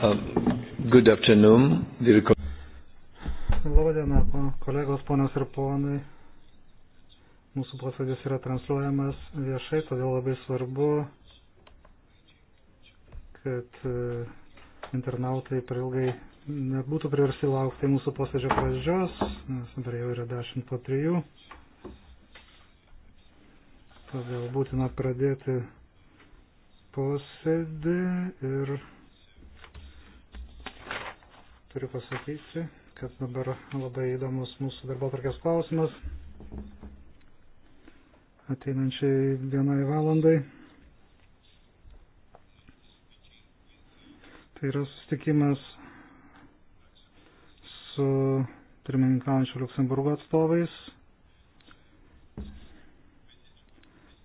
Um, good afternoon, dear Labadiena, kolegos, ponios ir ponai. Mūsų posėdis yra transliuojamas viešai, todėl labai svarbu, kad e, internautai per ilgai nebūtų priversti laukti mūsų posėdžio pradžios, nes dabar jau yra 10 po 3. Todėl būtina pradėti posėdį ir turiu pasakyti, kad dabar labai įdomus mūsų darbo tarkės klausimas ateinančiai vienai valandai. Tai yra sustikimas su pirmininkaujančiu Luksemburgo atstovais.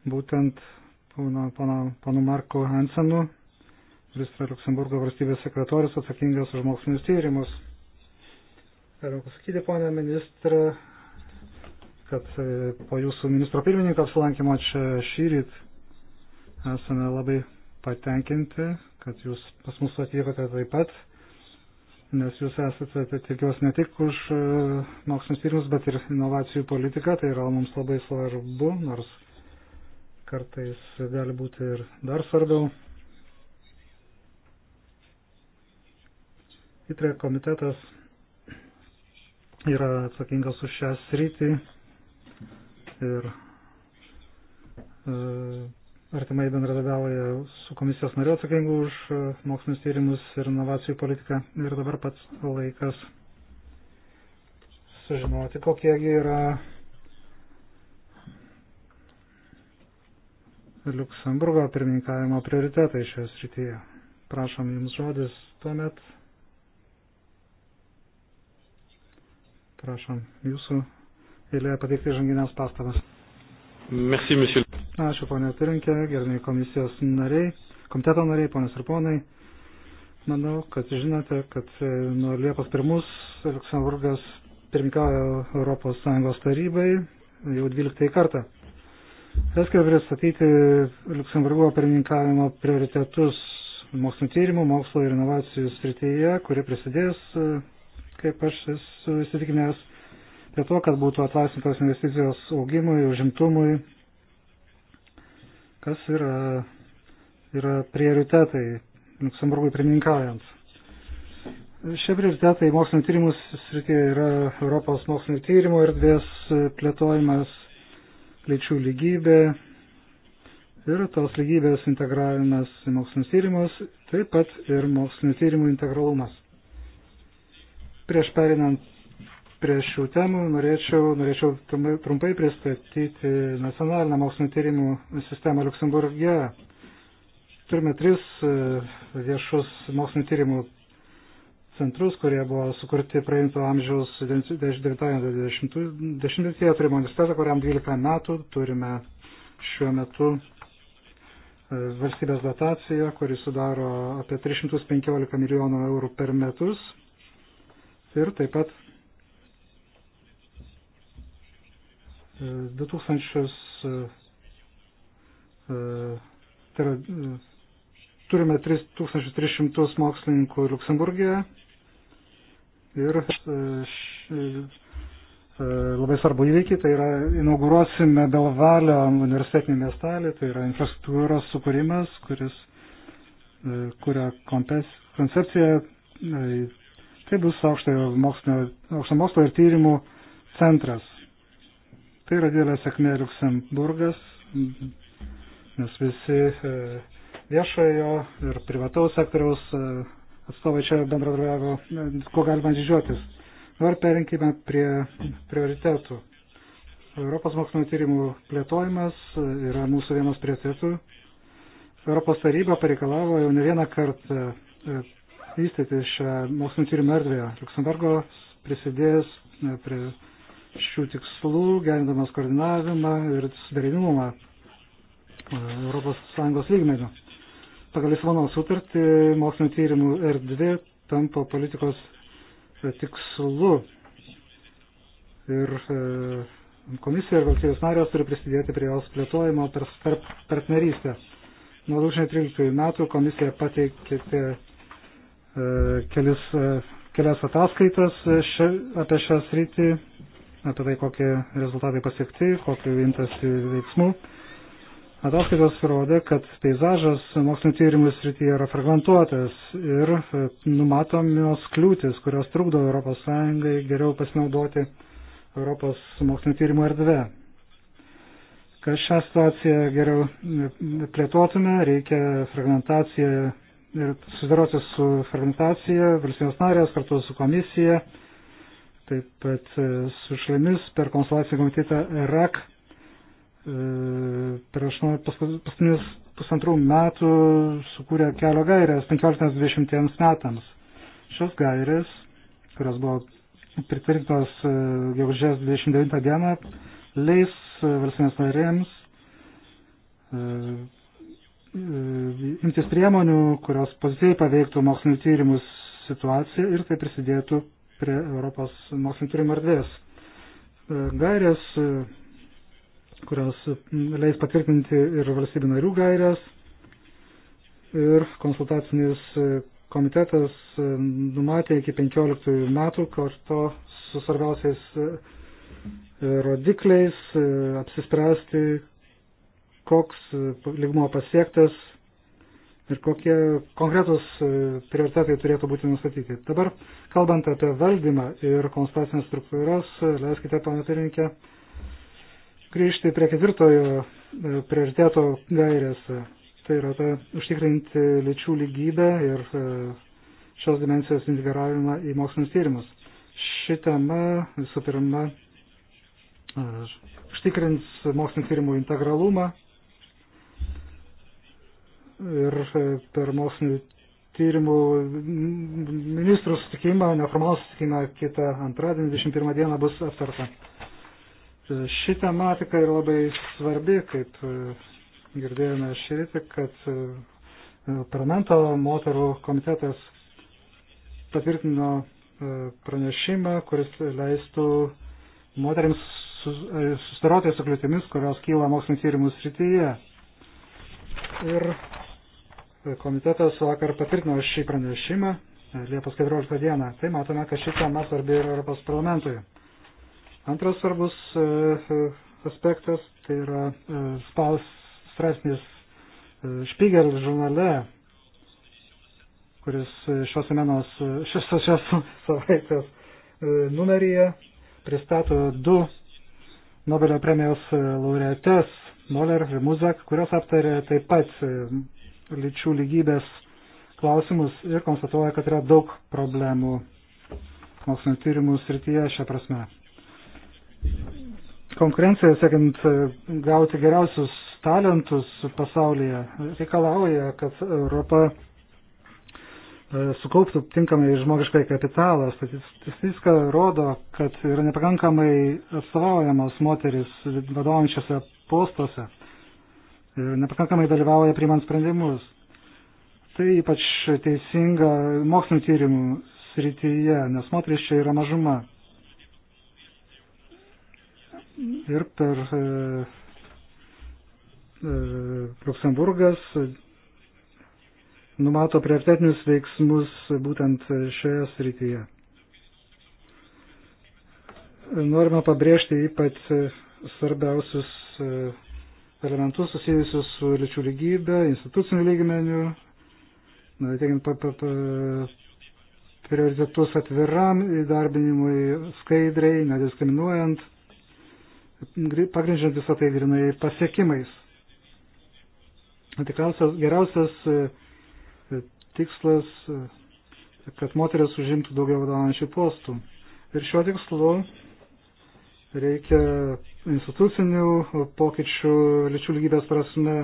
Būtent pono, pono, pono Marko Hansenu kuris yra Luksemburgo valstybės sekretorius atsakingas už mokslinius tyrimus. Galiu pasakyti, ponė ministra, kad e, po jūsų ministro pirmininko apsilankimo čia šyryt esame labai patenkinti, kad jūs pas mus atvykote taip pat, nes jūs esate, tai tikiuosi, ne tik už e, mokslinius tyrimus, bet ir inovacijų politiką, tai yra mums labai svarbu, nors kartais gali būti ir dar svarbiau. ITRE komitetas yra atsakingas už šią sritį ir e, artimai bendradavauja su komisijos nariu atsakingu už e, mokslinius tyrimus ir inovacijų politiką. Ir dabar pats laikas sužinoti, kokiegi yra Luksemburgo pirmininkavimo prioritetai šioje srityje. Prašom Jums žodis tuomet. Prašom, jūsų eilė pateikti žanginės pastabas. Merci, monsieur. Ačiū, ponė Pirinkė, gerbėjai komisijos nariai, komiteto nariai, ponės ir ponai. Manau, kad žinote, kad e, nuo Liepos 1 Luksemburgas pirmikavo Europos Sąjungos tarybai jau 12 kartą. Reiškia pristatyti Luksemburgo pirmininkavimo prioritetus mokslinio tyrimų, mokslo ir inovacijų srityje, kurie prisidės e, kaip aš esu įsitikinęs, prie to, kad būtų atlaisvintos investicijos augimui, užimtumui, kas yra, yra prioritetai Luksemburgui pirmininkaujant. Šie prioritetai mokslinio tyrimų srityje yra Europos mokslinio tyrimų erdvės plėtojimas, lyčių lygybė ir tos lygybės integravimas į mokslinius tyrimus, taip pat ir mokslinio tyrimų integralumas. Prieš perinant prie šių temų norėčiau, norėčiau trumpai pristatyti nacionalinę mokslinio tyrimų sistemą Luksemburgė. Turime tris e, viešus mokslinio tyrimų centrus, kurie buvo sukurti praeinto amžiaus 19-20-metyje. Turime universitetą, kuriam 12 metų, turime šiuo metu e, valstybės dotaciją, kuri sudaro apie 315 milijonų eurų per metus ir taip pat 2000 e, e, e, tai yra, turime 3300 mokslininkų Luksemburgija ir labai svarbu įvykį, tai yra inauguruosime Belvalio universitetinį miestelį, tai yra infrastruktūros sukūrimas, kuris kuria koncepciją Tai bus aukštojo aukšto mokslo ir tyrimų centras. Tai yra didelė sėkmė Luxemburgas, nes visi e, viešojo ir privataus sektoriaus e, atstovai čia bendradarbiavo, e, kuo galima didžiuotis. Dabar perinkime prie prioritetų. Europos mokslinio tyrimų plėtojimas yra mūsų vienas prioritetų. Europos taryba pareikalavo jau ne vieną kartą vystyti šią mokslinio tyrimo erdvę. Luksemburgo prisidės e, prie šių tikslų, gerindamas koordinavimą ir suderinimumą ES lygmenių. Pagal Lisabono sutartį mokslinio tyrimų erdvė tampa politikos e, tikslu ir e, komisija ir valstybės narės turi prisidėti prie jos plėtojimo per partnerystę. Nuo 2013 metų komisija pateikė E, kelis, e, kelias ataskaitas še, apie šią sritį, apie tai, kokie rezultatai pasiekti, kokiu imtasi veiksmų. Ataskaitos rodė, kad peizažas mokslinio tyrimų srityje yra fragmentuotas ir e, numatomios kliūtis, kurios trukdo ES geriau pasinaudoti Europos mokslinio tyrimų erdvę. Kad šią situaciją geriau plėtotume, reikia fragmentaciją ir susidaroti su fragmentacija, valstybės narės kartu su komisija, taip pat e, su šalimis per konsulacinį komitetą RAK. E, per paskutinius pusantrų metų sukūrė kelio gairės 15-20 metams. Šios gairės, kurios buvo pritvirtintos e, gegužės 29 dieną, leis valstybės narėms imtis priemonių, kurios pozityviai paveiktų mokslinių tyrimų situaciją ir tai prisidėtų prie Europos mokslinio tyrimų erdvės. E, gairės, e, kurios leis patvirtinti ir valstybių narių gairės, ir konsultacinis e, komitetas numatė iki 15 metų kartu su svarbiausiais rodikliais apsispręsti, koks e, ligmo pasiektas ir kokie konkretus e, prioritetai turėtų būti nustatyti. Dabar, kalbant apie valdymą ir konstatacinės struktūras, leiskite, pana pirmininkė, grįžti prie ketvirtojo e, prioriteto gairėse. Tai yra ta, užtikrinti lyčių lygybę ir šios dimensijos integravimą į mokslinius tyrimus. Ši tema visų pirma užtikrins mokslinio tyrimų integralumą ir e, per mokslinių tyrimų ministrų sutikimą, neformalų sutikimą kitą antradienį, 21 dieną bus aptarta. E, ši tematika yra labai svarbi, kaip e, girdėjome šįrytį, kad parlamento moterų komitetas patvirtino pranešimą, kuris leistų moteriams susidaroti su kliūtimis, kurios kyla mokslinio tyrimų srityje. Ir komitetas vakar patvirtino šį pranešimą e, Liepos 14 dieną. Tai matome, kad ši tema svarbi yra Europos parlamentui. Antras svarbus e, e, aspektas tai yra spaus straipsnis Špygel žurnale, kuris šios semenos, šios, šios savaitės numeryje pristato du Nobelio premijos laureates Moller ir Muzak, kurios aptarė taip pat lyčių lygybės klausimus ir konstatuoja, kad yra daug problemų mokslinio tyrimų srityje šią prasme. Konkurencija, sėkiant e, gauti geriausius talentus pasaulyje, reikalauja, kad Europa e, sukauptų tinkamai žmogiškai kapitalą. Statistika rodo, kad yra nepakankamai atstovaujamos moteris vadovančiose postuose nepakankamai dalyvauja priimant sprendimus. Tai ypač teisinga mokslinio tyrimų srityje, nes moteris čia yra mažuma. Ir per e, e, Luksemburgas numato prioritetinius veiksmus būtent šioje srityje. Norime pabrėžti ypač svarbiausius e, elementus susijusius su lyčių lygybė, institucinių lygmenių, teikiant prioritetus atviram įdarbinimui skaidriai, nediskriminuojant, pagrindžiant visą tai grinai pasiekimais. Tikriausias geriausias e, e, tikslas, e, kad moteris užimtų daugiau vadovaujančių postų. Ir šiuo tikslu Reikia institucinių pokyčių lyčių lygybės prasme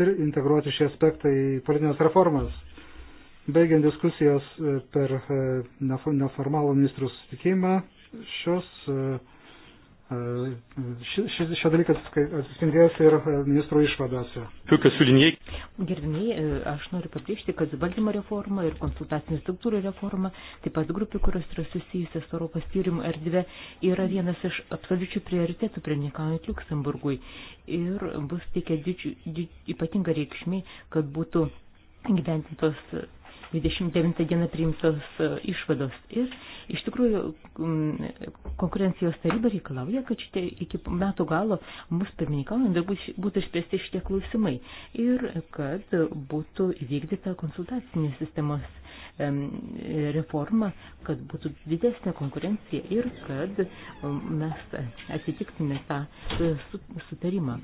ir integruoti šį aspektą į politinės reformas. Baigiant diskusijas e, per e, neformalų ministrų susitikimą, šios e, Šis šio dalykas atsispindės ir e, ministro išvadose. Gerbimiai, e, aš noriu pabrėžti, kad valdymo reforma ir konsultacinių struktūrų reforma, taip pat grupių, kurios yra susijusios Europos tyrimų erdvė, yra vienas iš absoliučių prioritėtų prienikant Luksemburgui. Ir bus teikia didžiu, didž, ypatinga reikšmė, kad būtų gyventintos 29 dieną priimtos e, išvados. Ir iš tikrųjų konkurencijos taryba reikalauja, kad šitie iki metų galo mūsų pirmininkaujant būtų išspręsti šitie klausimai ir kad būtų įvykdyta konsultacinės sistemos reforma, kad būtų didesnė konkurencija ir kad mes atitiktume tą e, sutarimą.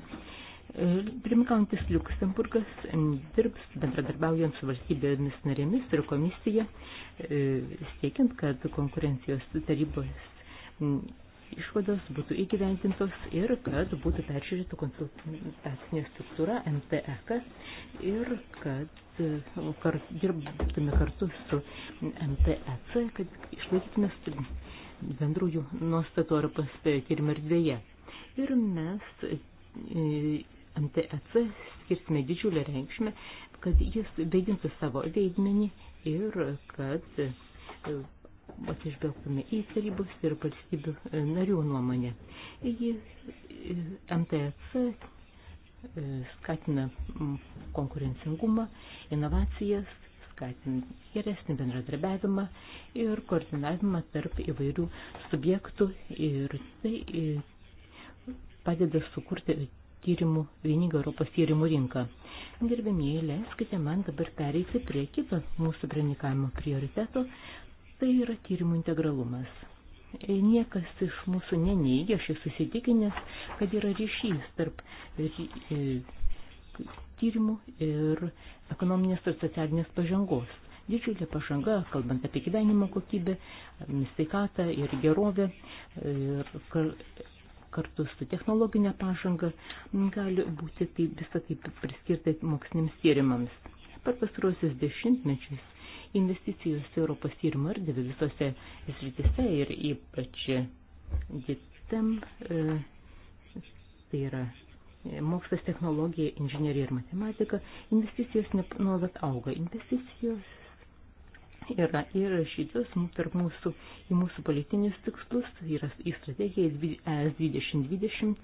Pirmininkantis Luxemburgas e, dirbs bendradarbiaujant su valstybėmis narėmis ir komisija, e, siekiant, kad konkurencijos tarybos išvados būtų įgyventintos ir kad būtų peržiūrėta konsultacinė struktūra MTEK ir kad e, kart, dirbtume kartu su MTEC, kad išlaikytume bendrųjų nuostatų Europos tyrimų erdvėje. Ir mes MTEC skirsime didžiulę reikšmę, kad jis vaidintų savo vaidmenį ir kad e, atsižvelgtume į tarybos ir valstybių e, narių nuomonę. E, MTEC skatina konkurencingumą, inovacijas, skatina geresnį bendradarbiavimą ir koordinavimą tarp įvairių subjektų ir tai padeda sukurti tyrimų, vieningą Europos tyrimų rinką. Gerbėmieji, leiskite man dabar pereiti prie kito mūsų pranikavimo prioriteto, tai yra tyrimų integralumas. E, niekas iš mūsų neneigia, aš esu įsitikinęs, kad yra ryšys tarp e, tyrimų ir ekonominės ir socialinės pažangos didžiulė pažanga, kalbant apie gyvenimo kokybę, sveikatą ir gerovę. Ir kartu su technologinė pažanga gali būti taip, visą taip priskirta moksliniams tyrimams. Per pastarosius dešimtmečius investicijos Europos tyrimo erdvė visose sritise ir ypač diktam, e, tai yra e, mokslas, technologija, inžinierija ir matematika, investicijos nuolat auga. Investicijos yra įrašytas tarp mūsų į mūsų politinius tikslus, tai yra į strategiją ES 2020,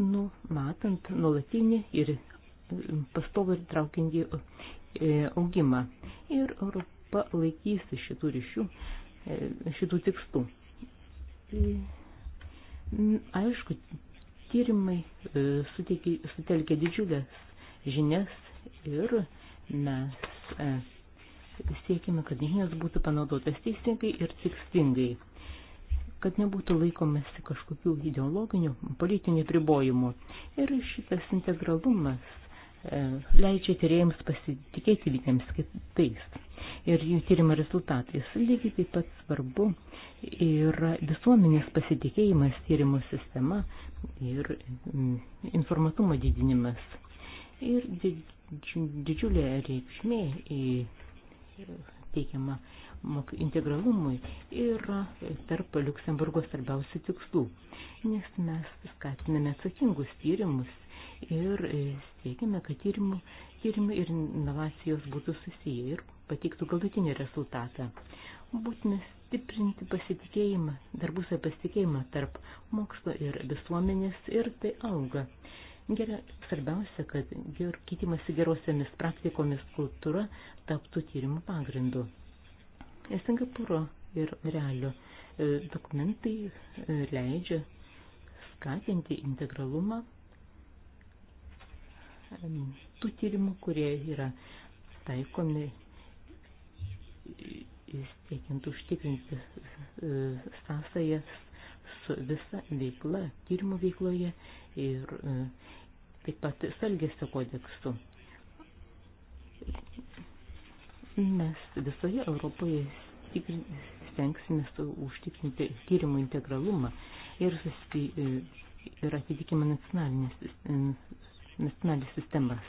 numatant nuolatinį ir e, pastovą ir traukinį e, augimą. Ir Europa laikysi šitų ryšių, e, šitų tikslų. Aišku, tyrimai sutelkia didžiulės žinias ir mes siekime, kad žinias būtų panaudotas teisingai ir tikslingai, kad nebūtų laikomasi kažkokių ideologinių, politinių pribojimų. Ir šitas integralumas e, leidžia tyrėjams pasitikėti vieniems kitais ir jų tyrimo rezultatais. Lygiai taip pat svarbu yra visuomenės pasitikėjimas tyrimo sistema ir mm, informatumo didinimas. Ir didžiulė reikšmė į teikiama integralumui ir tarp Luksemburgo svarbiausių tikslų, nes mes skatiname atsakingus tyrimus ir siekiame, kad tyrimų, tyrimai ir inovacijos būtų susiję ir pateiktų galutinį rezultatą. Būtina stiprinti pasitikėjimą, darbusio pasitikėjimą tarp mokslo ir visuomenės ir tai auga. Gerai, svarbiausia, kad keitimasi gerosiamis praktikomis kultūra taptų tyrimų pagrindu. E, Singapūro ir realio e, dokumentai e, leidžia skatinti integralumą tų tyrimų, kurie yra taikomi siekiant užtikrinti sąsajas su visa veikla, tyrimų veikloje ir taip pat su Elgesio kodeksu. Mes visoje Europoje stengsime užtikrinti tyrimų integralumą ir, susi, e, ir atitikimą nacionalinės sistemas.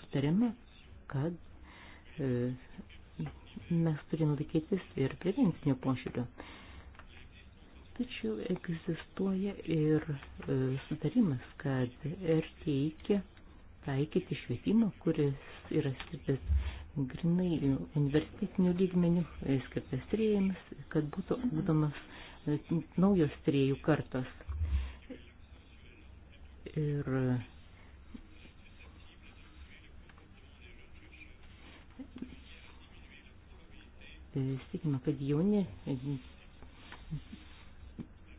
Sutarėme, kad e, mes turime laikytis ir prevencinio požiūrio. E, Tačiau egzistuoja ir e, sutarimas, kad reikia taikyti švietimą, kuris yra skirtas grinai universitetinių lygmenių, e, skirtas trėjams, kad būtų ūkdomas e, naujos trėjų kartos. Ir siekime, kad jauni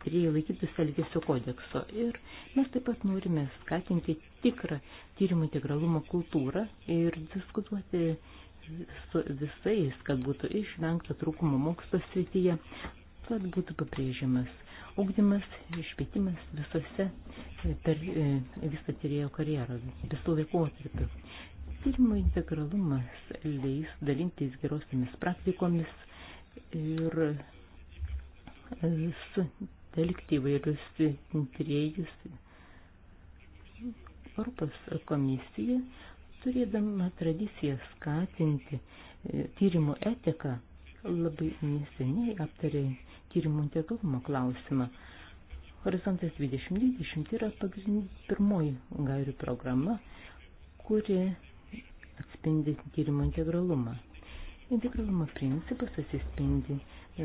tyrėjai laikytųsi elgesio kodekso. Ir mes taip pat norime skatinti tikrą tyrimų integralumo kultūrą ir diskutuoti su visais, kad būtų išvengta trūkumo mokslo srityje, kad būtų pabrėžiamas ugdymas, išvietimas visose e, per e, visą tyrėjo karjerą, visų laikotarpių. Tyrimo integralumas leis dalintis gerosiamis praktikomis ir e, su telkti įvairius tyrėjus. Europos komisija, turėdama tradiciją skatinti e, tyrimų etiką, labai neseniai aptarė tyrimų integralumo klausimą. Horizontas 2020 yra pirmoji gairių programa, kuri atspindi tyrimo integralumą. Integralumo principas atsispindi e,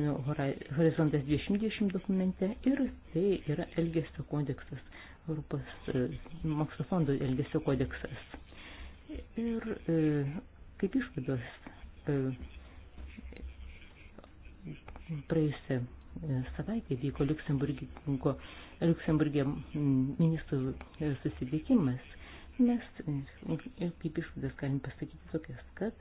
Horizontas 2020 dokumente ir tai yra Elgesio kodeksas, Europos e, mokslo fondo Elgesio kodeksas. Ir e, kaip išvados e, praėjusią e, savaitę vyko Luxemburgė ministrų susitikimas. Mes kaip išvadas galim pasakyti tokias, kad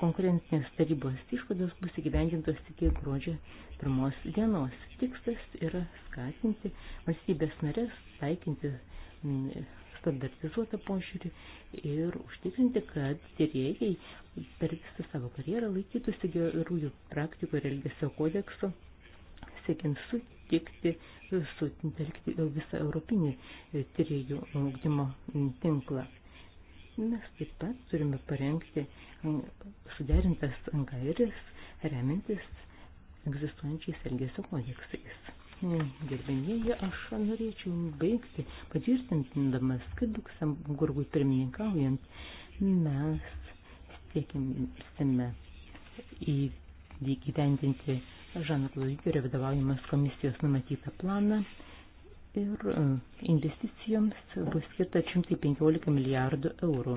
konkurencinės tarybos išvados bus įgyvendintos iki gruodžio pirmos dienos. Tikslas yra skatinti valstybės narės taikinti mm, standartizuotą požiūrį ir užtikrinti, kad tyrėjai per visą savo karjerą laikytųsi gerųjų praktikų ir elgesio kodekso, siekiant sutikti, sutelkti visą europinį tyrėjų ugdymo tinklą. Mes taip pat turime parengti suderintas gairės, remintis egzistuojančiais elgesio kodeksais. Gerbėmėje, aš norėčiau baigti patvirtintindamas, kad Luksemburgui pirmininkaujant mes siekime įgyvendinti Žano Klaudytėrio vadovaujamas komisijos numatytą planą ir e, investicijoms bus skirta 115 milijardų eurų.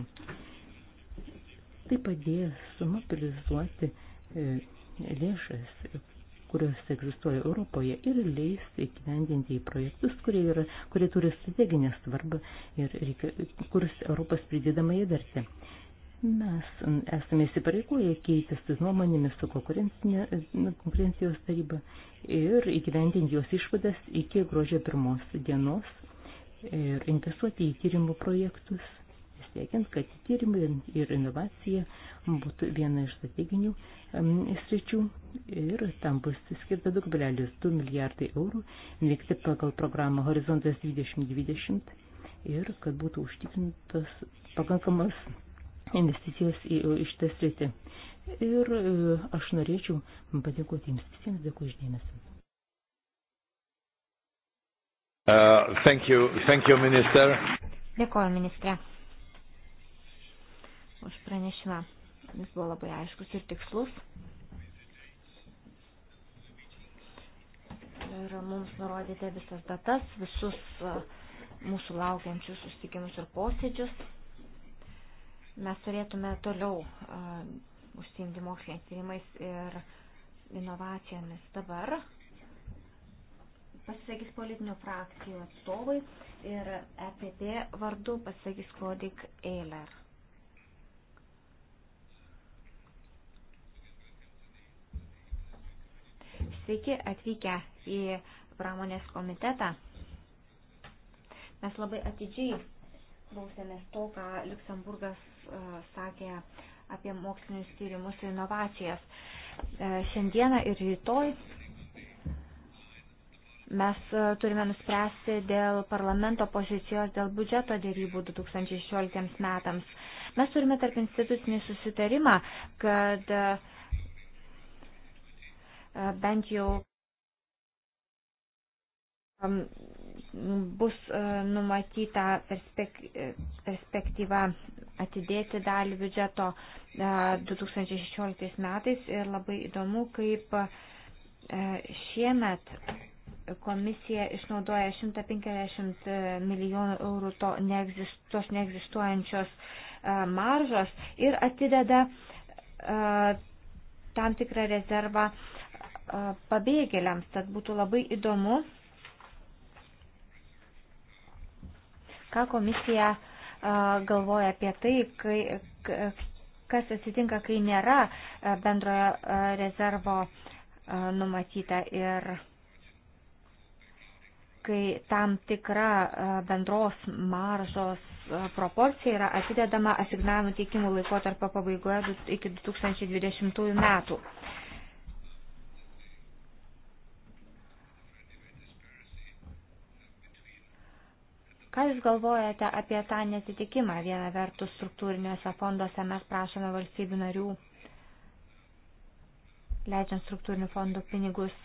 Tai padės mobilizuoti e, lėšas, kurios egzistuoja Europoje ir leis įgyvendinti į projektus, kurie, yra, kurie turi strateginę svarbą ir reikia, kurs Europos pridedamąją vertę. Mes esame įsipareigoję keistis nuomonėmis su konkurencijos taryba ir įgyvendinti jos išvadas iki gruodžio pirmos dienos ir investuoti į tyrimų projektus, siekiant, kad tyrimai ir inovacija būtų viena iš strateginių sričių ir tam bus skirta 2,2 milijardai eurų vykti pagal programą Horizontas 2020 ir kad būtų užtikrintas pakankamas investicijas į, į šitą sritį. Ir e, aš norėčiau padėkoti jums visiems, dėkui uždėmesi. Uh, thank you, thank you, minister. Dėkuoju, ministre, už pranešimą. Jis buvo labai aiškus ir tikslus. ir mums nurodėte visas datas, visus uh, mūsų laukiančius susitikimus ir posėdžius. Mes turėtume toliau uh, užsiimti moksliniais tyrimais ir inovacijomis. Dabar pasisakys politinių frakcijų atstovai ir EPP vardu pasisakys Kodik Eiler. Sveiki atvykę į pramonės komitetą. Mes labai atidžiai klausėmės to, ką Luksemburgas E, sakė apie mokslinius tyrimus ir inovacijas. E, šiandieną ir rytoj mes e, turime nuspręsti dėl parlamento pozicijos dėl biudžeto dėrybų 2016 metams. Mes turime tarp institucinį susitarimą, kad bent jau bus numatyta perspek perspektyva atidėti dalį biudžeto 2016 e, metais ir labai įdomu, kaip e, šiemet komisija išnaudoja 150 e, milijonų eurų to neegzist, tos neegzistuojančios maržos ir atideda tam tikrą rezervą pabėgėliams. Tad būtų labai įdomu, ką komisija uh, galvoja apie tai, kai, kas atsitinka, kai nėra bendrojo rezervo numatyta ir kai tam tikra bendros maržos proporcija yra atidedama asignavimų teikimų laikotarpio pabaigoje iki 2020 metų. Ką Jūs galvojate apie tą netitikimą? Viena vertus struktūriniuose fonduose mes prašome valstybių narių, leidžiant struktūrinių fondų pinigus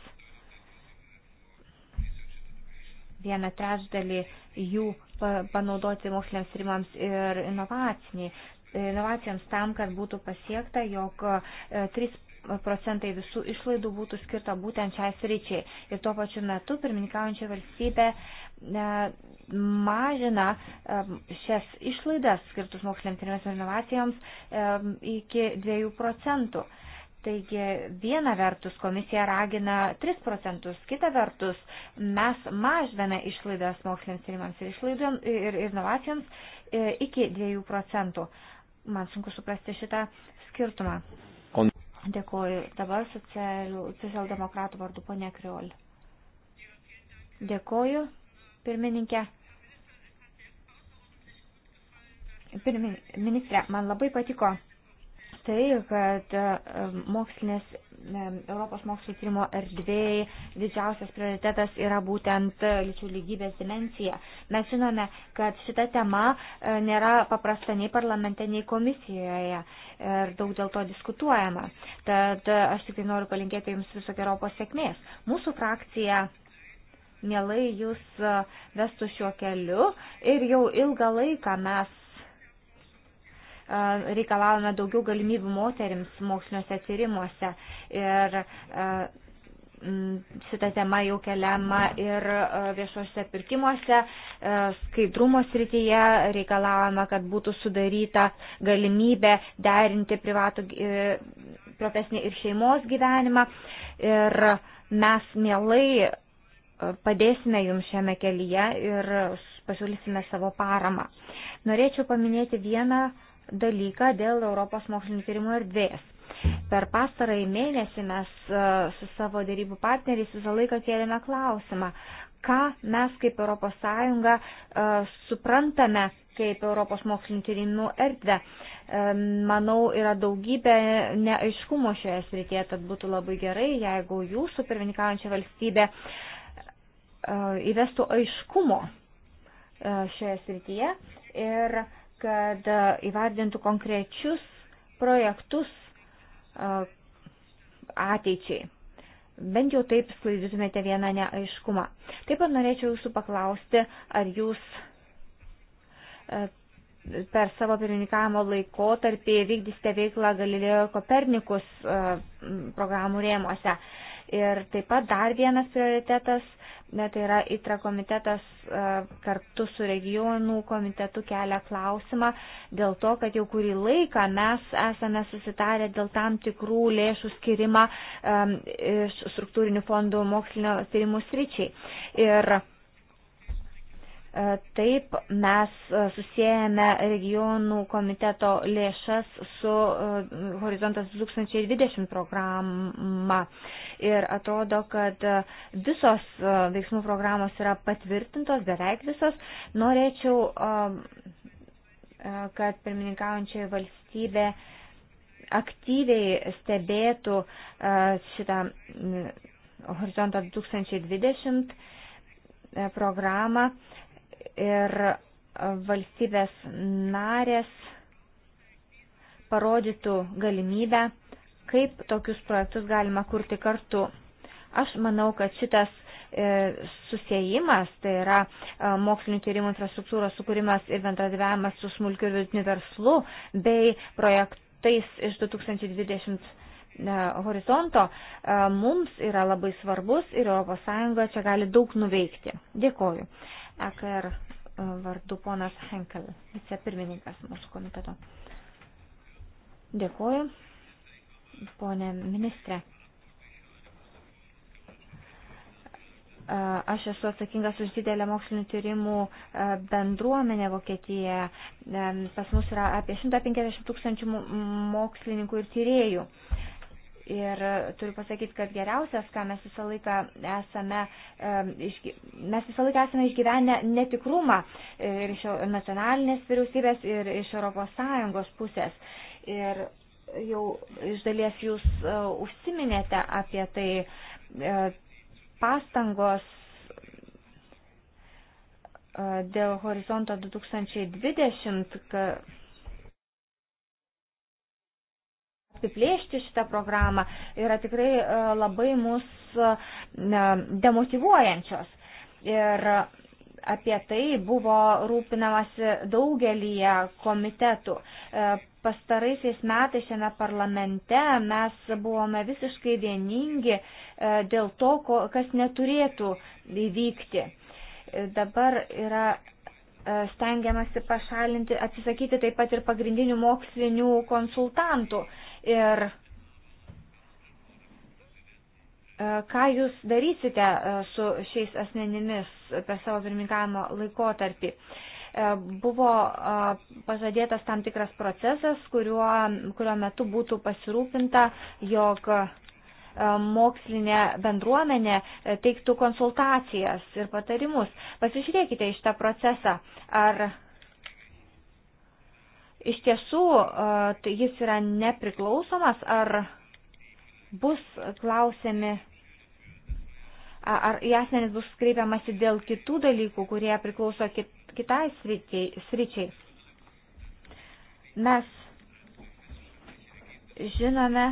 vieną trečdalį jų panaudoti moksliniams tyrimams ir inovaciniai. Inovacijoms tam, kad būtų pasiekta, jog 3 e, procentai visų išlaidų būtų skirta būtent šiai sričiai. Ir tuo pačiu metu pirmininkaujančia valstybė e, mažina e, šias išlaidas skirtus moksliniams tyrimams ir inovacijoms e, iki 2 procentų. Taigi viena vertus komisija ragina 3 procentus, kita vertus mes mažiname išlaidas moksliniams tyrimams ir, išlaidom, ir inovacijoms iki 2 procentų. Man sunku suprasti šitą skirtumą. Dėkuoju. Dabar socialdemokratų vardu ponė Kriol. Dėkuoju, pirmininkė. Pirmin, ministrė, man labai patiko tai, kad e, mokslinės E, Europos mokslo tyrimo erdvėjai didžiausias prioritetas yra būtent lyčių lygybės dimencija. Mes žinome, kad šita tema e, nėra paprasta nei parlamente, nei komisijoje ir daug dėl to diskutuojama. Tad e, aš tik tai noriu palinkėti Jums visokiojo sėkmės. Mūsų frakcija mielai jūs vestų šiuo keliu ir jau ilgą laiką mes reikalavome daugiau galimybių moterims moksliniuose tyrimuose. Ir šita tema jau keliama ir viešuose pirkimuose, skaidrumo srityje reikalavome, kad būtų sudaryta galimybė derinti privatų e, profesinį ir šeimos gyvenimą. Ir mes mielai padėsime jums šiame kelyje ir pasiūlysime savo paramą. Norėčiau paminėti vieną dalyką dėl Europos mokslinio tyrimo erdvės. Per pastarąjį mėnesį mes e, su savo dėrybų partneriais visą laiką kėlėme klausimą, ką mes kaip ES e, suprantame kaip Europos mokslinio tyrimų erdvę. E, manau, yra daugybė neaiškumo šioje srityje, tad būtų labai gerai, jeigu jūsų pirmininkaujančia valstybė įvestų aiškumo šioje srityje ir kad e, įvardintų konkrečius projektus e, ateičiai. Bent jau taip sklaidytumėte vieną neaiškumą. Taip pat norėčiau jūsų paklausti, ar jūs e, per savo pirmininkavimo laikotarpį vykdysite veiklą Galilėjo Kopernikus programų rėmuose. Ir taip pat dar vienas prioritetas, tai yra ITRA komitetas e, kartu su regionų komitetu kelia klausimą dėl to, kad jau kurį laiką mes esame susitarę dėl tam tikrų lėšų skirimą e, iš struktūrinių fondų mokslinio tyrimų sričiai. Ir E, taip mes e, susijęjame regionų komiteto lėšas su e, Horizontas 2020 programa ir atrodo, kad visos veiksmų programos yra patvirtintos, beveik visos. Norėčiau, kad pirmininkaujančiai valstybė aktyviai stebėtų šitą Horizontą 2020 programą ir valstybės narės parodytų galimybę, kaip tokius projektus galima kurti kartu. Aš manau, kad šitas e, susijimas, tai yra e, mokslinių tyrimų infrastruktūros sukūrimas ir bendradarbiavimas su smulkiu ir vidutiniu verslu bei projektais iš 2020 e, horizonto mums yra labai svarbus ir ES čia gali daug nuveikti. Dėkoju. EKR e, vardu ponas Henkel, vicepirmininkas mūsų komiteto. Dėkuoju, ponė ministrė. E, aš esu atsakingas už didelę mokslinių tyrimų e, bendruomenę Vokietijoje. Pas mus yra apie 150 tūkstančių mokslininkų ir tyriejų. Ir turiu pasakyti, kad geriausias, ką mes visą laiką esame, mes visą laiką esame išgyvenę netikrumą e, ir iš nacionalinės vyriausybės, ir iš ES pusės. Ir jau iš dalies jūs e, užsiminėte apie tai e, pastangos dėl horizonto 2020, kad apiplėšti šitą programą yra tikrai e, labai mus e, demotivuojančios. Ir apie tai buvo rūpinamasi daugelįje komitetų. E, pastaraisiais metais šiame parlamente mes buvome visiškai vieningi dėl to, kas neturėtų įvykti. Dabar yra stengiamasi pašalinti, atsisakyti taip pat ir pagrindinių mokslinių konsultantų. Ir e, ką jūs darysite e, su šiais asmenimis per savo pirmininkavimo laikotarpį? E, buvo pažadėtas tam tikras procesas, kuriuo, kurio metu būtų pasirūpinta, jog mokslinė bendruomenė teiktų konsultacijas ir patarimus. Pasižiūrėkite į šitą procesą, ar iš tiesų tai jis yra nepriklausomas, ar bus klausiami, ar į asmenys bus kreipiamasi dėl kitų dalykų, kurie priklauso kitai sričiai. Mes žinome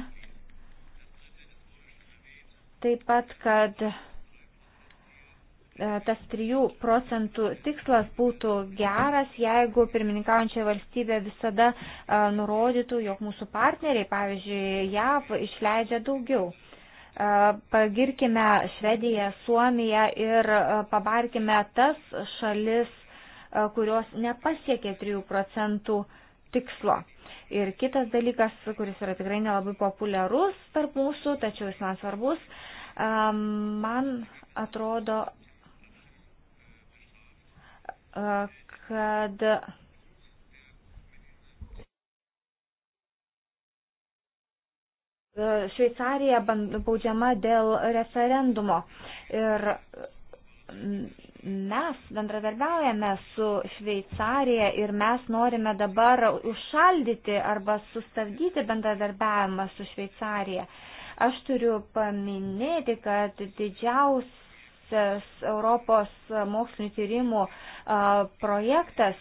taip pat, kad E, tas 3 procentų tikslas būtų geras, jeigu pirmininkaujančia valstybė visada e, nurodytų, jog mūsų partneriai, pavyzdžiui, JAV išleidžia daugiau. E, pagirkime Švediją, Suomiją ir pabarkime tas šalis, kurios nepasiekė 3 procentų tikslo. Ir kitas dalykas, kuris yra tikrai nelabai populiarus tarp mūsų, tačiau jis man svarbus, man atrodo kad Šveicarija baudžiama dėl referendumo. Ir mes bendradarbiaujame su Šveicarija ir mes norime dabar užšaldyti arba sustabdyti bendradarbiavimą su Šveicarija. Aš turiu paminėti, kad didžiausia didžiausias Europos mokslinių tyrimų projektas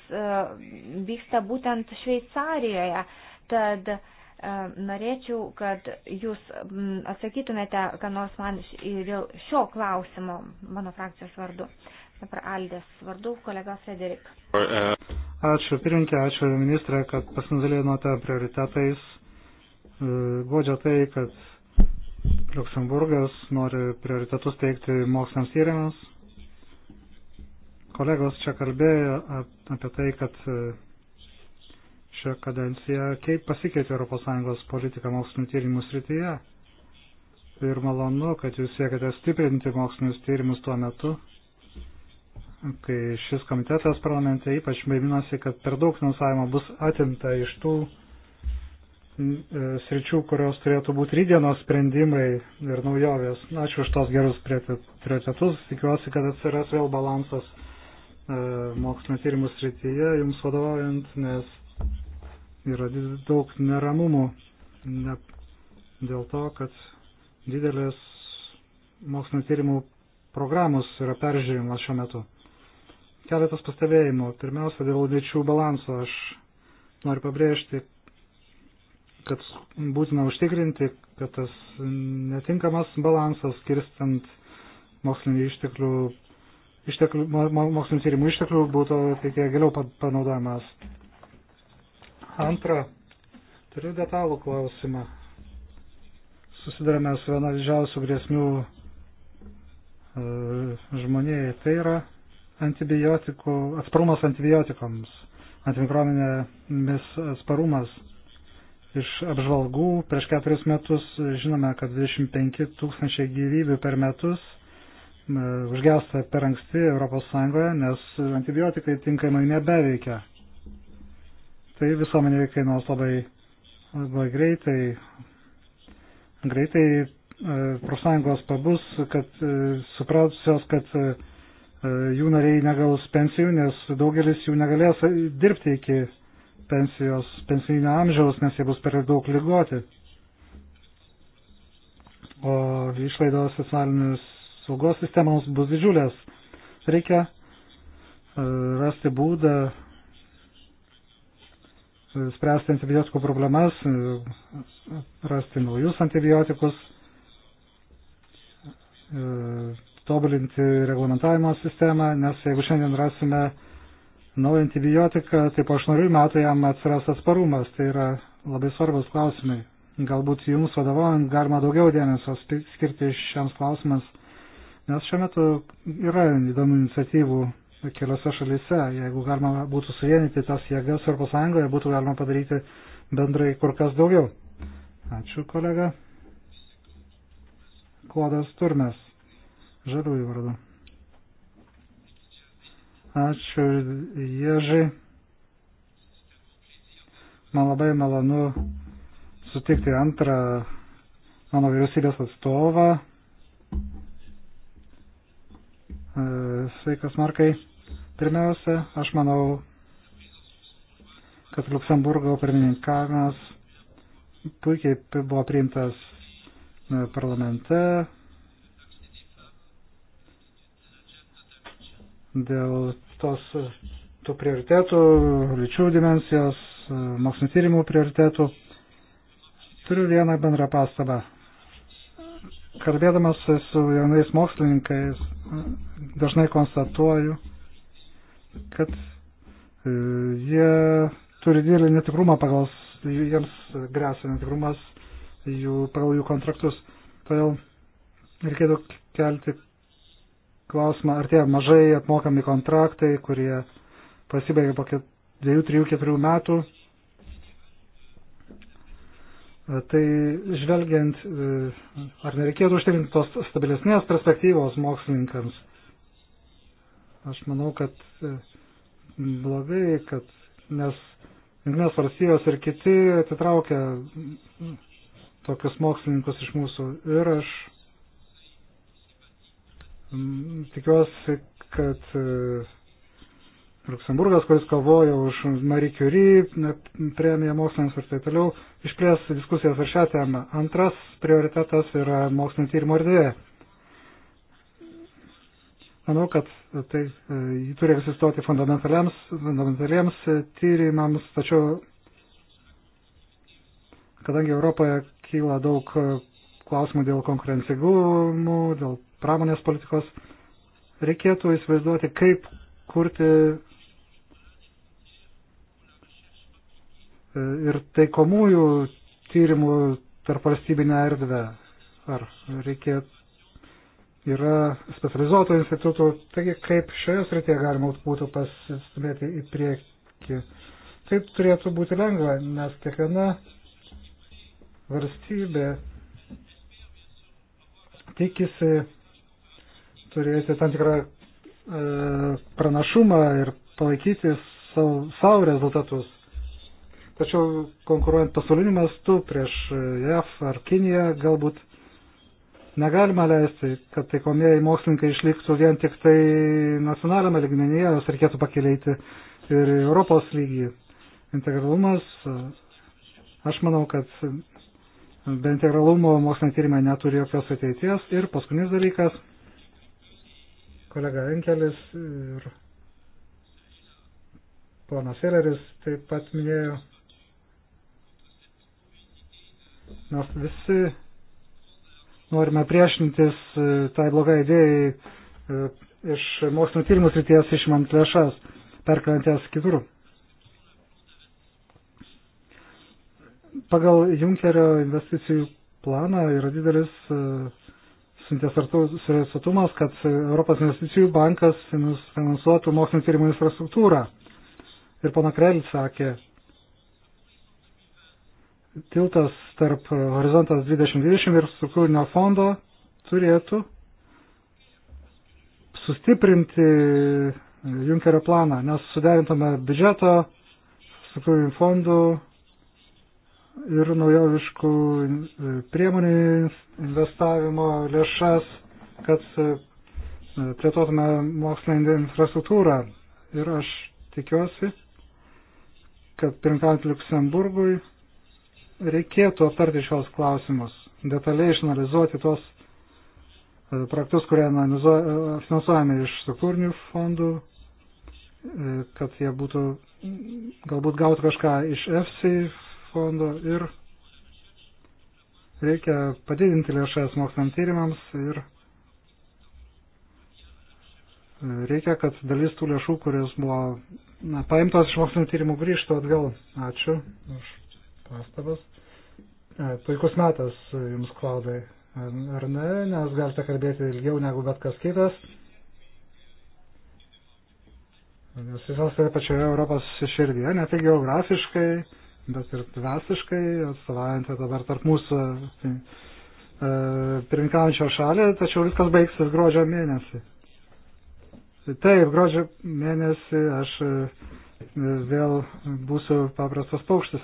vyksta būtent Šveicarijoje. Tad norėčiau, kad jūs atsakytumėte, ką nors man dėl šio klausimo mano frakcijos vardu. Dabar Aldės vardu, kolega Frederik. Ačiū pirinkė, ačiū ministrė, kad pasidalinote prioritetais. E, Godžia tai, kad Luxemburgas nori prioritetus teikti moksliniams tyrimams. Kolegos čia kalbėjo apie tai, kad e, šią kadenciją kaip pasikeitė ES politika mokslinio tyrimų srityje. Ir malonu, kad jūs siekite stiprinti mokslinius tyrimus tuo metu, kai šis komitetas parlamente ypač baiminosi, kad per daug finansavimo bus atimta iš tų E, sričių, kurios turėtų būti rydienos sprendimai ir naujovės. Ačiū už tos gerus prioritetus. Tikiuosi, kad atsiras vėl balansas e, mokslinio tyrimų srityje jums vadovaujant, nes yra daug neramumų ne, dėl to, kad didelės mokslinio tyrimų programos yra peržiūrimas šiuo metu. Keletas pastebėjimų. Pirmiausia, dėl lyčių balanso aš noriu pabrėžti, kad būtina užtikrinti, kad tas netinkamas balansas skirstant mokslinį išteklių, išteklių mokslinio tyrimų išteklių būtų kiek geriau panaudojamas. Antra, turiu detalų klausimą. Susidarėme su viena didžiausių grėsmių e, žmonėje. Tai yra antibiotikų, atsparumas antibiotikams, antimikrobinėmis atsparumas Iš apžvalgų prieš keturis metus žinome, kad 25 tūkstančiai gyvybių per metus užgesta per anksti ES, nes antibiotikai tinkamai nebeveikia. Tai visuomenė kainuos labai, labai greitai. Greitai e, profsąjungos pabus, kad e, supratusios, kad e, jų nariai negaus pensijų, nes daugelis jų negalės dirbti iki pensijos, pensijinio amžiaus, nes jie bus per daug lygoti. O išlaidos socialinius saugos sistemams bus didžiulės. Reikia e, rasti būdą e, spręsti antibiotikų problemas, e, rasti naujus antibiotikus, tobulinti reglamentavimo sistemą, nes jeigu šiandien rasime Naują antibiotiką, tai po 8 metų jam atsiras atsparumas, tai yra labai svarbus klausimai. Galbūt jums vadovaujant galima daugiau dėmesio skirti šiems klausimams, nes šiuo metu yra įdomių iniciatyvų keliose šalise. Jeigu galima būtų suvienyti tas jėgas Europos Sąjungoje, būtų galima padaryti bendrai kur kas daugiau. Ačiū, kolega. Klodas Turmes, Žaliųjų vardu. Ačiū, Ježai. Man labai malonu sutikti antrą mano vyriausybės atstovą. E, sveikas, Markai. Pirmiausia, aš manau, kad Luksemburgo pirmininkavimas puikiai buvo priimtas e, parlamente dėl tos, e, tų prioritetų, lyčių dimensijos, e, mokslinio tyrimų prioritetų. Turiu vieną bendrą pastabą. Kalbėdamas su jaunais mokslininkais, dažnai konstatuoju, kad e, jie turi didelį netikrumą pagal jiems grėsia netikrumas jų, pagal jų kontraktus. Todėl reikėtų kelti klausimą, ar tie mažai apmokami kontraktai, kurie pasibaigia po 2, 3, 4 metų. E, tai žvelgiant, e, ar nereikėtų užtikrinti tos stabilesnės perspektyvos mokslininkams. Aš manau, kad e, blogai, kad nes Junktinės valstijos ir kiti atitraukia tokius mokslininkus iš mūsų ir aš Mm, tikiuosi, kad e, Luksemburgas, kuris kovojo už Marie Curie premiją mokslams ir taip toliau, išplės diskusijas ir šią temą. Antras prioritetas yra mokslinio tyrimo erdvė. Manau, kad tai e, jį turi egzistuoti fundamentaliems tyrimams, tačiau kadangi Europoje kyla daug e, klausimų dėl konkurencingumų, dėl pramonės politikos, reikėtų įsivaizduoti, kaip kurti e, ir taikomųjų tyrimų tarp valstybinę erdvę. Ar reikia, yra specializuotų institutų, taigi kaip šioje srityje galima būtų pasistumėti į priekį. Taip turėtų būti lengva, nes kiekviena valstybė tikisi turėti tam tikrą e, pranašumą ir palaikyti savo, savo rezultatus. Tačiau konkuruojant pasauliniu mastu prieš JAF ar Kiniją galbūt negalima leisti, kad taikomieji mokslininkai išliktų vien tik tai nacionaliame ligmenyje, jos reikėtų pakelėti ir Europos lygį. Integralumas, aš manau, kad be integralumo moksliniai tyrimai neturi jokios ateities. Ir paskutinis dalykas kolega Enkelis ir ponas Eileris taip pat minėjo. Mes visi norime priešintis e, tai blogai idėjai e, iš mokslinio tyrimų srities išimant lėšas, perkeliant jas kitur. Pagal Junkerio investicijų planą yra didelis e, suinteresuotumas, kad Europos investicijų bankas finansuotų mokslinio tyrimo infrastruktūrą. Ir pana Krell sakė, tiltas tarp horizontas 2020 ir struktūrinio fondo turėtų sustiprinti Junkerio planą, nes suderintume biudžeto, struktūrinių fondų ir naujoviškų e, priemonių investavimo lėšas, kad e, plėtotume mokslinę infrastruktūrą. Ir aš tikiuosi, kad pirmkant Luksemburgui reikėtų aptarti šios klausimus, detaliai išanalizuoti tuos e, projektus, kurie finansuojami iš struktūrinių fondų, kad jie būtų, galbūt gautų kažką iš EFSI fondo ir reikia padidinti lėšas mokslam tyrimams ir reikia, kad dalis tų lėšų, kurios buvo na, paimtos iš mokslinio tyrimų, grįžtų atgal. Ačiū už pastabas. E, puikus metas jums, Klaudai, ar ne, nes galite kalbėti ilgiau negu bet kas kitas. Nes jūs esate pačioje Europos širdyje, ne tik geografiškai, bet ir dvasiškai, atstovaujant dabar tarp mūsų tai, e, pirminkaujančio šalį, tačiau viskas baigsis gruodžio mėnesį. Taip, gruodžio mėnesį aš e, vėl būsiu paprastas paukštis. E.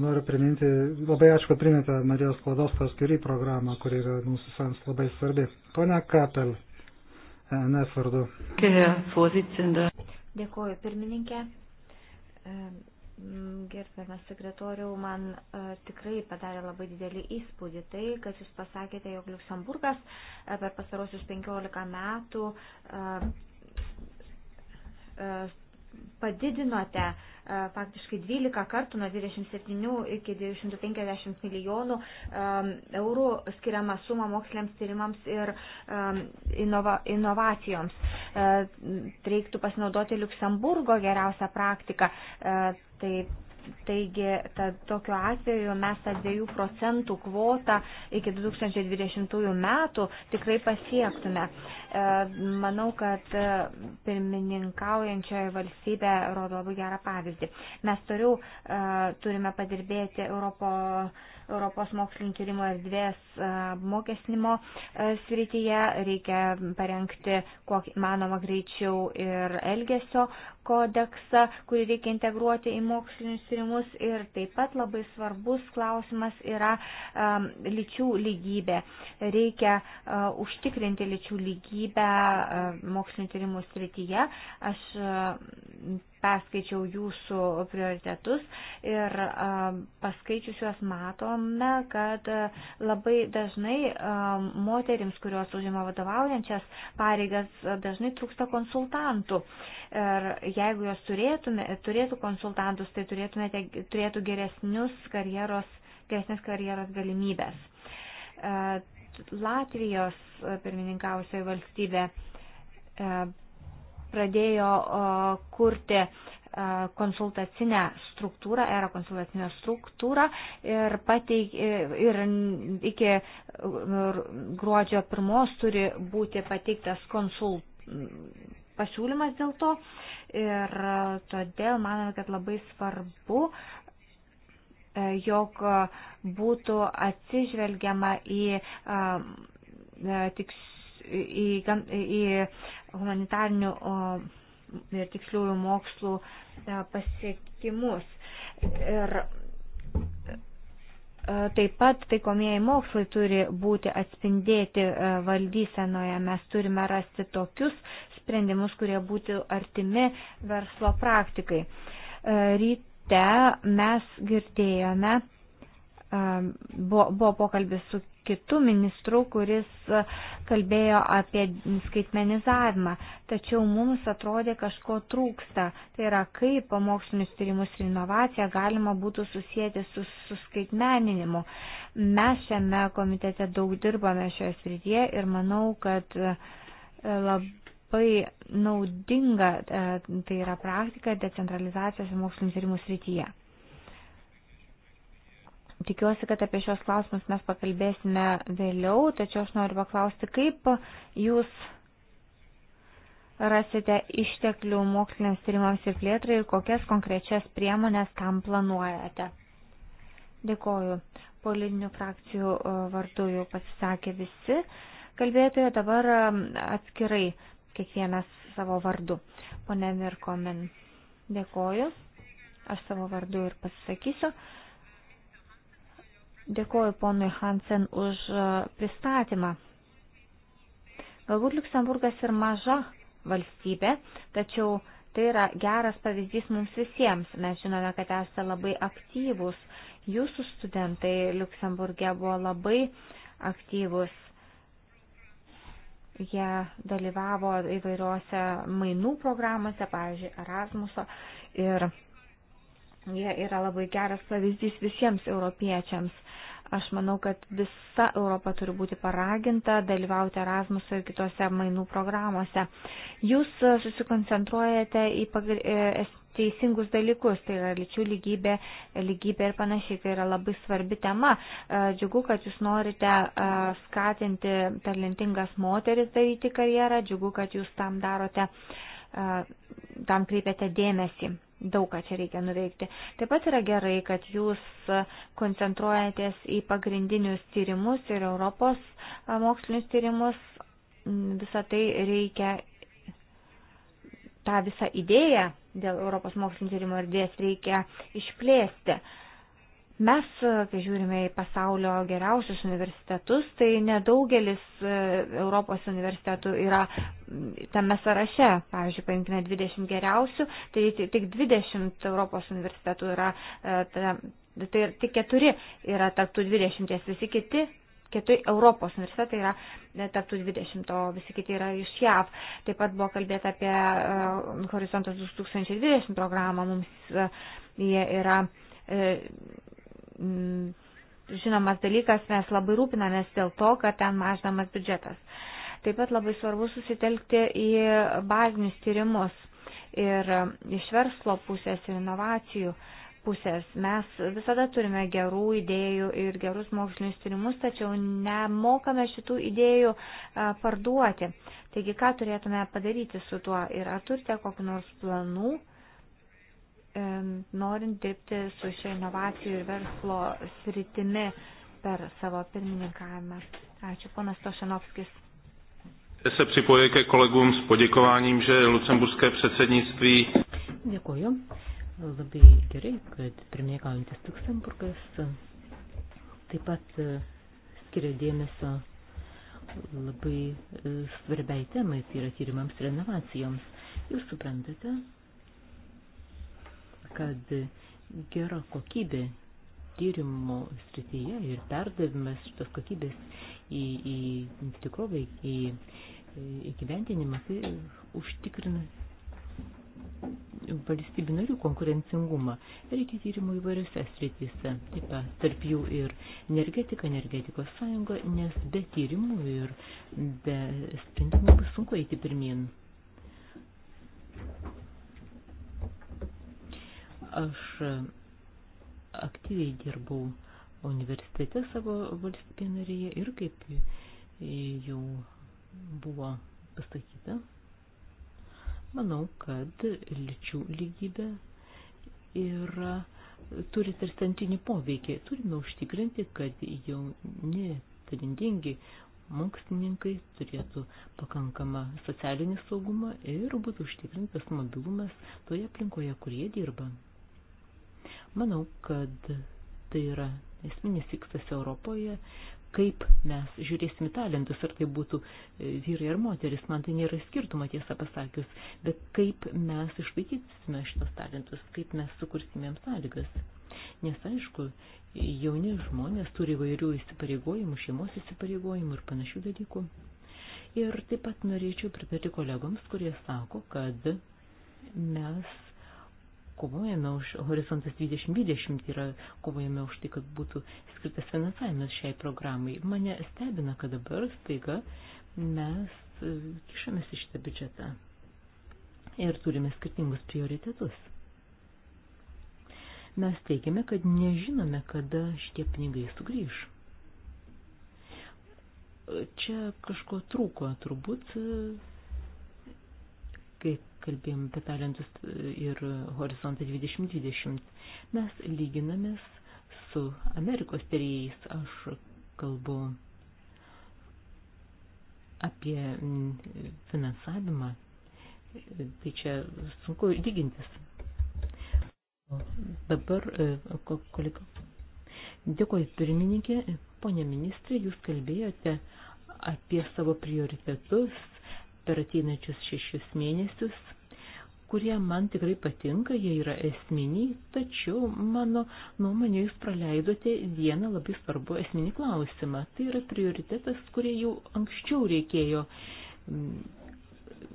Noriu priminti, labai ačiū, kad priminėte Marijos Klados paskirį programą, kuri yra mūsų sens labai svarbi. Pone Kapel. NF vardu. Dėkuoju pirmininkė. E, gerbiamas sekretoriau, man e, tikrai padarė labai didelį įspūdį tai, kad jūs pasakėte, jog Luxemburgas e, per pastarosius 15 metų padidinote e, faktiškai 12 kartų nuo 27 iki 250 milijonų e, eurų skiriamą sumą moksliniams tyrimams ir e, inova, inovacijoms. Reiktų pasinaudoti Luksemburgo geriausią praktiką. Taip Taigi, tad tokiu atveju mes tą 2 procentų kvotą iki 2020 metų tikrai pasiektume. E, manau, kad e, pirmininkaujančioje valstybė rodo labai gerą pavyzdį. Mes toliau e, turime padirbėti Europo, Europos mokslinio tyrimo erdvės apmokesnimo srityje. Reikia parengti, kuo manoma greičiau, ir elgesio kodeksą, kurį reikia integruoti į mokslinius tyrimus ir taip pat labai svarbus klausimas yra um, lyčių lygybė. Reikia uh, užtikrinti lyčių lygybę uh, mokslinio tyrimų srityje. Aš uh, perskaičiau jūsų prioritetus ir um, paskaičius juos matome, kad uh, labai dažnai um, moterims, kurios užima vadovaujančias pareigas, uh, dažnai trūksta konsultantų. Ir jeigu jos turėtume, turėtų konsultantus, tai turėtumėte, turėtų geresnius karjeros, geresnės karjeros galimybės. E, Latvijos pirmininkausioji valstybė e, pradėjo kurti e, konsultacinę struktūrą, era konsultacinę struktūrą ir, pateik, ir iki gruodžio pirmos turi būti pateiktas konsul, pasiūlymas dėl to ir todėl manome, kad labai svarbu, e, jog būtų atsižvelgiama į, e, tiks, į, į humanitarnių ir tiksliųjų mokslų e, pasiekimus. Ir taip pat taikomieji mokslai turi būti atspindėti valdysenoje. Mes turime rasti tokius sprendimus, kurie būtų artimi verslo praktikai. E, ryte mes girdėjome, e, buvo, buvo pokalbis su kitu ministru, kuris e, kalbėjo apie skaitmenizavimą. Tačiau mums atrodė kažko trūksta. Tai yra, kaip pamokslinius tyrimus ir inovaciją galima būtų susijęti su, su skaitmeninimu. Mes šiame komitete daug dirbame šioje srityje ir manau, kad lab, labai naudinga e, tai yra praktika decentralizacijos ir mokslinių tyrimų srityje. Tikiuosi, kad apie šios klausimus mes pakalbėsime vėliau, tačiau aš noriu paklausti, kaip jūs rasite išteklių moksliniams tyrimams ir plėtrai ir kokias konkrečias priemonės tam planuojate. Dėkoju. Politinių frakcijų e, vardu jau pasisakė visi kalbėtojai, dabar e, atskirai kiekvienas savo vardu. Pone Mirkomen, dėkoju. Aš savo vardu ir pasisakysiu. Dėkoju ponui Hansen už e, pristatymą. Galbūt Luksemburgas ir maža valstybė, tačiau tai yra geras pavyzdys mums visiems. Mes žinome, kad esate labai aktyvūs. Jūsų studentai Luksemburgė buvo labai aktyvūs Jie dalyvavo įvairiuose mainų programuose, pavyzdžiui, Erasmuso. Ir jie yra labai geras pavyzdys visiems europiečiams. Aš manau, kad visa Europa turi būti paraginta dalyvauti Erasmuso ir kitose mainų programuose. Jūs e, susikoncentruojate į pagr... E, teisingus dalykus, tai yra lyčių lygybė, lygybė ir panašiai, tai yra labai svarbi tema. E, džiugu, kad jūs norite skatinti talentingas moteris daryti karjerą, džiugu, kad jūs tam darote uh, tam kreipiate dėmesį. Daug ką čia reikia nuveikti. Taip pat yra gerai, kad jūs koncentruojatės į pagrindinius tyrimus ir Europos mokslinius tyrimus. Visą tai reikia, tą visą idėją dėl Europos mokslinio tyrimo erdvės reikia išplėsti. Uh, Mes, kai žiūrime į pasaulio geriausius universitetus, tai nedaugelis e, Europos universitetų yra tame sąraše. Pavyzdžiui, paimkime 20 geriausių, tai tik 20 Europos universitetų yra, e, tai tik keturi yra tarptų 20, visi kiti keturi Europos universitetai yra e, tarptų 20, o visi kiti yra iš JAV. Taip pat buvo kalbėta apie Horizontas 2020 programą, mums jie yra Mm, žinomas dalykas, mes labai rūpinamės dėl to, kad ten mažinamas biudžetas. Taip pat labai svarbu susitelkti į bazinius tyrimus ir iš verslo pusės ir inovacijų pusės. Mes visada turime gerų idėjų ir gerus mokslinius tyrimus, tačiau nemokame šitų idėjų parduoti. Taigi, ką turėtume padaryti su tuo ir ar turite kokiu nors planu norint dirbti su šia inovacijų ir verslo sritimi per savo pirmininkavimą. Ačiū, ponas Tošanovskis. Se připojuji ke kolegům s poděkováním, že lucemburské předsednictví. Děkuji. Labai gerai, kad pirmininkaujantis Luksemburgas taip pat skiria eh, dėmesio eh, labai svarbiai temai, tai yra tyrimams ir inovacijoms. Jūs suprantate, kad gera kokybė tyrimų srityje ir perdavimas šitos kokybės į, į tikrovę, į įgyvendinimą, tai užtikrina valstybių narių konkurencingumą. Reikia tyrimų įvairiose srityse, taip pat tarp jų ir energetika, energetikos sąjunga, nes be tyrimų ir be sprendimų bus sunku eiti pirmin. Aš e, aktyviai dirbau universitete savo valstybė narėje ir kaip e, jau buvo pasakyta, manau, kad lyčių lygybė yra turi tarstantinį poveikį. Turime užtikrinti, kad jauni talentingi mokslininkai turėtų pakankamą socialinį saugumą ir būtų užtikrintas mobilumas toje aplinkoje, kur jie dirba. Manau, kad tai yra esminis tikslas Europoje, kaip mes žiūrėsim talentus, ar tai būtų e, vyrai ar moteris, man tai nėra skirtumo tiesą pasakius, bet kaip mes išlaikysime šitos talentus, kaip mes sukursime jiems sąlygas. Nes aišku, jauni žmonės turi vairių įsipareigojimų, šeimos įsipareigojimų ir panašių dalykų. Ir taip pat norėčiau pritarti kolegoms, kurie sako, kad mes kovojame už Horizontas 2020, tai yra kovojame už tai, kad būtų skirtas finansavimas šiai programai. Mane stebina, kad dabar staiga mes e, kišamės į šitą biudžetą ir turime skirtingus prioritetus. Mes teikiame, kad nežinome, kada šitie pinigai sugrįž. Čia kažko trūko, turbūt e, kaip kalbėjom apie talentus e, ir horizontą 2020. Mes lyginamės su Amerikos tyrėjais, aš kalbu apie mm, finansavimą, e, tai čia sunku lygintis. Dabar e, kolega. Dėkuoju pirmininkė, ponė ministrė, jūs kalbėjote apie savo prioritetus per ateinačius šešius mėnesius, kurie man tikrai patinka, jie yra esminiai, tačiau mano nuomonė jūs praleidote vieną labai svarbu esminį klausimą. Tai yra prioritetas, kurie jau anksčiau reikėjo mm,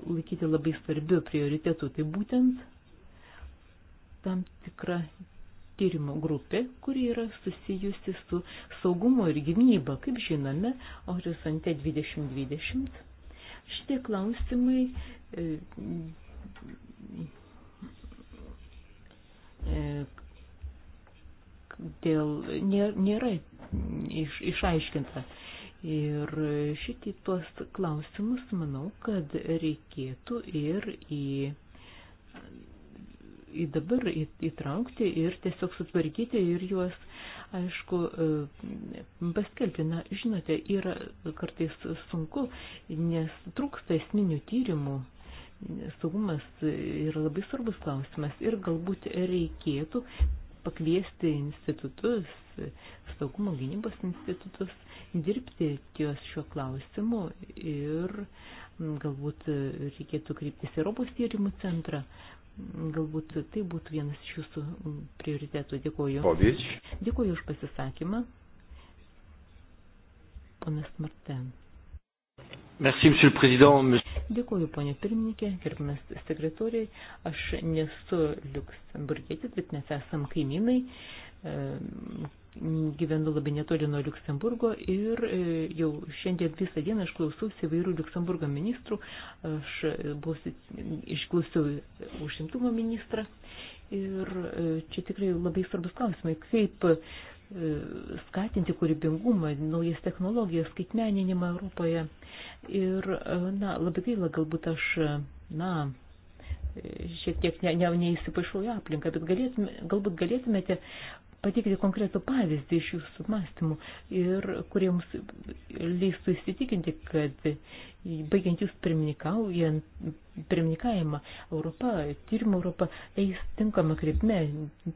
laikyti labai svarbiu prioritetu. Tai būtent tam tikra tyrimo grupė, kuri yra susijusi su saugumo ir gynyba, kaip žinome, Horizonte 2020 Šitie klausimai e, e, dėl nėra iš, išaiškinta. Ir šitie tuos klausimus manau, kad reikėtų ir į, į dabar įtraukti ir tiesiog sutvarkyti ir juos aišku, e, paskelbti. Na, žinote, yra kartais sunku, nes trūksta esminių tyrimų. Saugumas yra labai svarbus klausimas ir galbūt reikėtų pakviesti institutus, saugumo gynybos institutus, dirbti ties šiuo klausimu ir galbūt reikėtų kryptis į Europos tyrimų centrą, Galbūt tai būtų vienas iš jūsų prioritetų. Dėkuoju. Povič. Dėkuoju už pasisakymą. Ponas Marten. Merci, monsieur le président. Dėkuoju, ponė pirmininkė, gerbimas sekretoriai. Aš nesu liuksemburgietis, bet mes esam kaimynai. E, gyvenu labai netoli nuo Luksemburgo ir e, jau šiandien visą dieną aš klausiausi įvairių Luksemburgo ministrų, aš e, buvau, išklausiau užimtumo ministrą ir e, čia tikrai labai svarbus klausimai, kaip skatinti kūrybingumą, naujas technologijas, skaitmeninimą Europoje. Ir, na, labai gaila, galbūt aš, na, šiek tiek ne, ne, neįsipaišau į aplinką, bet galėtume, galbūt galėtumėte pateikti konkretų pavyzdį iš jūsų mąstymų ir kurie mums leistų įsitikinti, kad baigiant jūs pirmininkavimą, Europa, tyrimo Europa eis tinkama krypme,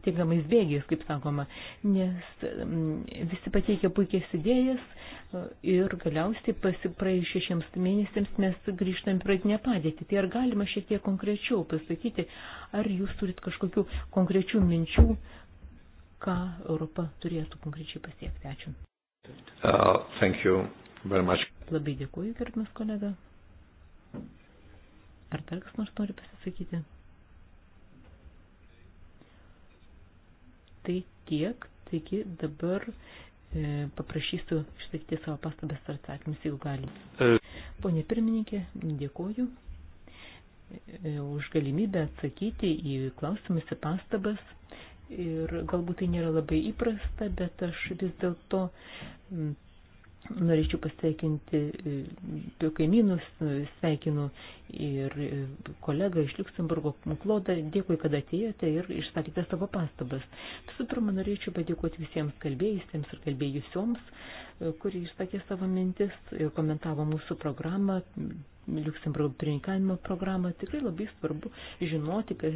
tinkamais bėgiais, kaip sakoma, nes mm, visi pateikia puikias idėjas e, ir galiausiai pasipraėjus šešiems mėnesiams mes grįžtam į pradinę padėtį. Tai ar galima šiek tiek konkrečiau pasakyti, ar jūs turit kažkokių konkrečių minčių, ką Europa turėtų konkrečiai pasiekti. Ačiū. Uh, thank you very much. Labai dėkuoju, gerbimas kolega. Ar dar kas nors nori pasisakyti? Tai tiek, taigi dabar e, paprašysiu išsakyti savo pastabas ar atsakymus, jeigu galim. E. Pone pirmininkė, dėkuoju e, už galimybę atsakyti į klausimus ir pastabas ir galbūt tai nėra labai įprasta, bet aš vis dėlto norėčiau pasveikinti e, du kaimynus, e, sveikinu ir e, kolegą iš Luxemburgo, Klodą, dėkui, kad atėjote ir išsakėte savo pastabas. Visų pirma, norėčiau padėkoti visiems kalbėjusiems ir kalbėjusioms, kurie išsakė savo mintis ir komentavo mūsų programą, Liuksemburgo pirmininkavimo programą. Tikrai labai svarbu žinoti e,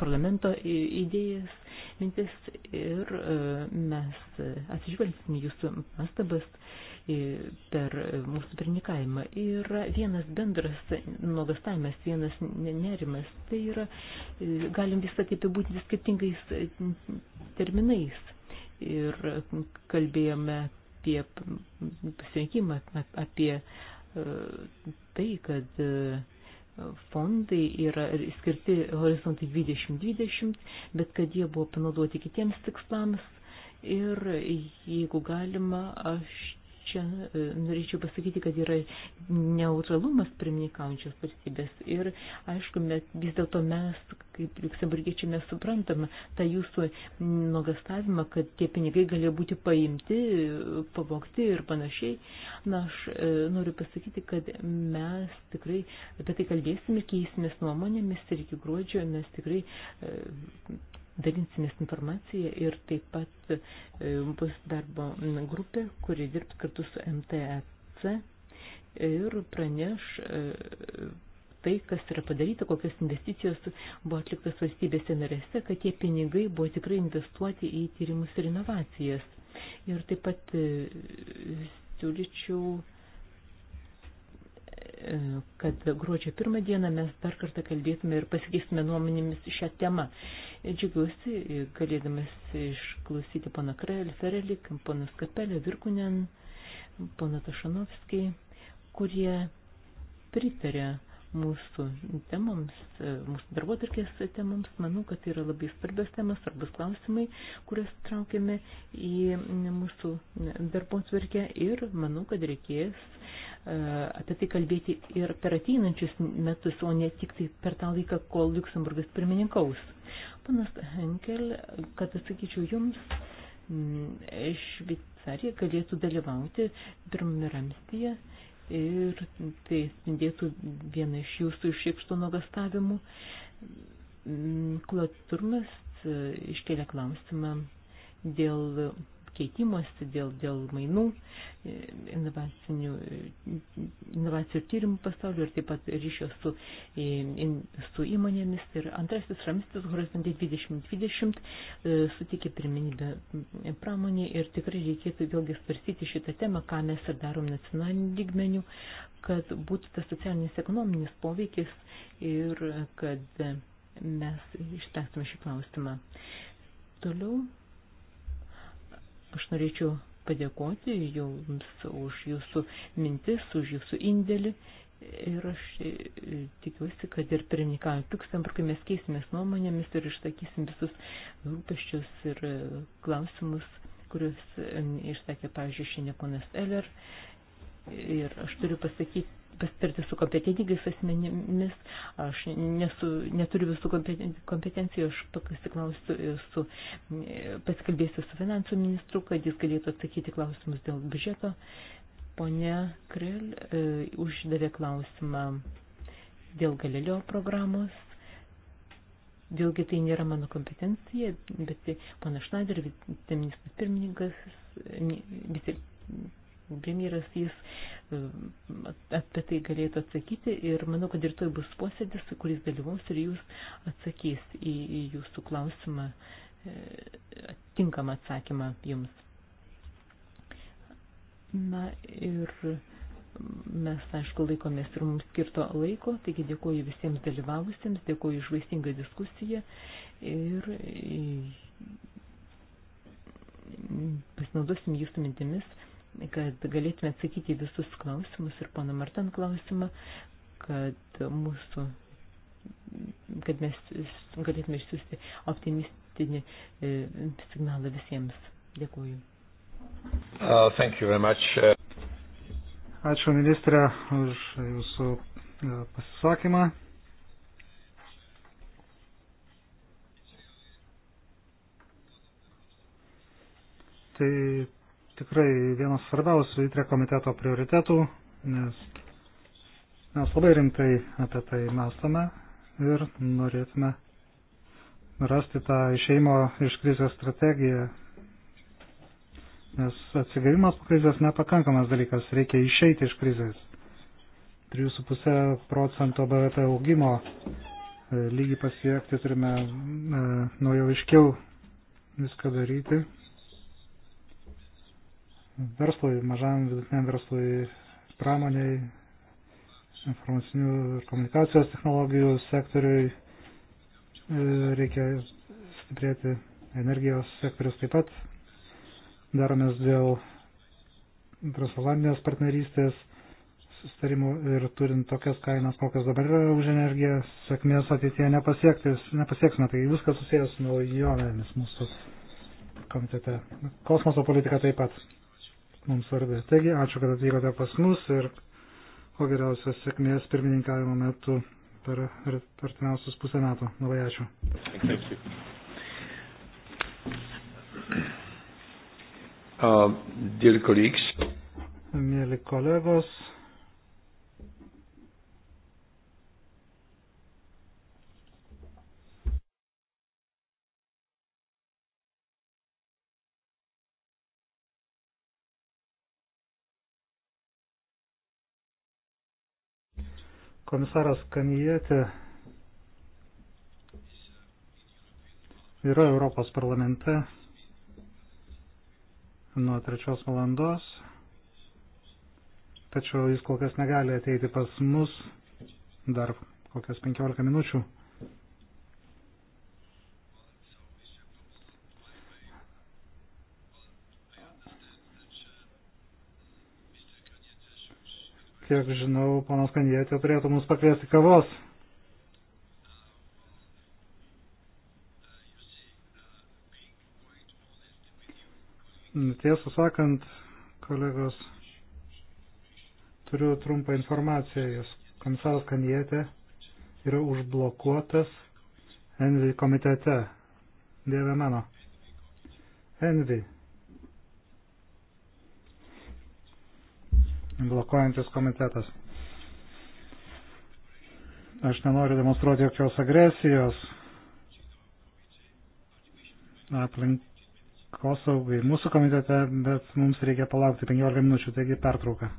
parlamento idėjas, mintis ir e, mes atsižvelgsime jūsų pastabas e, per mūsų pirmininkavimą. Yra vienas bendras nuogastavimas, vienas nerimas. Tai yra, galim visą tai apibūti skirtingais terminais. Ir kalbėjome apie pasirinkimą, apie, apie tai, kad e, fondai yra skirti horizontai 2020, bet kad jie buvo panaudoti kitiems tikslams ir jeigu galima, aš Čia e, norėčiau pasakyti, kad yra neutralumas pirmininkaujančios valstybės ir, aišku, mes, vis dėlto mes, kaip liuksemburgiečiai, mes suprantame tą jūsų nuogastavimą, kad tie pinigai galėjo būti paimti, pavokti ir panašiai. Na, aš e, noriu pasakyti, kad mes tikrai apie tai kalbėsime, keisimės nuomonėmis ir iki gruodžio mes tikrai e, dalinsimės informaciją ir taip pat e, bus darbo grupė, kuri dirbs kartu su MTEC ir praneš e, tai, kas yra padaryta, kokios investicijos buvo atliktas valstybėse narėse, kad tie pinigai buvo tikrai investuoti į tyrimus ir inovacijas. Ir taip pat e, siūlyčiau kad gruodžio pirmą dieną mes dar kartą kalbėtume ir pasikeistume nuomonėmis šią temą. Džiugiuosi, e, galėdamas išklausyti pana Krael, Ferelik, pana Skapelė, Virkunen, pana Tašanovskį, kurie pritarė mūsų temams, e, mūsų darbotarkės temams. Manau, kad tai yra labai svarbios temas, svarbus klausimai, kurias traukiame į mūsų darbotvarkę ir manau, kad reikės apie tai kalbėti ir per ateinančius metus, o ne tik tai per tą laiką, kol Luxemburgas pirmininkaus. Panas Henkel, kad atsakyčiau jums, mm, Šveicarija galėtų dalyvauti pirmame ramstyje ir tai spindėtų vieną iš jūsų išėkštų nuogastavimų. Klaturmas mm, e, iškelia klausimą dėl keitimosi, dėl, dėl mainų, e, inovacijų tyrimų pasaulio ir taip pat ryšio su, e, su įmonėmis. Ir antrasis ramstis Horizontai 2020 e, sutikė pirmenybę pramonė ir tikrai reikėtų vėlgi svarstyti šitą temą, ką mes ir darom nacionaliniu lygmeniu, kad būtų tas socialinis ekonominis poveikis ir kad mes išspręstume šį klausimą. Toliau Aš norėčiau padėkoti jums už jūsų mintis, už jūsų indėlį. Ir aš e, tikiuosi, kad ir pirmininkavim Liuksemburgui mes keisimės nuomonėmis ir išsakysim visus rūpeščius ir e, klausimus, kuriuos e, išsakė, pavyzdžiui, šiandien ponas Eller. Ir aš turiu pasakyti, pasitarti su kompetentingais asmenimis. Aš nesu, neturiu visų kompetencijų, aš pasiklausiu su, pasikalbėsiu su finansų ministru, kad jis galėtų atsakyti klausimus dėl biudžeto. Pone Kril e, uždavė klausimą dėl Galileo programos. Dėlgi tai nėra mano kompetencija, bet pana Šnaider, viceministras pirmininkas, vice premjeras jis e, apie tai galėtų atsakyti ir manau, kad ir toj bus posėdis, kuris dalyvaus ir jūs atsakys į, į jūsų klausimą, e, tinkamą atsakymą jums. Na ir mes, aišku, laikomės ir mums skirto laiko, taigi dėkuoju visiems dalyvavusiems, dėkuoju už vaisingą diskusiją ir e, pasinaudosim jūsų mintimis kad galėtume atsakyti visus klausimus ir pana Martan klausimą, kad mūsų kad mes galėtume išsiųsti optimistinį e, signalą visiems. Dėkuoju. Uh, thank you very much. Uh. Ačiū ministrė už jūsų e, pasisakymą. Tai tikrai vienas svarbiausių įtrė komiteto prioritetų, nes mes labai rimtai apie tai mąstame ir norėtume rasti tą išeimo iš krizės strategiją, nes atsigavimas po krizės nepakankamas dalykas, reikia išeiti iš krizės. 3,5 procento BVP augimo e, lygį pasiekti turime e, naujoviškiau viską daryti verslui, mažam vidutiniam verslui, pramoniai, informacinių ir komunikacijos technologijų sektoriui e, reikia stiprėti energijos sektorius taip pat. Daromės dėl transatlantinės partnerystės sustarimų ir turint tokias kainas, kokias dabar yra už energiją, sėkmės ateityje nepasieksime. Tai viskas susijęs su naujovėmis mūsų komitete. Kosmoso politika taip pat mums svarbi. Taigi, ačiū, kad atvykote pas mus ir ko geriausios sėkmės pirmininkavimo metu per artimiausius pusę metų. Labai ačiū. Uh, Dėl kolegos. Mėly kolegos. Komisaras Kanijėtė yra Europos parlamente nuo trečios valandos, tačiau jis kol kas negali ateiti pas mus dar kokias 15 minučių. Kiek žinau, panas kandidatė turėtų mus pakviesti kavos. Tiesą sakant, kolegos, turiu trumpą informaciją. Jūs komisaras kandidatė yra užblokuotas Envi komitete. Dieve mano. Envi blokuojantis komitetas. Aš nenoriu demonstruoti jokios agresijos aplinkosaugai mūsų komitete, bet mums reikia palaukti 15 minučių, taigi pertrauka.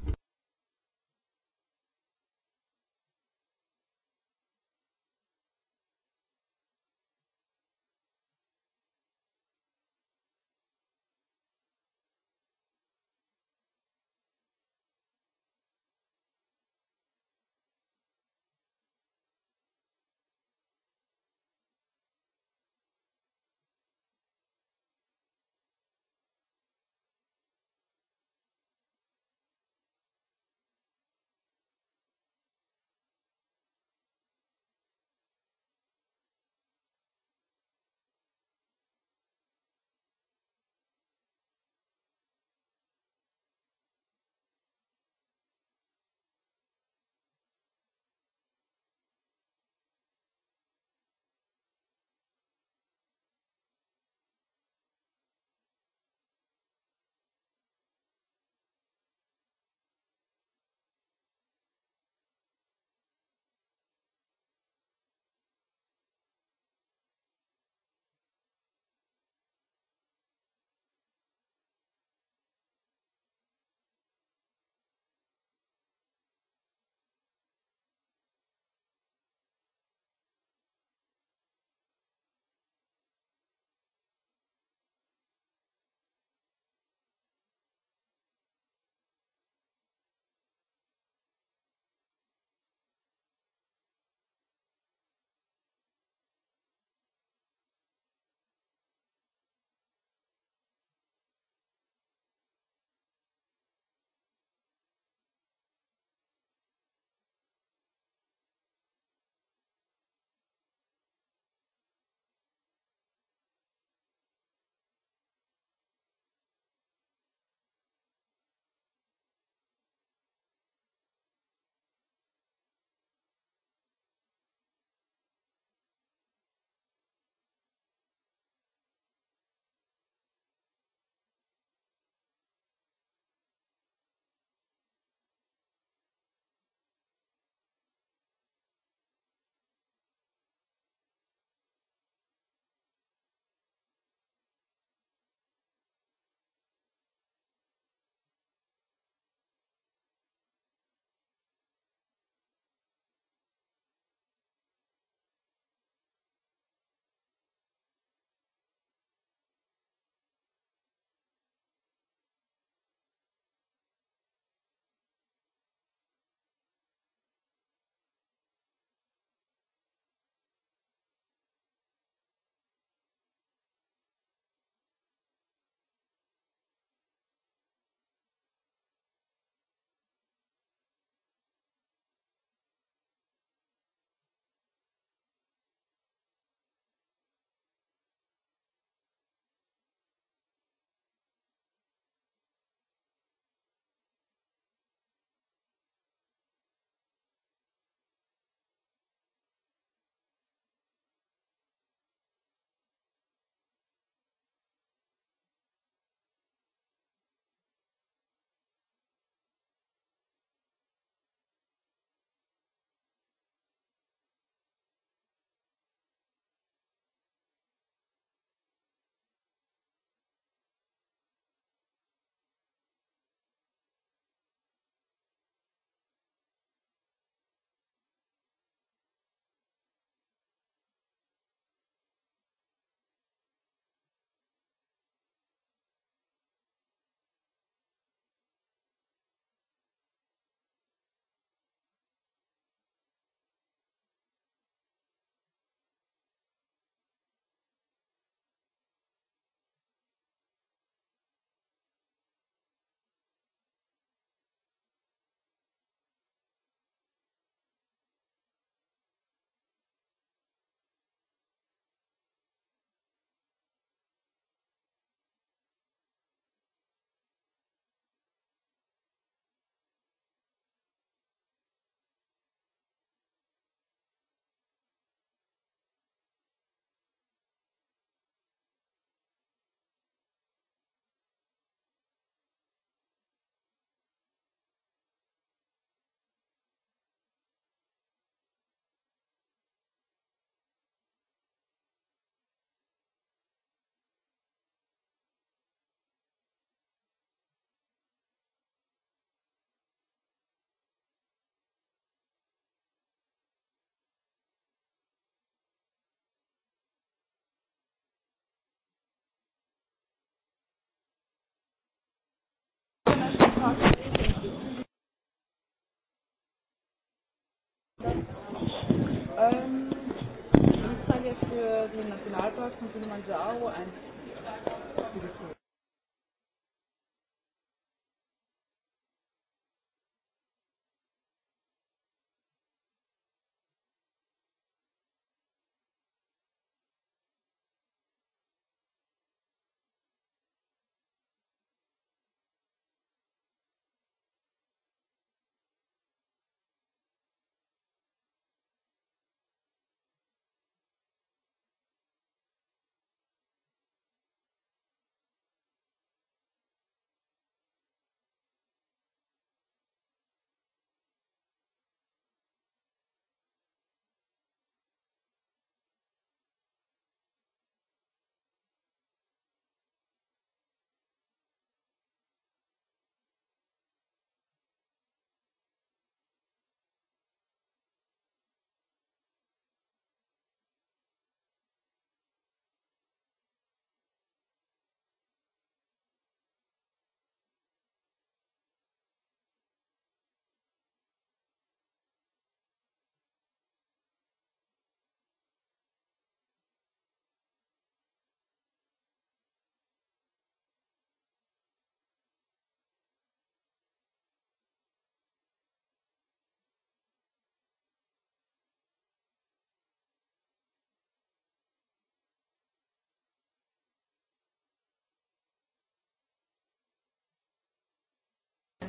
den Nationalpark von Kilimanjaro einzuführen.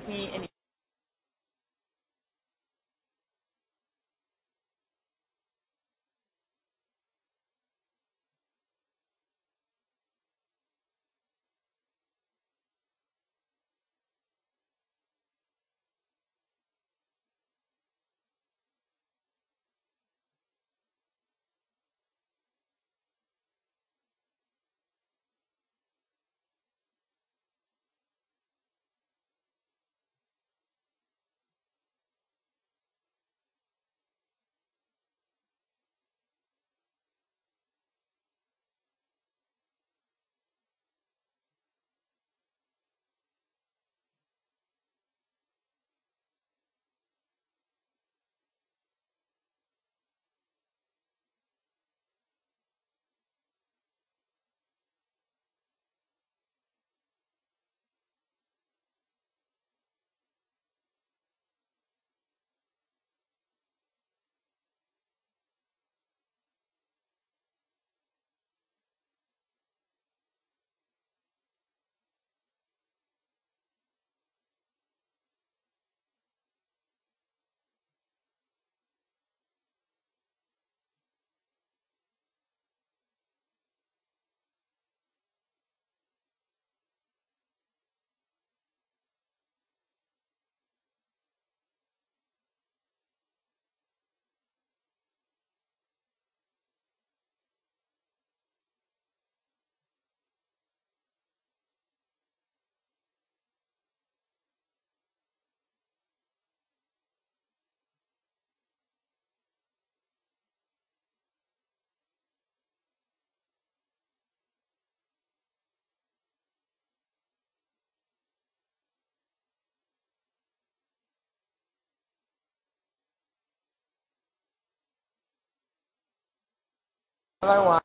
me any Hello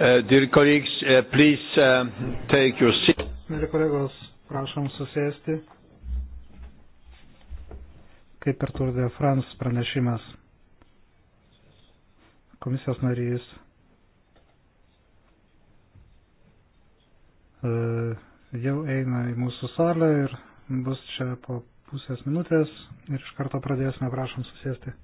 Uh, dear colleagues, uh, please uh, take your seat. Mėly kolegos, prašom susėsti. Kaip ir Tour de France pranešimas. Komisijos narys jau eina į mūsų salę ir bus čia po pusės minutės ir iš karto pradėsime, prašom susėsti.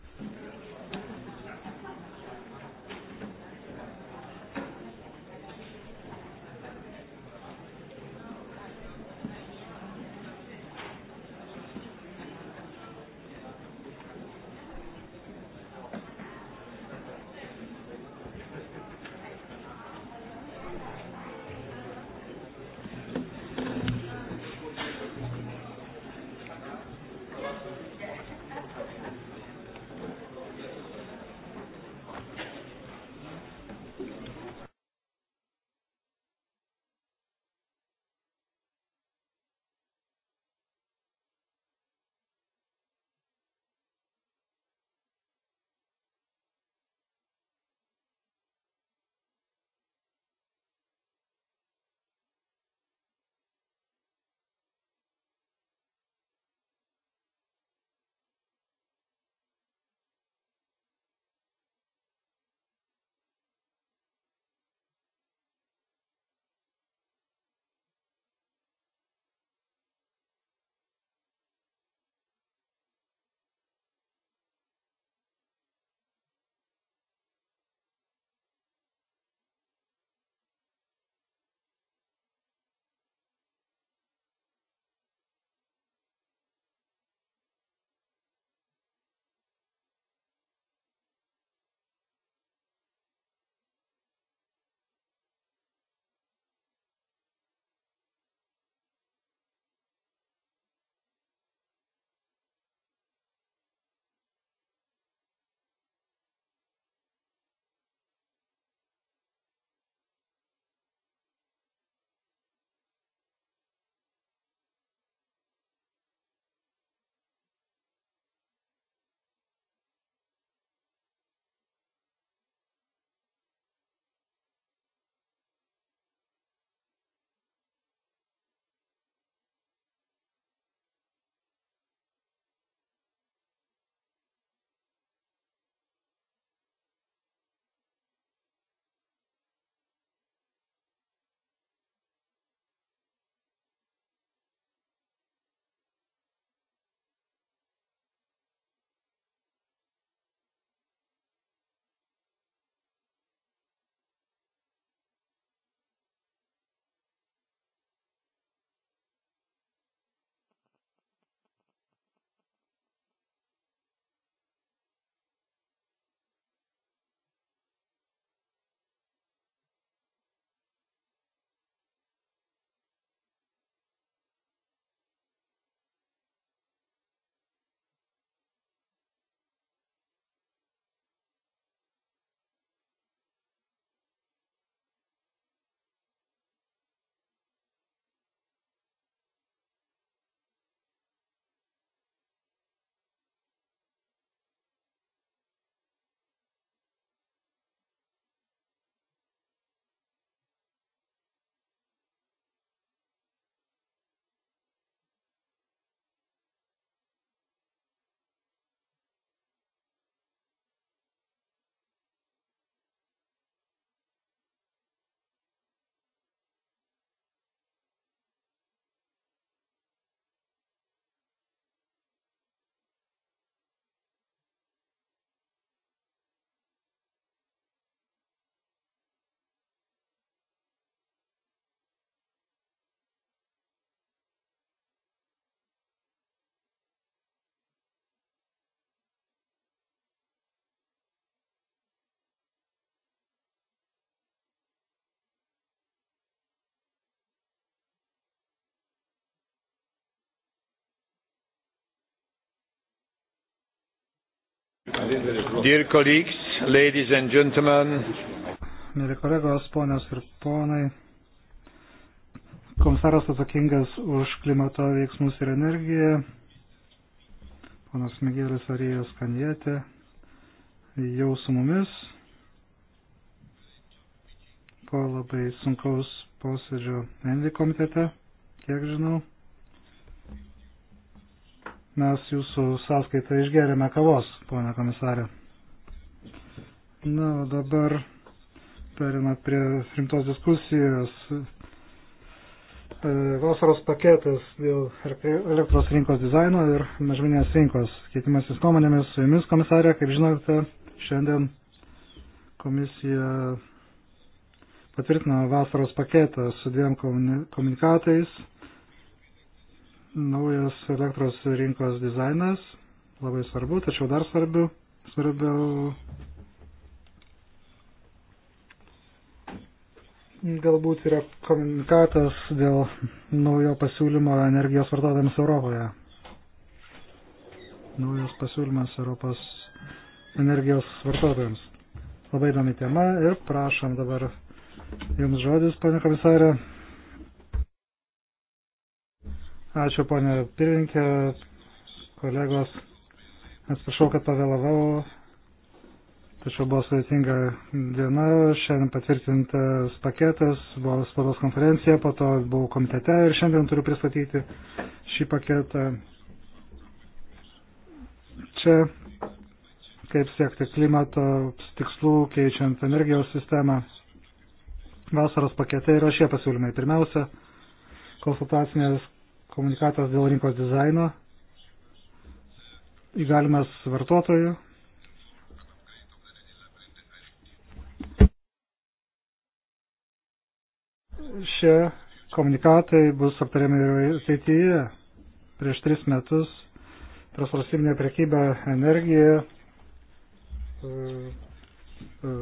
Dear colleagues, ladies and gentlemen. Mėly kolegos, ponios ir ponai. Komisaras atsakingas už klimato veiksmus ir energiją, ponas Migėlis Arijas Kanietė, jau su mumis po labai sunkaus posėdžio Envi komitete, kiek žinau mes jūsų sąskaitą išgerėme kavos, ponia komisarė. Na, dabar perinant prie rimtos diskusijos. E, vasaros paketas dėl elektros rinkos dizaino ir mažminės rinkos. Keitimasis nuomonėmis su jumis, komisarė, kaip žinote, šiandien komisija patvirtino vasaros paketą su dviem komunikatais Naujas elektros rinkos dizainas labai svarbu, tačiau dar svarbiau, svarbiau galbūt yra komunikatas dėl naujo pasiūlymo energijos vartotojams Europoje. Naujas pasiūlymas Europos energijos vartotojams. Labai įdomi tema ir prašom dabar Jums žodis, pane komisarė. Ačiū, ponė Pirinkė, kolegos. Atsiprašau, kad pavėlavau, tačiau buvo sudėtinga diena. Šiandien patvirtintas paketas, buvo spaudos konferencija, po to buvau komitete ir šiandien turiu pristatyti šį paketą. Čia kaip siekti klimato tikslų, keičiant energijos sistemą. Vasaros pakete yra šie pasiūlymai. Pirmiausia, konsultacinės komunikatas dėl rinkos dizaino, įgalimas vartotojų. Šie komunikatai bus aptariami ir ateityje. Prieš tris metus transvalstybinė prekyba energija e, e,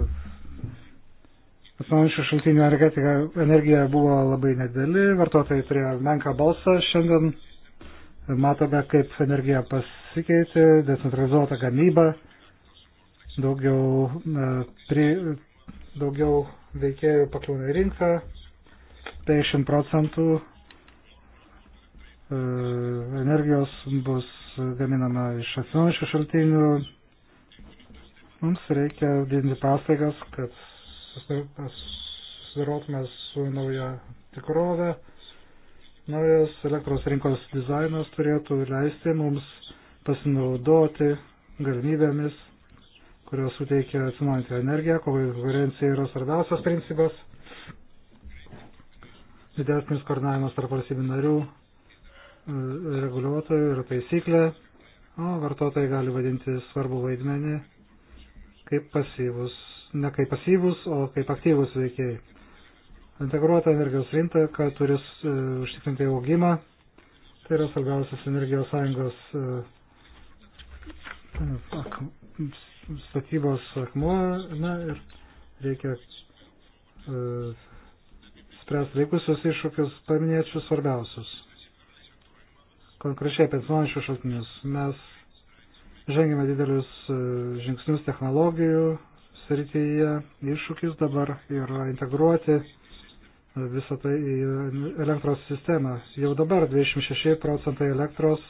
Atsinaujinčių šaltinių energija buvo labai nedėli, vartotojai turėjo menką balsą. Šiandien matome, kaip energija pasikeitė, decentralizuota gamyba, daugiau, e, pri, daugiau veikėjų pakliūna į rinką, 50 procentų e, energijos bus gaminama iš atsinaujinčių šaltinių. Mums reikia didinti paslaugas, kad susidarotume su nauja tikrove. Naujas elektros rinkos dizainas turėtų leisti mums pasinaudoti galimybėmis, kurios suteikia atsinaujantį energiją, konkurencija yra svarbiausias principas, didesnis koordinavimas tarp valstybių narių, e, reguliuotojų ir taisyklė, o vartotojai gali vadinti svarbų vaidmenį kaip pasyvus ne kaip pasyvus, o kaip aktyvus veikiai. Integruota energijos rinka, kad turi e, užtikrinti augimą, tai yra svarbiausias energijos sąjungos e, e, statybos akmuo, na ir reikia spręs likusius iššūkius, paminėčiau svarbiausius. Konkrečiai apie atsinaujančius šaltinius. Mes žengėme didelius žingsnius technologijų srityje iššūkis dabar yra integruoti visą tai į elektros sistemą. Jau dabar 26 procentai elektros e,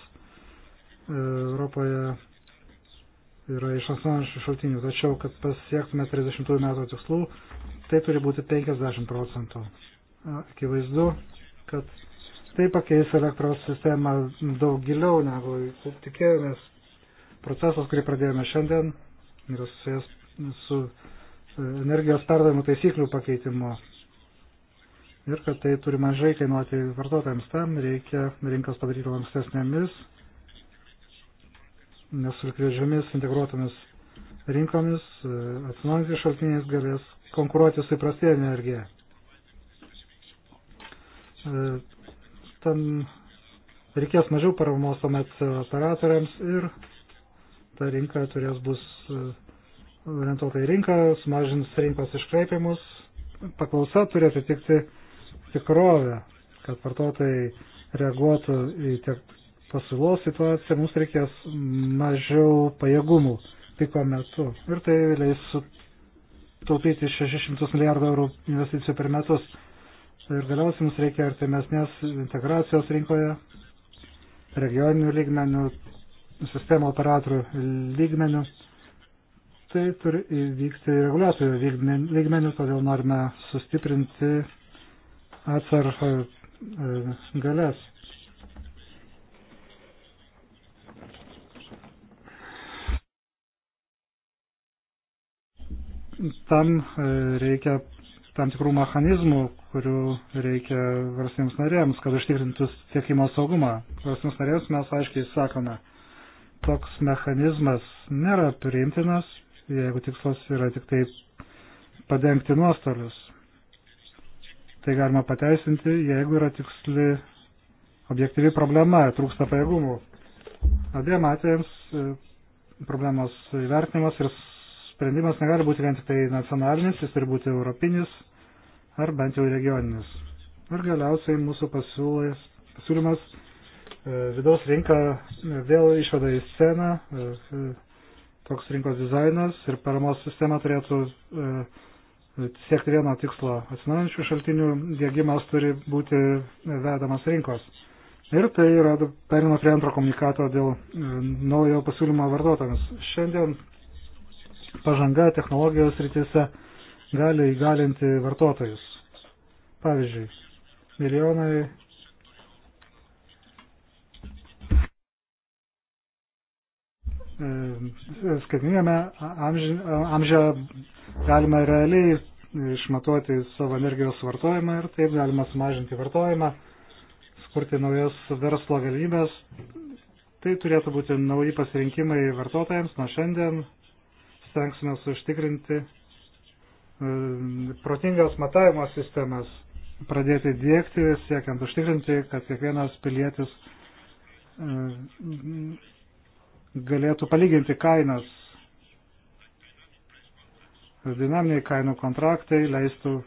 Europoje yra iš asmeniškų šaltinių, tačiau, kad pasiektume 30 metų tikslų, tai turi būti 50 procentų. Akivaizdu, kad tai pakeis elektros sistemą daug giliau negu tikėjomės. Procesas, kurį pradėjome šiandien, yra susijęs su e, energijos perdavimo taisyklių pakeitimu. Ir kad tai turi mažai kainuoti vartotojams, tam reikia rinkas padaryti lankstesnėmis, nesulkrėžiamis, integruotomis rinkomis, e, atsinaujantys šaltiniais galės konkuruoti su įprastė energija. E, tam reikės mažiau paramos tuomet operatoriams ir ta rinka turės bus orientuota į rinką, sumažins rinkos iškraipimus, paklausa turi atitikti tikrovę, kad vartotojai reaguotų į tiek pasiūlos situaciją, mums reikės mažiau pajėgumų piko metu. Ir tai leis sutaupyti 600 milijardų eurų investicijų per metus. Ir galiausiai mums reikia artimesnės integracijos rinkoje, regioninių lygmenių, sistemo operatorių lygmenių Tai turi įvykti reguliacijų lygmenių, todėl norime sustiprinti atsar e, galės. Tam e, reikia tam tikrų mechanizmų, kurių reikia valstybėms narėms, kad užtikrintų tiekimo saugumą. Valstybėms narėms mes aiškiai sakome, toks mechanizmas nėra priimtinas, jeigu tikslas yra tik tai padengti nuostolius. Tai galima pateisinti, jeigu yra tiksli objektyvi problema, trūksta pajėgumų. Abiem atvejams e, problemos įvertinimas ir sprendimas negali būti vien tik tai nacionalinis, jis turi būti europinis ar bent jau regioninis. Ir galiausiai mūsų pasiūlės, pasiūlymas e, vidaus rinką vėl išveda į sceną, e, toks rinkos dizainas ir paramos sistema turėtų e, siekti vieno tikslo. Atsinaujančių šaltinių dėgymas turi būti e, vedamas rinkos. Ir tai yra perino prie antro komunikato dėl e, naujo pasiūlymo vartotojams. Šiandien pažanga technologijos rytise gali įgalinti vartotojus. Pavyzdžiui, milijonai E, skaitinėme amžiuje galime realiai išmatuoti savo energijos vartojimą ir taip galima sumažinti vartojimą, skurti naujas verslo galimybės. Tai turėtų būti nauji pasirinkimai vartotojams nuo šiandien. Stengsime užtikrinti e, protingas matavimo sistemas, pradėti dėkti, siekiant užtikrinti, kad kiekvienas pilietis e, galėtų palyginti kainas. Dinaminiai kainų kontraktai leistų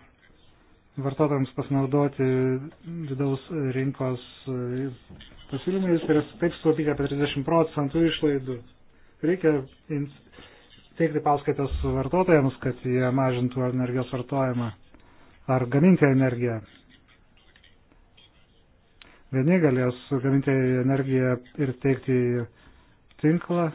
vartotojams pasinaudoti vidaus rinkos e, pasiūlymais ir taip sutaupyti apie 30 procentų išlaidų. Reikia teikti paskaitas vartotojams, kad jie mažintų energijos vartojimą ar gaminti energiją. Vieni galės gaminti energiją ir teikti tinklą.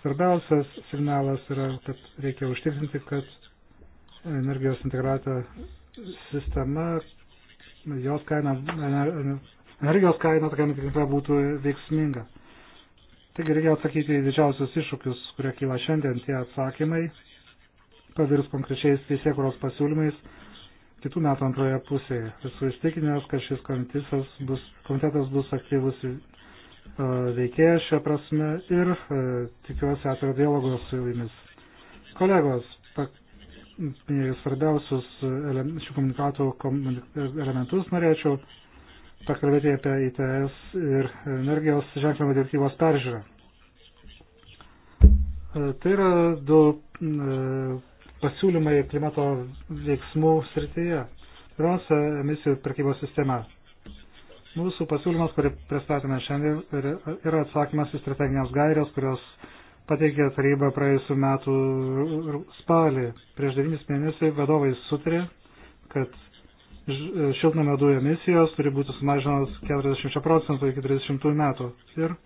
Svarbiausias signalas yra, kad reikia užtikrinti, kad energijos integrata sistema, jos kaina, energijos kaina tokia netikra būtų veiksminga. Taigi reikia atsakyti į didžiausius iššūkius, kurie kyla šiandien. Tie atsakymai pavirs konkrečiais teisėkuros pasiūlymais kitų metų antroje pusėje. Esu įstikinęs, kad šis komitetas bus, komitetas bus aktyvus e, veikėjas šią prasme ir e, tikiuosi atviro dialogo su jumis. Kolegos, svarbiausius šių komunikatų elementus norėčiau pakalbėti apie ITS ir energijos ženklimo direktyvos peržiūrą. E, tai yra du pasiūlymai klimato veiksmų srityje. Pirmiausia, emisijų prekybos sistema. Mūsų pasiūlymas, kurį pristatėme šiandien, yra atsakymas į strateginės gairės, kurios pateikė taryba praėjusiu metu spalį. Prieš devynis mėnesį vadovai sutarė, kad šiltnamio dujų emisijos turi būti sumažinamas 40 procentų iki 30 metų. Ir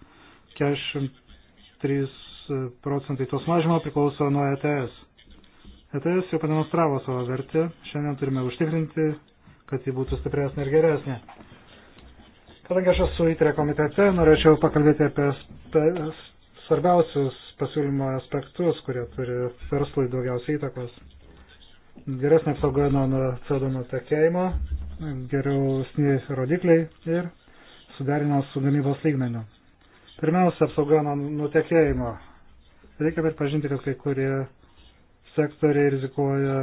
43 procentai tos mažimo priklauso nuo ETS. ETS jau pademonstravo savo vertę, šiandien turime užtikrinti, kad ji būtų stipresnė ir geresnė. Kadangi aš esu įtrė komitete, norėčiau pakalbėti apie svarbiausius pasiūlymo aspektus, kurie turi verslui daugiausiai įtakos. Geresnė apsauga nuo CO2 nutekėjimo, geriausni rodikliai ir suderinimas su gamybos lygmeniu. Pirmiausia, apsauga nuo nutekėjimo. Reikia pripažinti, kad kai kurie sektoriai rizikuoja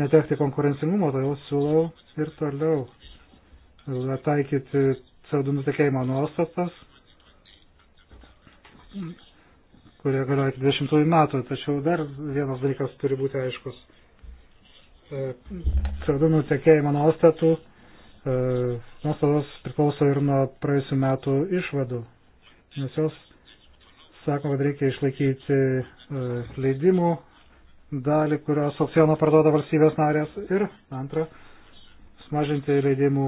netekti konkurencingumo, todėl siūlau ir toliau taikyti CO2 nutekėjimo nuostatas, kurie galioja iki 20 metų. Tačiau dar vienas dalykas turi būti aiškus. E, CO2 nutekėjimo nuostatų e, nuostatos priklauso ir nuo praėjusių metų išvadų, nes jos sako, kad reikia išlaikyti e, leidimų dalį, kurios opciono parduoda valstybės narės. Ir antra, sumažinti leidimų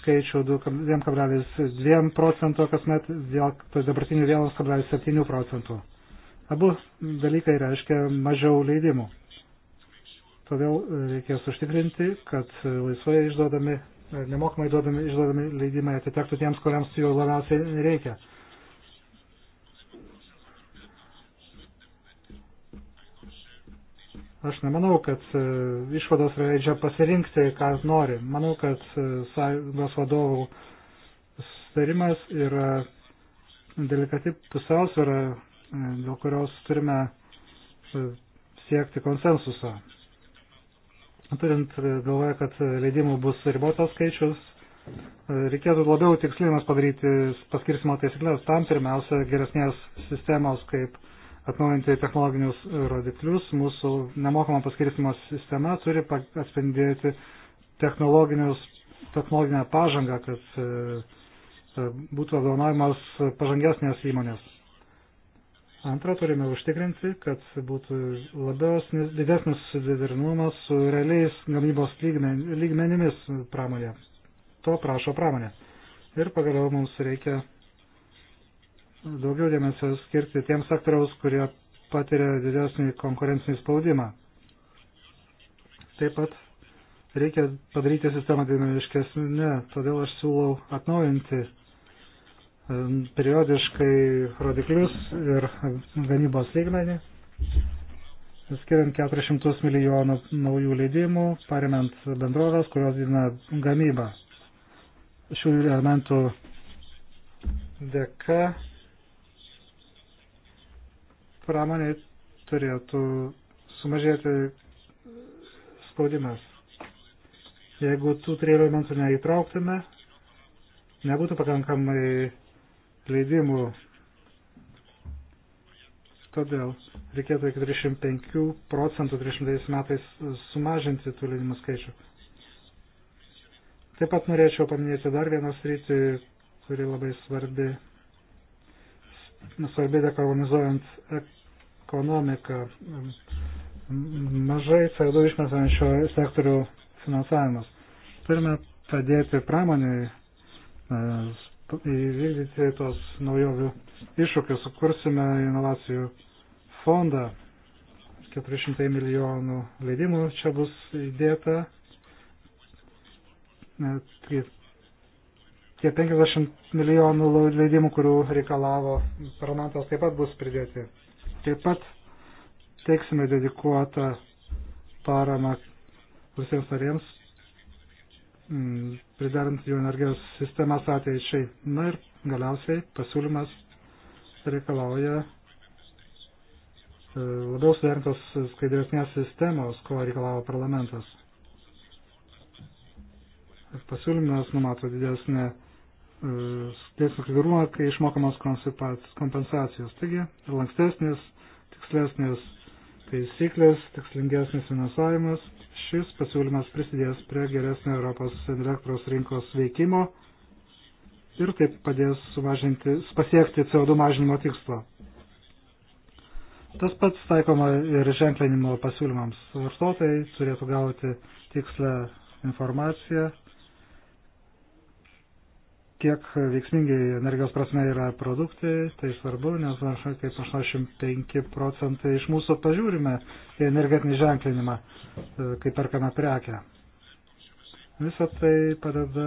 skaičių 2,2 procento kasmet dėl dabartinių 1,7 procentų. Abu dalykai reiškia mažiau leidimų. Todėl e, reikės užtikrinti, kad laisvai išduodami, e, nemokamai išduodami, išduodami leidimai atitektų tiems, kuriems jų labiausiai reikia. Aš nemanau, kad e, išvados leidžia pasirinkti, ką nori. Manau, kad e, sąjungos vadovų sustarimas yra delikati pusiausvėra, e, dėl kurios turime siekti konsensuso. Turint galvoje, kad leidimų bus ribotas skaičius, reikėtų labiau tikslinimas padaryti paskirsimo taisyklės tam pirmiausia geresnės sistemos kaip atnaujinti technologinius rodiklius, mūsų nemokamo paskirstimo sistema turi atspindėti technologinę pažangą, kad e, e, būtų apdovanojimas pažangesnės įmonės. Antra, turime užtikrinti, kad būtų labiaus didesnis susidirinumas su realiais gamybos lygmenimis pramonė. To prašo pramonė. Ir pagaliau mums reikia daugiau dėmesio skirti tiems sektoriaus, kurie patiria didesnį konkurencinį spaudimą. Taip pat reikia padaryti sistemą dinamiškesnę, todėl aš siūlau atnaujinti periodiškai rodiklius ir gamybos lygmenį, skiriant 400 milijonų naujų leidimų, paremant bendrovės, kurios didina gamybą. Šių elementų dėka pramoniai turėtų sumažėti spaudimas. Jeigu tų trijų elementų neįtrauktume, nebūtų pakankamai leidimų. Todėl reikėtų iki 35 procentų 30 metais sumažinti tų leidimų skaičių. Taip pat norėčiau paminėti dar vieną sritį, kuri labai svarbi svarbi dekarbonizuojant ekonomiką. Mažai CO2 išmetančio sektorių finansavimas. Turime padėti pramoniai e, įvykdyti tos naujovių iššūkius. Sukursime inovacijų fondą. 400 milijonų leidimų čia bus įdėta. 3 e, tie 50 milijonų leidimų, kurių reikalavo parlamentas, taip pat bus pridėti. Taip pat teiksime dedikuotą paramą visiems narėms, mm, pridarant jų energijos sistemas ateičiai. Na ir galiausiai pasiūlymas reikalauja e, labiau sudarintos skaidresnės sistemos, ko reikalavo parlamentas. Pasiūlymas numato didesnę teisų aktyvirumą, kai išmokamos kompensacijos. Taigi, lankstesnės, tikslesnės taisyklės, tikslingesnis finansavimas. Šis pasiūlymas prisidės prie geresnio Europos elektros rinkos veikimo ir taip padės sumažinti, pasiekti CO2 mažinimo tikslo. Tas pats taikoma ir ženklinimo pasiūlymams. Vartotojai turėtų gauti tikslę informaciją kiek veiksmingai energijos prasme yra produktai, tai svarbu, nes kaip 85 procentai iš mūsų pažiūrime į energetinį ženklinimą, e, kai perkame prekę. Visą tai padeda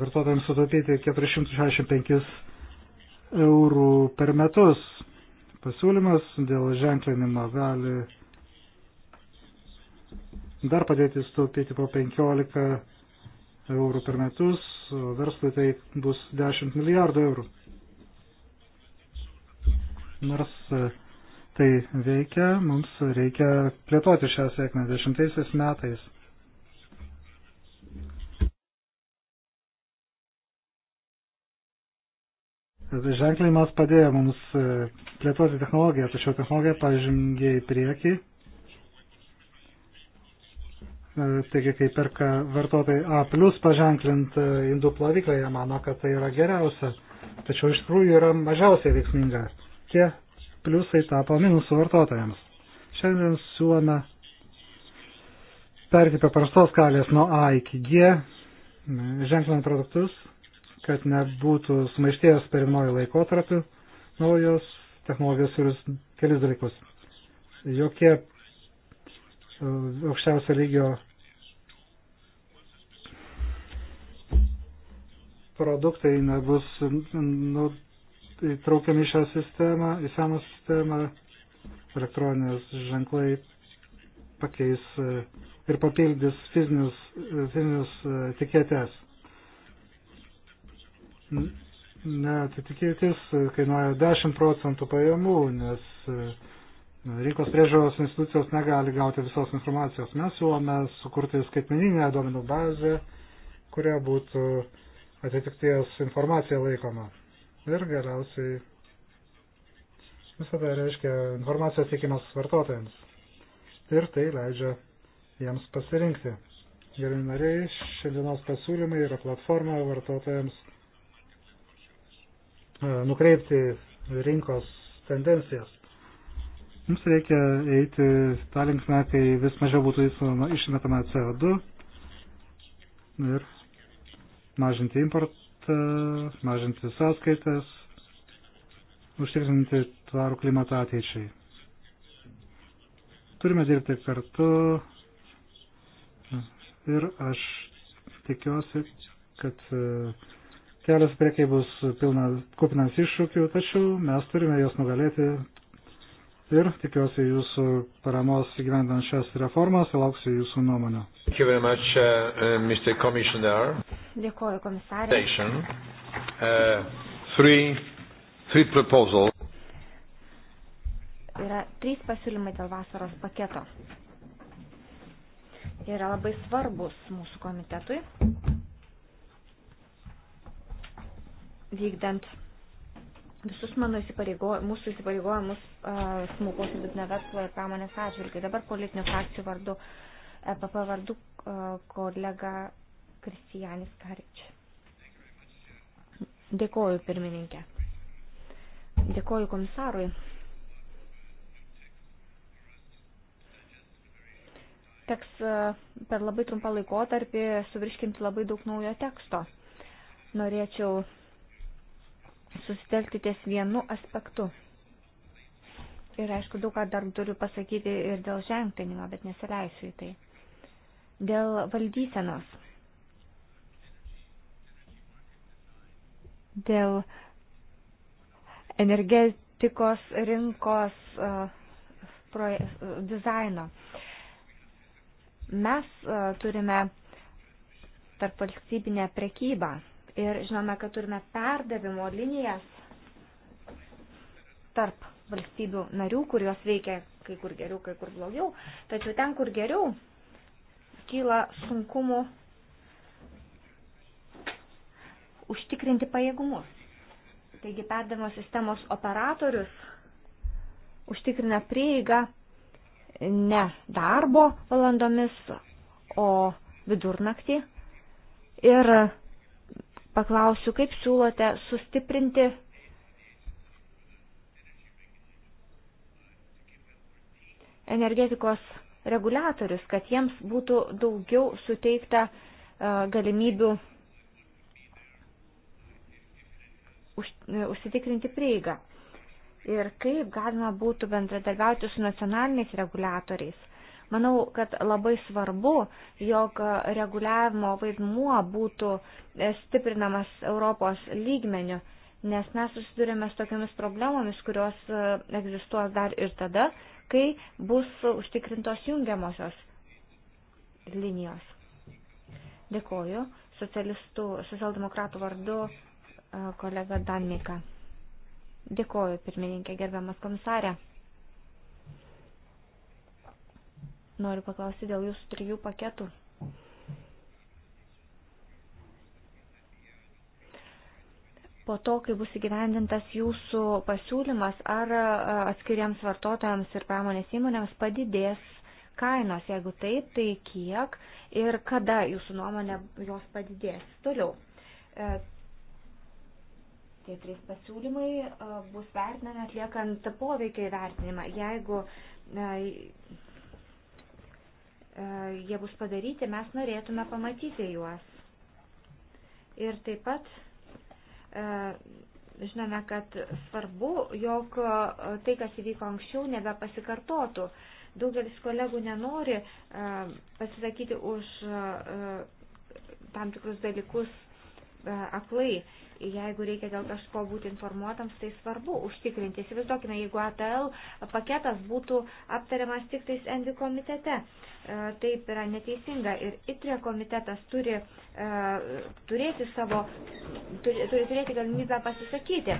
vartotojams sutaupyti 465 eurų per metus. Pasiūlymas dėl ženklinimo gali dar padėti sutaupyti po 15 eurų per metus, verslui tai bus 10 milijardų eurų. Nors e, tai veikia, mums reikia plėtoti šią sėkmę dešimtaisiais metais. Ženklinimas padėjo mums e, plėtoti technologiją, tačiau technologija pažengė į priekį E, taigi, kai perka vartotojai A plus paženklint e, indų plovyklą, jie mano, kad tai yra geriausia. Tačiau iš tikrųjų yra mažiausiai veiksminga. Tie pliusai tapo minusų vartotojams. Šiandien siūlome perti paprastos skalės nuo A iki G, e, ženklinant produktus, kad nebūtų sumaišties perinojų laikotarpių naujos technologijos ir kelis dalykus. Jokie aukščiausio lygio produktai nebus nu, įtraukiami šią sistemą, į seną sistemą, elektroninės ženklai pakeis e, ir papildys fizinius, e, fizinius e, etiketės. Net etiketės kainuoja 10 procentų pajamų, nes rinkos priežiūros institucijos negali gauti visos informacijos. Mes siūlome sukurti skaitmeninę duomenų bazę, kuria būtų atitikties informacija laikoma. Ir galiausiai visą tai reiškia informacijos teikimas vartotojams. Ir tai leidžia jiems pasirinkti. Ir nariai šiandienos pasiūlymai yra platforma vartotojams e, nukreipti rinkos tendencijas Mums reikia eiti tą linkmę, kai vis mažiau būtų išmetama CO2 ir mažinti importą, mažinti sąskaitas, užtikrinti tvarų klimatą ateičiai. Turime dirbti kartu ir aš tikiuosi, kad e, kelias priekiai bus pilnas, kupinas iššūkių, tačiau mes turime juos nugalėti ir tikiuosi jūsų paramos įgyvendant šias reformas, lauksiu jūsų nuomonę. Uh, uh, Dėkuoju komisarė. Uh, yra trys pasiūlymai dėl vasaros paketo. Yra labai svarbus mūsų komitetui. Vykdant visus mano įsipareigo, mūsų įsipareigojimus smulkos ir vidutinio verslo ir pramonės atžvilgių. Dabar politinių frakcijų vardu, EPP vardu kolega Kristijanis Karič. Dėkoju, pirmininkė. Dėkoju komisarui. Teks per labai trumpą laikotarpį suvirškinti labai daug naujo teksto. Norėčiau susitelkti ties vienu aspektu. Ir aišku, daug ką dar turiu pasakyti ir dėl ženklinimo, bet nesileisiu į tai. Dėl valdysenos. Dėl energetikos rinkos dizaino. Mes turime tarp valstybinę prekybą Ir žinome, kad turime perdavimo linijas tarp valstybių narių, kurios veikia kai kur geriau, kai kur blogiau. Tačiau ten, kur geriau, kyla sunkumų užtikrinti pajėgumus. Taigi perdavimo sistemos operatorius užtikrina prieigą ne darbo valandomis, o vidurnaktį. Ir paklausiu, kaip siūlote sustiprinti energetikos reguliatorius, kad jiems būtų daugiau suteikta e, galimybių e, užsitikrinti prieigą. Ir kaip galima būtų bendradarbiauti su nacionaliniais reguliatoriais. Manau, kad labai svarbu, jog reguliavimo vaidmuo būtų e, stiprinamas Europos lygmeniu, nes mes susidurėme su tokiamis problemomis, kurios e, egzistuos dar ir tada, kai bus užtikrintos jungiamosios linijos. Dėkoju socialistų, socialdemokratų vardu e, kolega Danika. Dėkoju, pirmininkė, gerbiamas komisarė. Noriu paklausti dėl jūsų trijų paketų. Po to, kai bus įgyvendintas jūsų pasiūlymas, ar atskiriams vartotojams ir pramonės įmonėms padidės kainos, jeigu taip, tai kiek ir kada jūsų nuomonė jos padidės. Toliau. E, tie trys pasiūlymai e, bus vertinami atliekant poveikio įvertinimą. Jeigu e, E, jie bus padaryti, mes norėtume pamatyti juos. Ir taip pat e, žinome, kad svarbu, jog tai, kas įvyko anksčiau, nebepasikartotų. Daugelis kolegų nenori e, pasisakyti už tam tikrus dalykus E, aklai. Jeigu reikia dėl kažko būti informuotams, tai svarbu užtikrinti. Įsivaizduokime, jeigu ATL paketas būtų aptariamas tik tais ENDI komitete. E, taip yra neteisinga ir ITRE komitetas turi, e, turėti, savo, turi, turi turėti galimybę pasisakyti.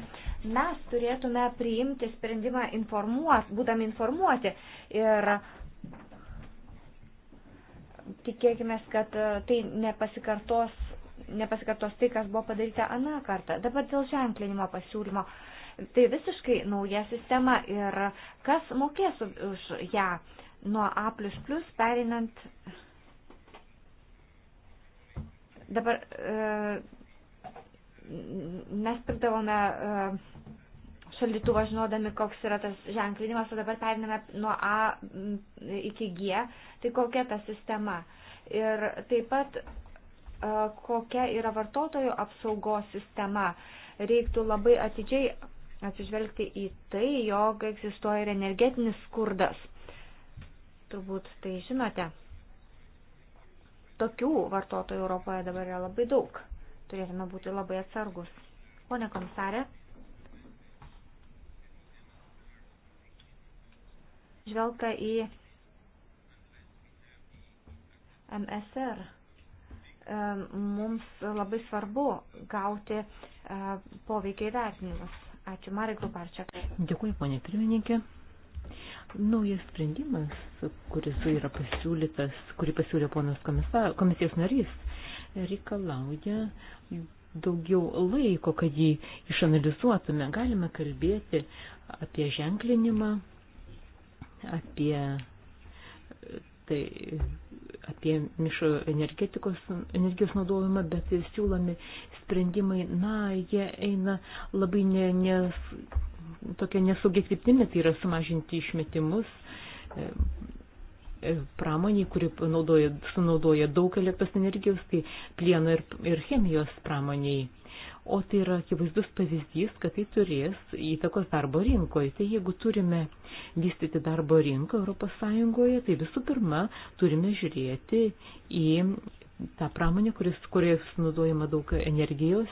Mes turėtume priimti sprendimą informuos, būdami informuoti. Ir tikėkime, kad tai nepasikartos nepasikartos tai, kas buvo padaryta aną kartą. Dabar dėl ženklinimo pasiūlymo. Tai visiškai nauja sistema ir kas mokės už ją nuo A perinant. Dabar e, mes pirkdavome e, šaldytuvą žinodami, koks yra tas ženklinimas, o dabar periname nuo A iki G, tai kokia ta sistema. Ir taip pat kokia yra vartotojų apsaugos sistema. Reiktų labai atidžiai atsižvelgti į tai, jog egzistuoja ir energetinis skurdas. Turbūt tai žinote. Tokių vartotojų Europoje dabar yra labai daug. Turėtume būti labai atsargus. Pone komisarė. Žvelgta į MSR E, mums labai svarbu gauti e, poveikiai vertinimus. Ačiū, Marek Grubarčiak. Dėkui, ponė pirmininkė. Naujas sprendimas, kuris yra pasiūlytas, kurį pasiūlė ponas komisijos narys, reikalauja daugiau laiko, kad jį išanalizuotume. Galime kalbėti apie ženklinimą, apie tai apie mišo energetikos, energijos naudojimą, bet siūlomi sprendimai, na, jie eina labai ne, ne, tokia nesaugia kryptimi, tai yra sumažinti išmetimus e, e, pramoniai, kuri naudoja, sunaudoja daug elektros energijos, tai plieno ir, ir chemijos pramoniai o tai yra akivaizdus pavyzdys, kad tai turės įtakos darbo rinkoje. Tai jeigu turime vystyti darbo rinką Europos Sąjungoje, tai visų pirma turime žiūrėti į tą pramonę, kuris, kuris naudojama daug energijos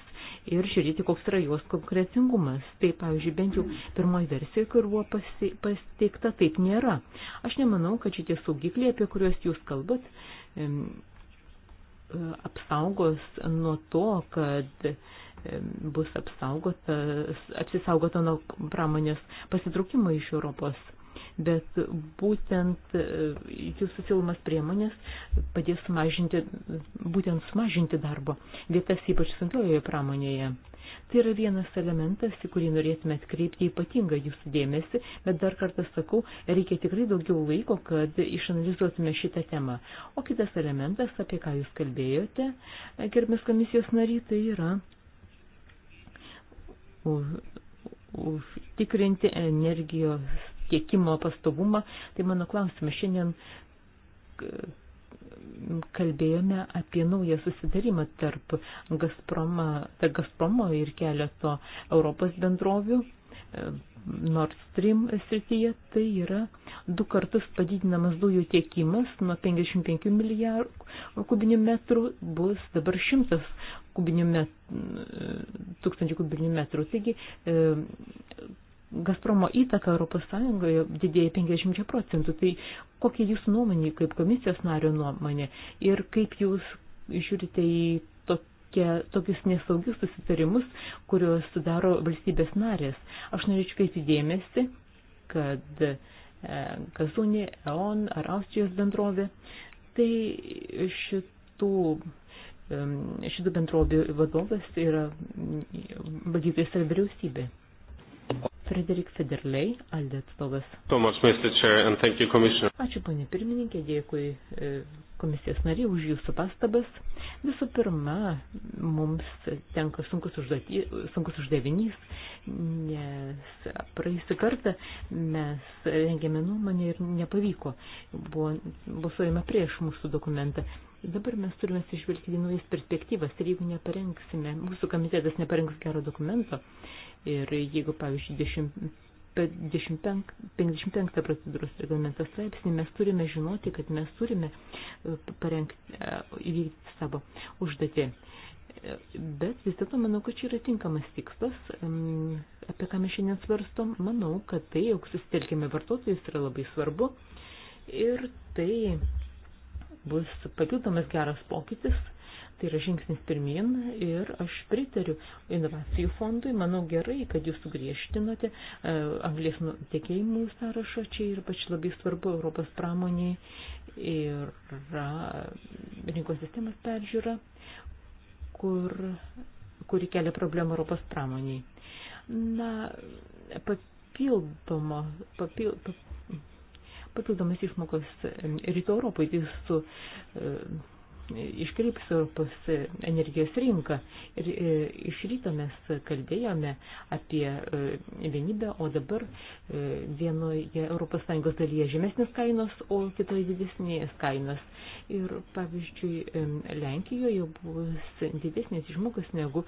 ir žiūrėti, koks yra jos konkurencingumas. Tai, pavyzdžiui, bent jau pirmoji versija, kur buvo pasi, pasteikta, taip nėra. Aš nemanau, kad šitie saugikliai, apie kuriuos jūs kalbat, e, apsaugos nuo to, kad bus apsaugota, apsisaugota nuo pramonės pasitraukimo iš Europos. Bet būtent e, jūsų filmas priemonės padės sumažinti, būtent sumažinti darbo vietas ypač sunkiojoje pramonėje. Tai yra vienas elementas, į kurį norėtume atkreipti ypatingą jūsų dėmesį, bet dar kartą sakau, reikia tikrai daugiau laiko, kad išanalizuotume šitą temą. O kitas elementas, apie ką jūs kalbėjote, e, gerbės komisijos nary, tai yra užtikrinti energijos tiekimo pastovumą. Tai mano klausimas šiandien kalbėjome apie naują susidarimą tarp, Gazproma, tarp Gazpromo ir keleto Europos bendrovių e, Nord Stream srityje. Tai yra du kartus padidinamas dujų tiekimas nuo 55 milijardų kubinių metrų bus dabar 100 kubinių metrų, tūkstančių kubinių metrų. Taigi, e, Gazpromo įtaka Europos Sąjungoje didėja 50 procentų. Tai kokia jūsų nuomonė, kaip komisijos nario nuomonė ir kaip jūs žiūrite į tokie, tokius nesaugius susitarimus, kuriuos sudaro valstybės narės. Aš norėčiau kreipti dėmesį, kad e, Kazunė, EON ar Austrijos bendrovė, tai šitų šitų bendrovių vadovas yra valdytojas ir vyriausybė. Frederik Federley, Aldė atstovas. Thomas, Mr. Chair, and thank you, Commissioner. Ačiū, ponė pirmininkė, dėkui e, komisijos nariai už jūsų pastabas. Visų pirma, mums tenka sunkus, užduoti, sunkus uždavinys, nes praeisį kartą mes rengėme nuomonę ir nepavyko. Buvo balsuojama prieš mūsų dokumentą Dabar mes turime atsižvelgti į naujas perspektyvas ir jeigu neparengsime, mūsų komitetas neparengs gero dokumento ir jeigu, pavyzdžiui, 10, 55, 55 procedūros reglamento straipsnį mes turime žinoti, kad mes turime e, parengti, e, įvykti savo užduotį. E, bet vis dėlto manau, kad čia yra tinkamas tikslas, apie ką mes šiandien svarstom. Manau, kad tai, jog susitelkime vartotojus, yra labai svarbu. Ir tai bus papildomas geras pokytis, tai yra žingsnis pirmin ir aš pritariu inovacijų fondui, manau gerai, kad jūs sugriežtinote e, anglės nu, tiekėjimų sąrašą, čia ir pač labai svarbu Europos pramoniai ir e, rinkos sistemos peržiūra, kur, kuri kelia problemą Europos pramoniai. Na, papildomo, papildomo papildomas išmokas e, Rytų Europai, tai su e, iškreips pas energijos rinką. Ir e, iš ryto mes kalbėjome apie e, vienybę, o dabar e, vienoje ES dalyje žemesnės kainos, o kitoje didesnės kainos. Ir pavyzdžiui, Lenkijoje bus didesnės išmokas negu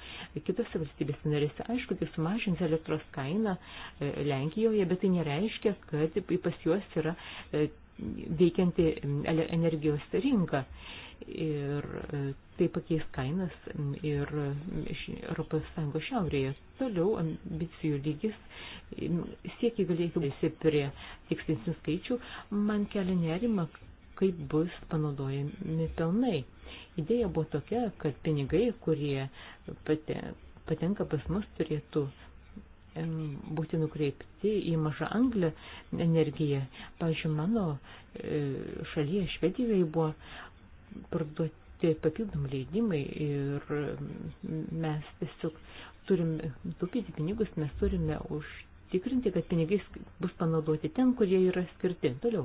kitose valstybės narėse. Aišku, tai sumažins elektros kainą Lenkijoje, bet tai nereiškia, kad pas juos yra veikianti energijos rinka ir e, tai pakeis kainas ir Europos Sąjungos šiaurėje. Toliau ambicijų lygis siekiai galėtų būti prie tikslesnių skaičių, man kelia nerima, kaip bus panaudojami pelnai. Idėja buvo tokia, kad pinigai, kurie patenka pas mus, turėtų būti nukreipti į mažą anglį energiją. Pavyzdžiui, mano e, šalyje, Švedijoje, buvo parduoti papildomi leidimai ir mes tiesiog turime taupyti pinigus, mes turime užtikrinti, kad pinigai bus panaudoti ten, kur jie yra skirti. Toliau,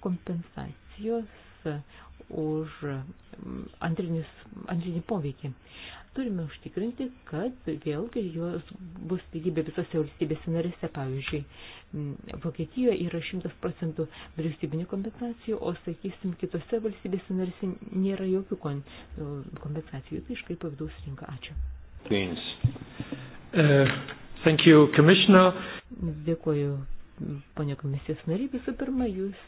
kompensacijos už antrinius, antrinį poveikį turime užtikrinti, kad vėlgi jos bus lygybė visose valstybėse narėse. Pavyzdžiui, Vokietijoje yra 100 procentų valstybinių kompensacijų, o, sakysim, kitose valstybėse narėse nėra jokių kompensacijų. Tai iškaipo vidaus rinką. Ačiū. Queens. Uh, e, thank you, Commissioner. Dėkuoju, ponia komisijos nariai. Visų pirma, jūs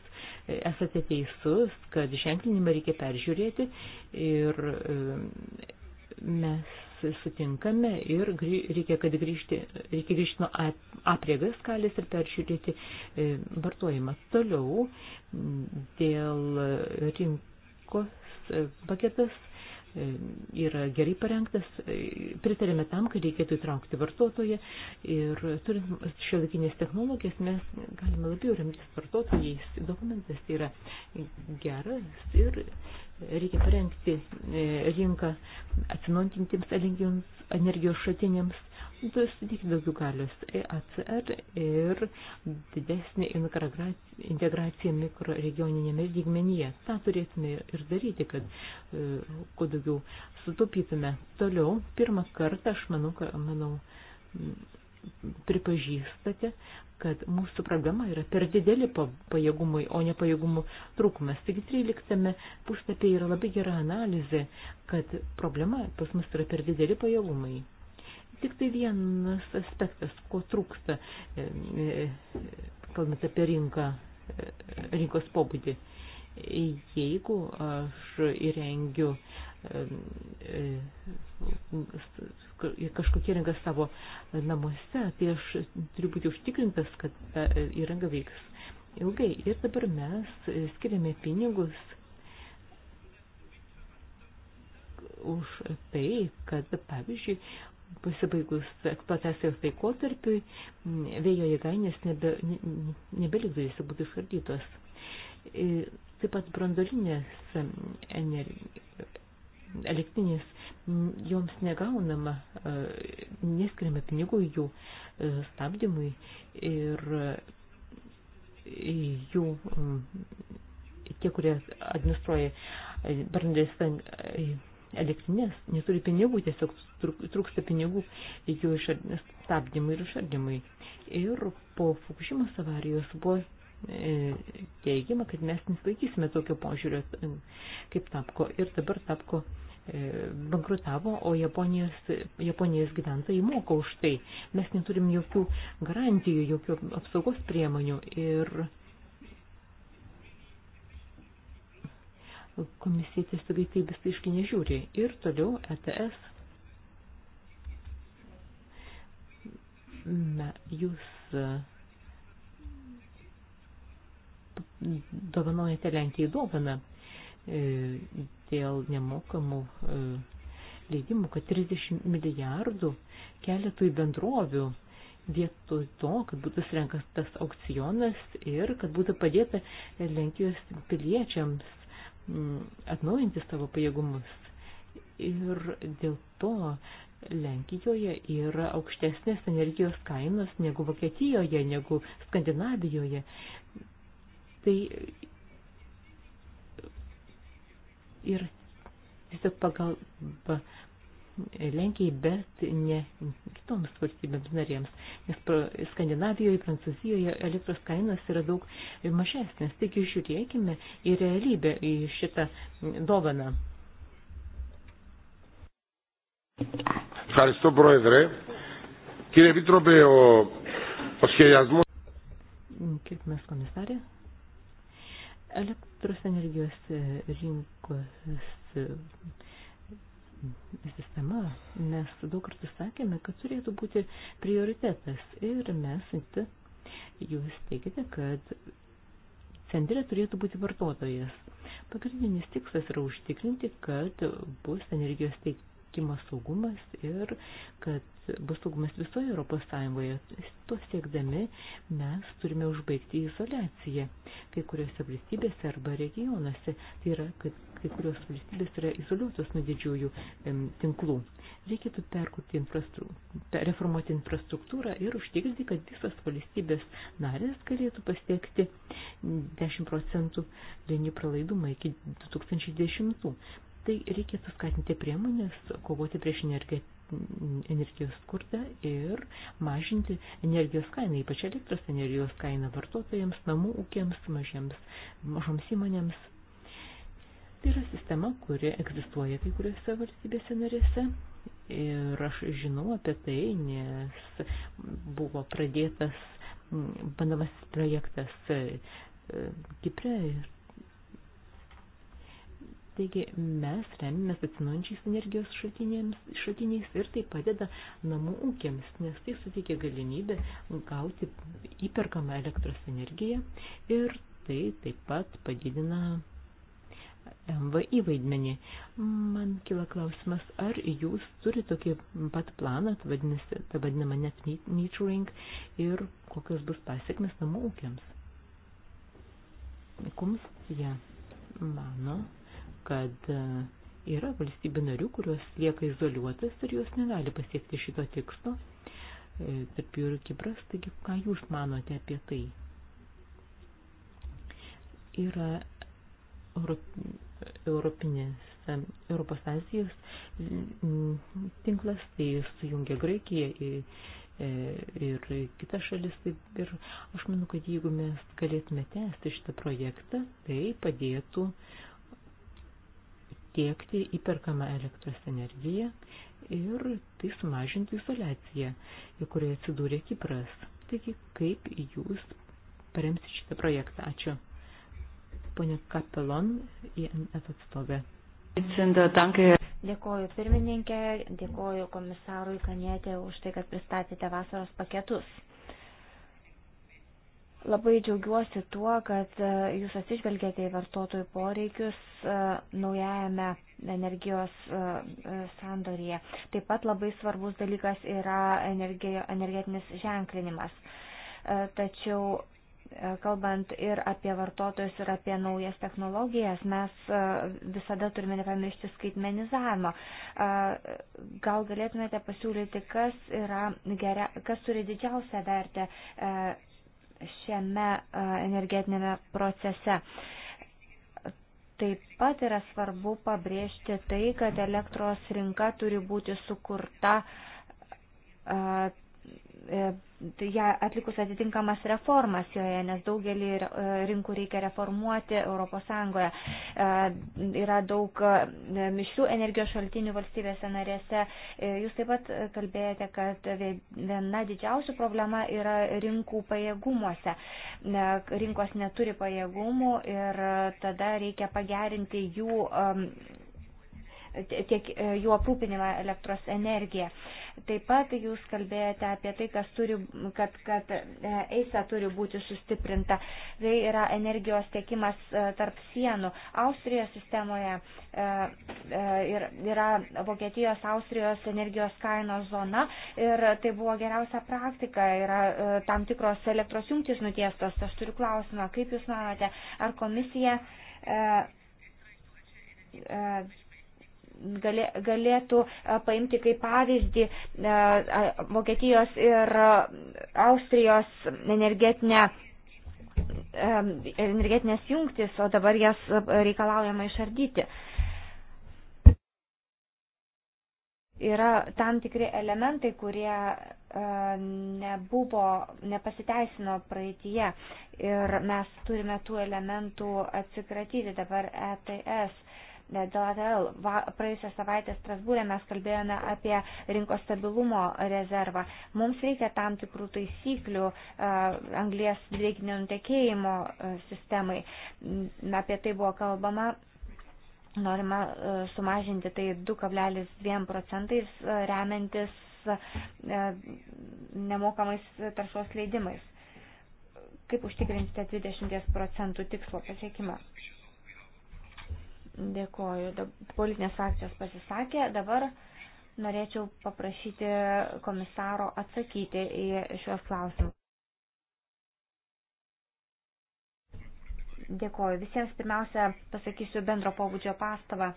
e, esate teisus, kad ženklinimą reikia peržiūrėti ir e, mes sutinkame ir reikia, kad grįžti, reikia grįžti nuo apriegas kalės ir peržiūrėti e, vartojimą. Toliau dėl rinkos e, paketas e, yra gerai parengtas, pritarėme tam, kad reikėtų įtraukti vartotoją ir turint šiuolaikinės technologijas mes galime labiau remtis vartotojais. Dokumentas yra geras ir reikia parengti e, rinką atsinaujantintims energijos šaltiniams, suteikti daugiau galios e ACR ir didesnį integraciją mikroregioninėme lygmenyje. Ta turėtume ir daryti, kad e, kuo daugiau sutaupytume. Toliau, pirmą kartą, aš manau, manau pripažįstate, kad mūsų problema yra per dideli pajėgumai, o ne pajėgumų trūkumas. Taigi 13 puslapyje yra labai gera analizė, kad problema pas mus yra per dideli pajėgumai. Tik tai vienas aspektas, ko trūksta, e, e, kalbant apie rinką, e, rinkos pobūdį. Jeigu aš įrengiu kažkokia įranga savo namuose, tai aš turiu būti užtikrintas, kad ta įranga veiks ilgai. Ir dabar mes skiriame pinigus už tai, kad, pavyzdžiui, pasibaigus eksploatacijos laikotarpiui vėjo jėgainės nebe, nebeliktų, jis būtų išardytos. Taip pat brandolinės elektrinės, joms negaunama, e, neskiriame pinigų jų e, stabdymui ir e, jų tie, kurie administruoja brandės elektrinės, neturi pinigų, tiesiog trūksta pinigų jų stabdymui ir išardymui. Ir po Fukushimos avarijos buvo E, teigiama, kad mes nesilaikysime tokio požiūrio e, kaip tapko. Ir dabar tapko e, bankrutavo, o Japonijos, Japonijos gyventojai moka už tai. Mes neturim jokių garantijų, jokių apsaugos priemonių. Ir komisija tiesiog į tai visaiškai nežiūri. Ir toliau ETS. Na, jūs dovanojate Lenkijai dovaną e, dėl nemokamų e, leidimų, kad 30 milijardų keletui bendrovių vietoj to, kad būtų surenkas tas aukcionas ir kad būtų padėta Lenkijos piliečiams atnaujinti savo pajėgumus. Ir dėl to Lenkijoje yra aukštesnės energijos kainos negu Vokietijoje, negu Skandinavijoje. Tai ir tiesiog pagalba Lenkijai, bet ne kitoms valstybėms narėms, nes Skandinavijoje, Prancūzijoje elektros kainos yra daug mažesnės. Taigi žiūrėkime į realybę, į šitą dovaną. Ευχαριστώ Πρόεδρε. Κύριε Επίτροπε, ο, ο σχεδιασμός... Κύριε Μεσκομιστάρη. Elektros energijos e, rinkos e, sistema, mes daug kartų sakėme, kad turėtų būti prioritetas ir mes, jūs teikite, kad centre turėtų būti vartotojas. Pagrindinis tikslas yra užtikrinti, kad bus energijos teikimo saugumas ir kad bus saugumas visoje Europos Sąjungoje. Tuo siekdami mes turime užbaigti izolaciją kai kuriuose valstybėse arba regionuose. Tai yra, kad kai kurios valstybės yra izoliuotos nuo didžiųjų em, tinklų. Reikėtų perkurti infrastruktūrą, reformuoti infrastruktūrą ir užtikrinti, kad visas valstybės narės galėtų pasiekti 10 procentų linijų pralaidumą iki 2010. Tai reikėtų skatinti priemonės, kovoti prieš energetinį energijos skurdą ir mažinti energijos kainą, ypač elektros energijos kainą vartotojams, namų ūkiams, mažiems, mažoms įmonėms. Tai yra sistema, kuri egzistuoja kai kuriuose valstybėse narėse. Ir aš žinau apie tai, nes buvo pradėtas bandomas projektas e, Kiprė ir Taigi mes remiamės atsinaujančiais energijos šaltiniais ir tai padeda namų ūkiams, nes tai suteikia galimybę gauti įperkamą elektros energiją ir tai taip pat padidina MVI vaidmenį. Man kila klausimas, ar jūs turite tokį pat planą, tai vadinasi, ta vadinama net metering ir kokios bus pasiekmes namų ūkiams. Komisija mano, kad e, yra valstybių narių, kurios lieka izoliuotas ir jos negali pasiekti šito tikslo, e, tarp jų ir Kipras, taigi ką jūs manote apie tai? Yra europinės e, Europos Azijos tinklas, tai sujungia Graikiją ir, ir kitas šalis. Ir aš manau, kad jeigu mes galėtume tęsti šitą projektą, tai padėtų uh, tiekti įperkamą elektros energiją ir tai sumažintų izolaciją, į kurią atsidūrė Kipras. Taigi, kaip jūs paremsite šitą projektą? Ačiū. Pone Kapelon, INF atstovė. Dėkoju pirmininkė, dėkoju komisarui Kanietė už tai, kad pristatėte vasaros paketus. Labai džiaugiuosi tuo, kad e, jūs atsižvelgėte į vartotojų poreikius e, naujajame energijos e, sandoryje. Taip pat labai svarbus dalykas yra energetinis ženklinimas. Tačiau kalbant ir apie vartotojus, ir apie naujas technologijas, mes visada turime nepamiršti skaitmenizavimo. Gal galėtumėte pasiūlyti, kas, yra, geria, kas turi didžiausią vertę šiame energetinėme procese. Taip pat yra svarbu pabrėžti tai, kad elektros rinka turi būti sukurta e, Tai ją atlikus atitinkamas reformas joje, nes daugelį e, rinkų reikia reformuoti ES. E, yra daug e, mišrių energijos šaltinių valstybėse narėse. Jūs taip pat kalbėjote, kad viena didžiausių problema yra rinkų pajėgumuose. Rinkos neturi pajėgumų ir tada reikia pagerinti jų tiek e, jų aprūpinimą elektros energiją. Taip pat jūs kalbėjote apie tai, kas turi, kad, kad e, eisa turi būti sustiprinta. Tai yra energijos tiekimas e, tarp sienų. Austrijos sistemoje yra Vokietijos, Austrijos energijos kainos zona ir tai buvo geriausia praktika. Yra tam tikros elektros jungtis nutiestos. Aš turiu klausimą, kaip jūs manote, ar komisija galėtų e, paimti kaip pavyzdį e, Vokietijos ir Austrijos energetinę e, energetinės jungtis, o dabar jas reikalaujama išardyti. Yra tam tikri elementai, kurie nebuvo, nepasiteisino praeitie ir mes turime tų elementų atsikratyti dabar ETS Dėl praėjusią savaitę Strasbūrė mes kalbėjome apie rinkos stabilumo rezervą. Mums reikia tam tikrų taisyklių anglės dvideginio nutekėjimo sistemai. Apie tai buvo kalbama. Norima sumažinti tai 2,2 procentais remiantis nemokamais taršos leidimais. Kaip užtikrinsite 20 procentų tikslo pasiekimą? Dėkoju. Politinės frakcijos pasisakė. Dabar norėčiau paprašyti komisaro atsakyti į šios klausimus. Dėkoju. Visiems pirmiausia pasakysiu bendro pobūdžio pastabą.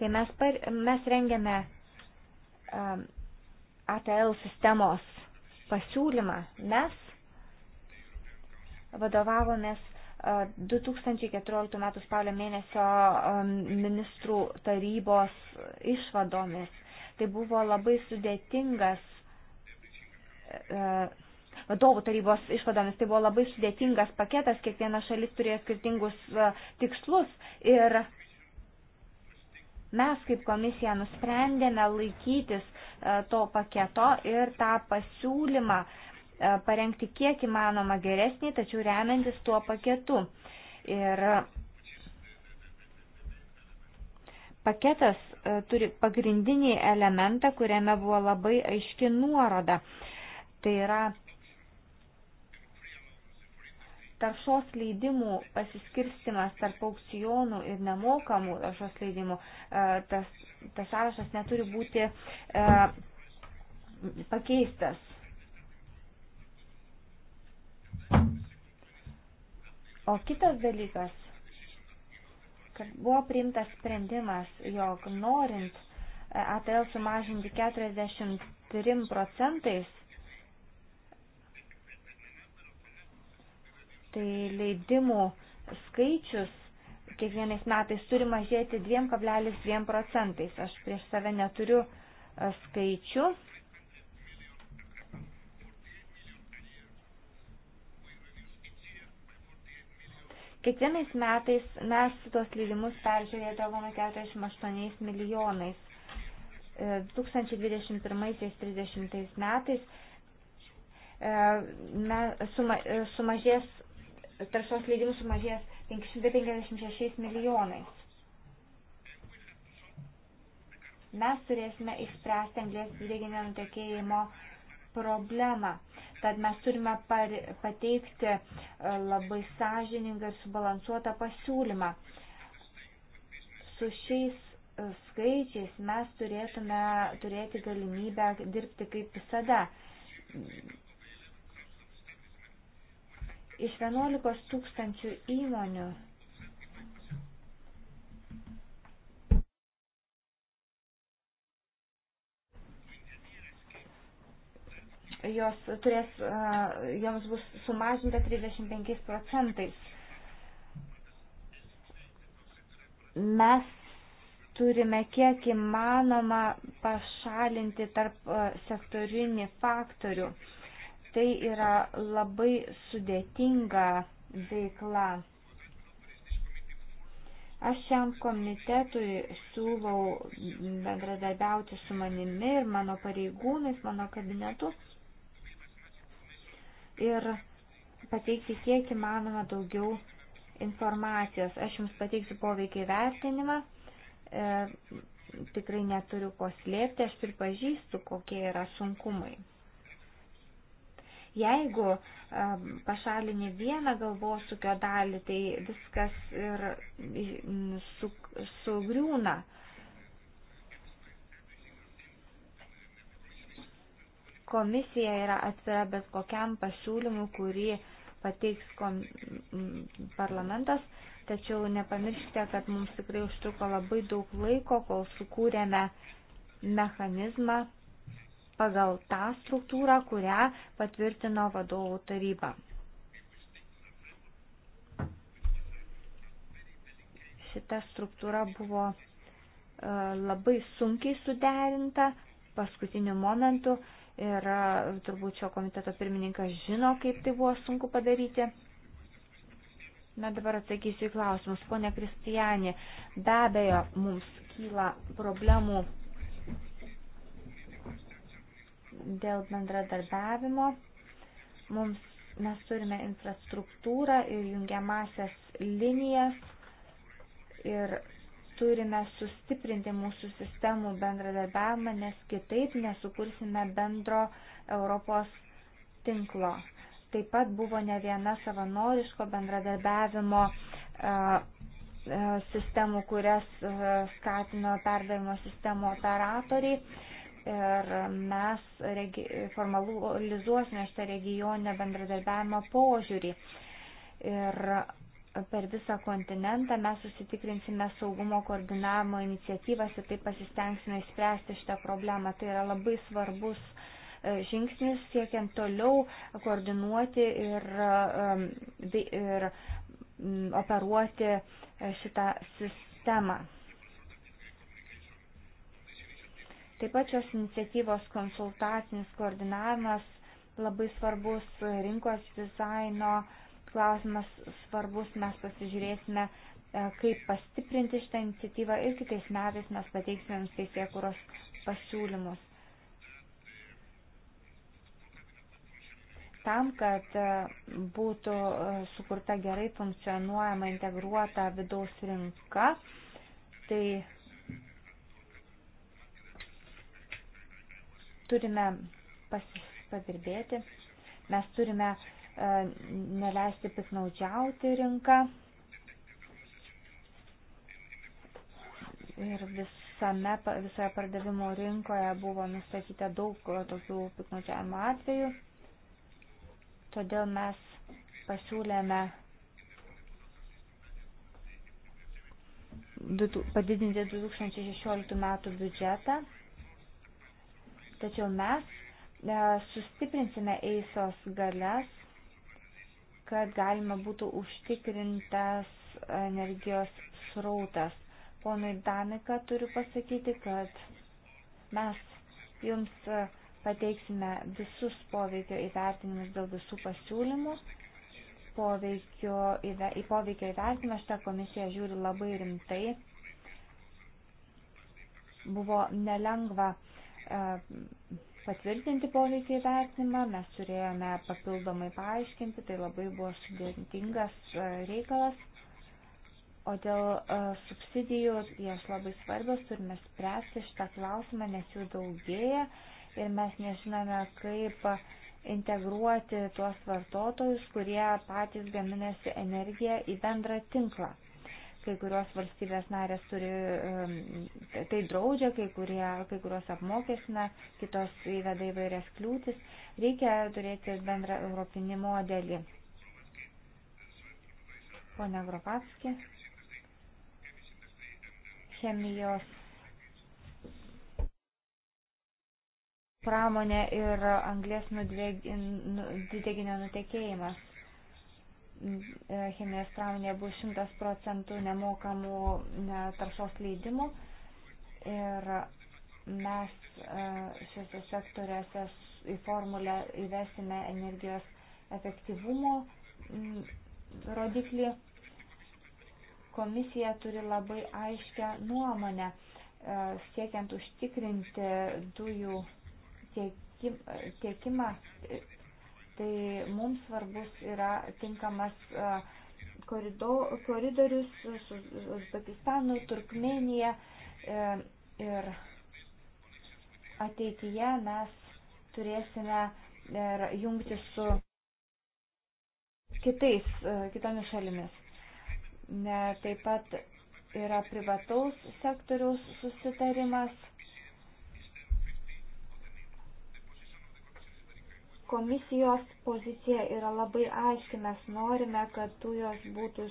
Kai mes, par, mes rengiame um, ATL sistemos pasiūlymą, mes vadovavomės 2014 m. spalio mėnesio um, ministrų tarybos išvadomis. Tai buvo labai sudėtingas e, e, vadovų tarybos išvadomis. Tai buvo labai sudėtingas paketas, kiekviena šalis turėjo skirtingus e, tikslus ir mes kaip komisija nusprendėme laikytis to paketo ir tą pasiūlymą uh, E, parengti kiek įmanoma geresnį, tačiau remiantis tuo paketu. Ir paketas e, turi pagrindinį elementą, kuriame buvo labai aiški nuoroda. Tai yra taršos leidimų pasiskirstimas tarp aukcijonų ir nemokamų taršos leidimų. E, tas, tas sąrašas neturi būti pakeistas. O kitas dalykas, kad buvo priimtas sprendimas, jog norint e, ATL sumažinti 43 procentais, tai leidimų skaičius kiekvienais metais turi mažėti 2,2 procentais. Aš prieš save neturiu e, skaičių, Kiekvienais metais mes tuos leidimus peržiūrėdavome 48 milijonais. 2021-2030 e, metais e, suma, e, sumažės, taršos leidimų sumažės 556 milijonais. Mes turėsime išspręsti anglės dvideginio nutekėjimo problemą. Tad mes turime pateikti e, labai sąžiningą ir subalansuotą pasiūlymą. Su šiais e, skaičiais mes turėtume turėti galimybę dirbti kaip visada. Iš 11 tūkstančių įmonių jos turės, joms bus sumažinta 35 procentais. Mes turime kiek įmanoma pašalinti tarp sektorinį faktorių. Tai yra labai sudėtinga veikla. Aš šiam komitetui siūlau bendradarbiauti su manimi ir mano pareigūnais, mano kabinetu ir pateikti kiek įmanoma daugiau informacijos. Aš Jums pateiksiu poveikį vertinimą. E, tikrai neturiu ko slėpti, aš pripažįstu, kokie yra sunkumai. Jeigu e, pašalini vieną galvosūkio dalį, tai viskas ir su, sugriūna. Komisija yra atvira bet kokiam pasiūlymui, kurį pateiks kom... parlamentas, tačiau nepamirškite, kad mums tikrai užtruko labai daug laiko, kol sukūrėme mechanizmą pagal tą struktūrą, kurią patvirtino vadovų taryba. Šita struktūra buvo e, labai sunkiai suderinta paskutiniu momentu ir e, turbūt šio komiteto pirmininkas žino, kaip tai buvo sunku padaryti. Na dabar atsakysiu į klausimus. Pone Kristijanė, be abejo, mums kyla problemų dėl bendradarbiavimo. Mums, mes turime infrastruktūrą ir jungiamasias linijas ir turime sustiprinti mūsų sistemų bendradarbiavimą, nes kitaip nesukursime bendro Europos tinklo. Taip pat buvo ne viena savanoriško bendradarbiavimo e, e, sistemų, kurias e, skatino perdavimo sistemų operatoriai. Ir mes formalizuosime šitą regioninę bendradarbiavimo požiūrį. Ir per visą kontinentą mes susitikrinsime saugumo koordinavimo iniciatyvas ir taip pasistengsime išspręsti šitą problemą. Tai yra labai svarbus e, žingsnis siekiant toliau koordinuoti ir, e, ir mm, operuoti e, šitą sistemą. Taip pat šios iniciatyvos konsultacinis koordinavimas labai svarbus rinkos dizaino uh, klausimas svarbus, mes pasižiūrėsime, e, kaip pastiprinti šitą iniciatyvą ir kitais metais mes pateiksime jums teisėkuros pasiūlymus. Tam, kad e, būtų e, sukurta gerai funkcionuojama integruota vidaus rinka, tai turime pasidirbėti, mes turime uh, E, neleisti piknaudžiauti rinką. Ir visame, visoje pardavimo rinkoje buvo nustatyta daug tokių piknaudžiavimo atvejų. Todėl mes pasiūlėme padidinti 2016 metų biudžetą, tačiau mes e, sustiprinsime EISOS galias kad galima būtų užtikrintas energijos srautas. Ponui Danika turiu pasakyti, kad mes jums pateiksime visus poveikio įvertinimus dėl visų pasiūlymų. Poveikio, į poveikio įvertinimą šitą komisiją žiūri labai rimtai. Buvo nelengva uh, patvirtinti poveikį įvertinimą, mes turėjome papildomai paaiškinti, tai labai buvo sudėtingas e, reikalas. O dėl e, subsidijų, jas labai svarbios, turime spręsti šitą klausimą, nes jų daugėja ir mes nežinome, kaip integruoti tuos vartotojus, kurie patys gaminasi energiją į bendrą tinklą kai kurios valstybės narės turi, tai draudžia, kai, kurie, kai kurios apmokestina, kitos įveda įvairias kliūtis. Reikia turėti bendrą europinį modelį. Pone Gropatski, chemijos pramonė ir anglės nudeginio nu, nutekėjimas E, chemijos pramonėje bus 100 procentų nemokamų taršos leidimų ir mes e, šiuose sektoriuose į formulę įvesime energijos efektyvumo rodiklį. Komisija turi labai aiškę nuomonę e, siekiant užtikrinti dujų tiekimą, Tai mums svarbus yra tinkamas e, koridorius su Uzbekistanu, Turkmenija e, ir ateityje mes turėsime ir e, jungti su kitais, kitomis šalimis. Taip pat yra privataus sektoriaus susitarimas Komisijos pozicija yra labai aiški. Mes norime, kad dujos būtų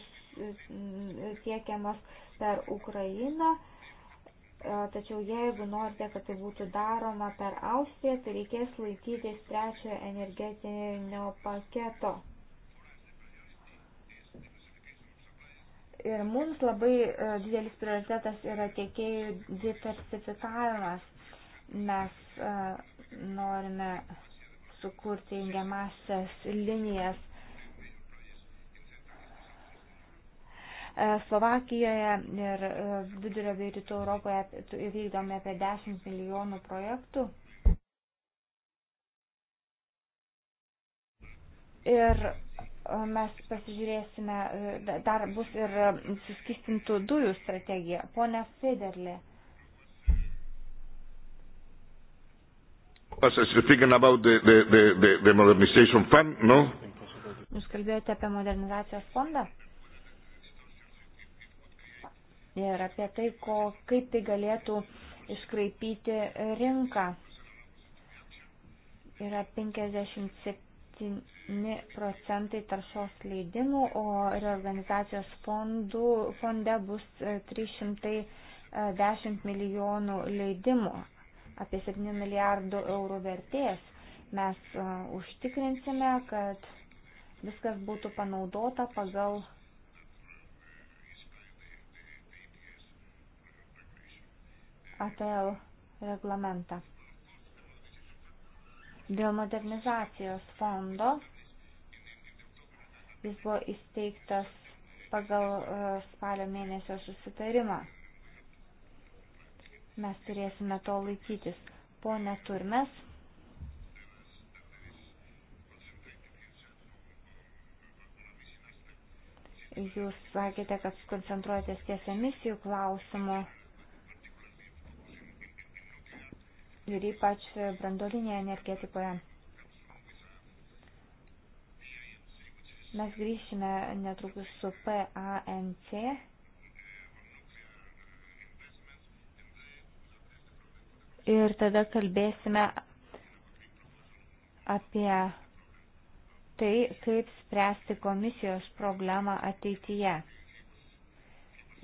tiekiamos per Ukrainą. E, tačiau jeigu norite, kad tai būtų daroma per Austriją, tai reikės laikytis trečiojo energetinio paketo. Ir mums labai e, didelis prioritetas yra tiekėjų diversifikavimas. Mes e, norime sukurti engiamasias linijas. E, Slovakijoje ir e, vidurio bei rytų Europoje vykdome apie 10 milijonų projektų. Ir e, mes pasižiūrėsime, dar bus ir suskistintų dujų strategija. Pone Federlė. was speaking about the, the, the, the, the modernization fund, no? Jūs kalbėjote apie modernizacijos fondą? Ir apie tai, ko, kaip tai galėtų iškraipyti rinką. Yra 57 procentai taršos leidimų, o reorganizacijos fondų, fonde bus 310 e, e, milijonų leidimų apie 7 milijardų eurų vertės. Mes e, užtikrinsime, kad viskas būtų panaudota pagal ATL reglamentą. Dėl modernizacijos fondo jis buvo įsteigtas pagal e, spalio mėnesio susitarimą. Mes turėsime to laikytis. Pone Turmes. Jūs sakėte, kad koncentruojatės ties emisijų klausimu ir ypač brandolinėje energetikoje. Mes grįšime netrukus su PANC ir tada kalbėsime apie tai, kaip spręsti komisijos problemą ateityje.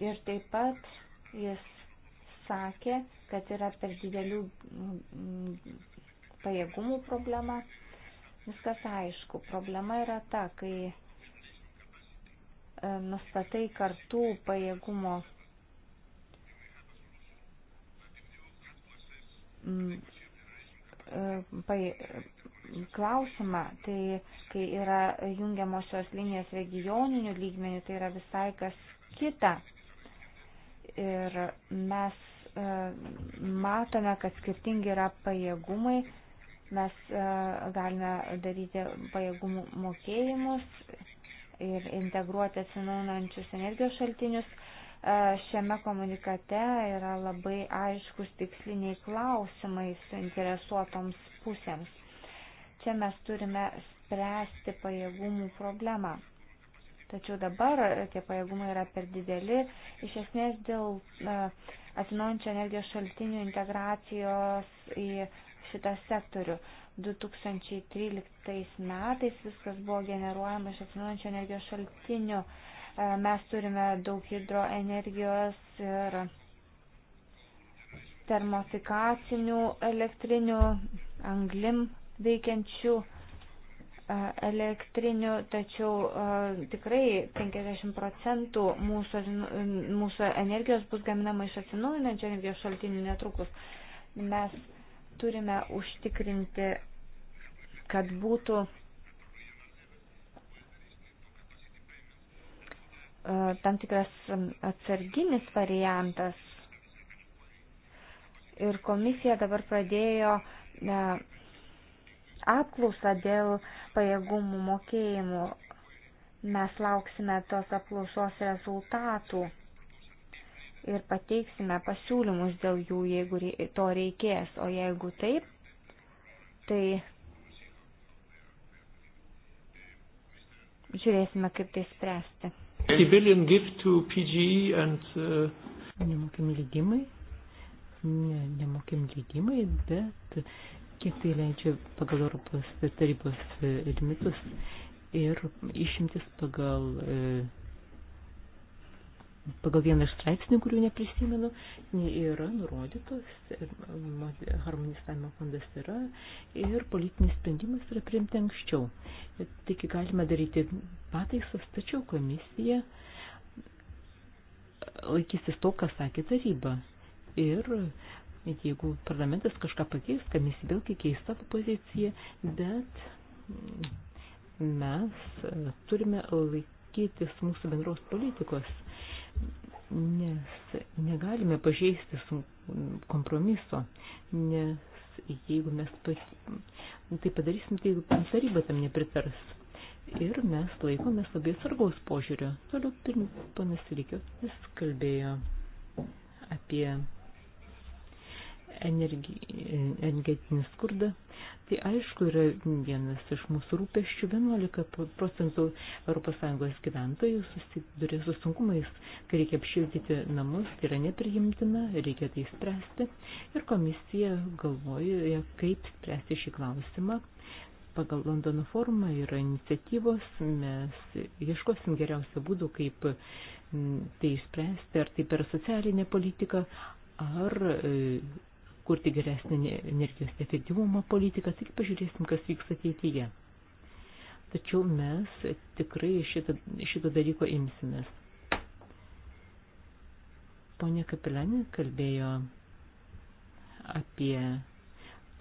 Ir taip pat jis sakė, kad yra per didelių pajėgumų problema. Viskas aišku. Problema yra ta, kai e, nustatai kartų pajėgumo Mm, e, klausimą, tai kai yra jungiamosios linijos regioninių lygmenių, tai yra visai kas kita. Ir mes e, matome, kad skirtingi yra pajėgumai, mes e, galime daryti pajėgumų mokėjimus ir integruoti atsinaunančius energijos šaltinius. E, šiame komunikate yra labai aiškus tiksliniai klausimai suinteresuotoms pusėms. Čia mes turime spręsti pajėgumų problemą. Tačiau dabar tie pajėgumai yra per dideli, iš esmės dėl e, atsinaujančio energijos šaltinių integracijos į šitą sektorių. 2013 metais viskas buvo generuojama iš atsinaujančio energijos šaltinių. E, mes turime daug hidroenergijos ir termofikacinių elektrinių, anglim veikiančių e, elektrinių, tačiau e, tikrai 50 procentų mūsų, mūsų energijos bus gaminama iš atsinaujinančio energijos šaltinių netrukus. Mes turime užtikrinti, kad būtų e, tam tikras atsarginis variantas. Ir komisija dabar pradėjo e, apklausą dėl pajėgumų mokėjimų. Mes lauksime tos apklausos rezultatų ir pateiksime pasiūlymus dėl jų, jeigu to reikės. O jeigu taip, tai žiūrėsime, kaip tai spręsti. E and, uh... Nemokami leidimai, ne, nemokami leidimai, bet kiek tai leidžia pagal Europos tarybos e, limitus ir išimtis pagal uh, pagal vieną iš straipsnių, kurių neprisimenu, yra nurodytos, e, harmonizavimo fondas yra ir politinis sprendimas yra priimti anksčiau. Taigi galime daryti pataisas, tačiau komisija laikysis to, ką sakė taryba. Ir jeigu parlamentas kažką pakeis, komisija vėlgi keis savo poziciją, bet mes turime laikytis mūsų bendros politikos nes negalime pažeisti kompromiso, nes jeigu mes tai padarysim, tai taryba tam nepritars. Ir mes laikomės labai sargaus požiūrio. Toliau panas Rykio vis kalbėjo apie energetinį skurdą. Tai aišku yra vienas iš mūsų rūpeščių. 11 procentų ES gyventojų susiduria su sunkumais, kai reikia apšildyti namus, tai yra nepriimtina, reikia tai spręsti. Ir komisija galvoja, kaip spręsti šį klausimą pagal Londono forumą yra iniciatyvos, mes ieškosim geriausių būdų, kaip mm, tai išspręsti, ar tai per socialinę politiką, ar e, kurti geresnį energijos efektyvumo politiką, taigi pažiūrėsim, kas vyks ateityje. Tačiau mes tikrai šito, šito dalyko imsimės. Pone Kapilani kalbėjo apie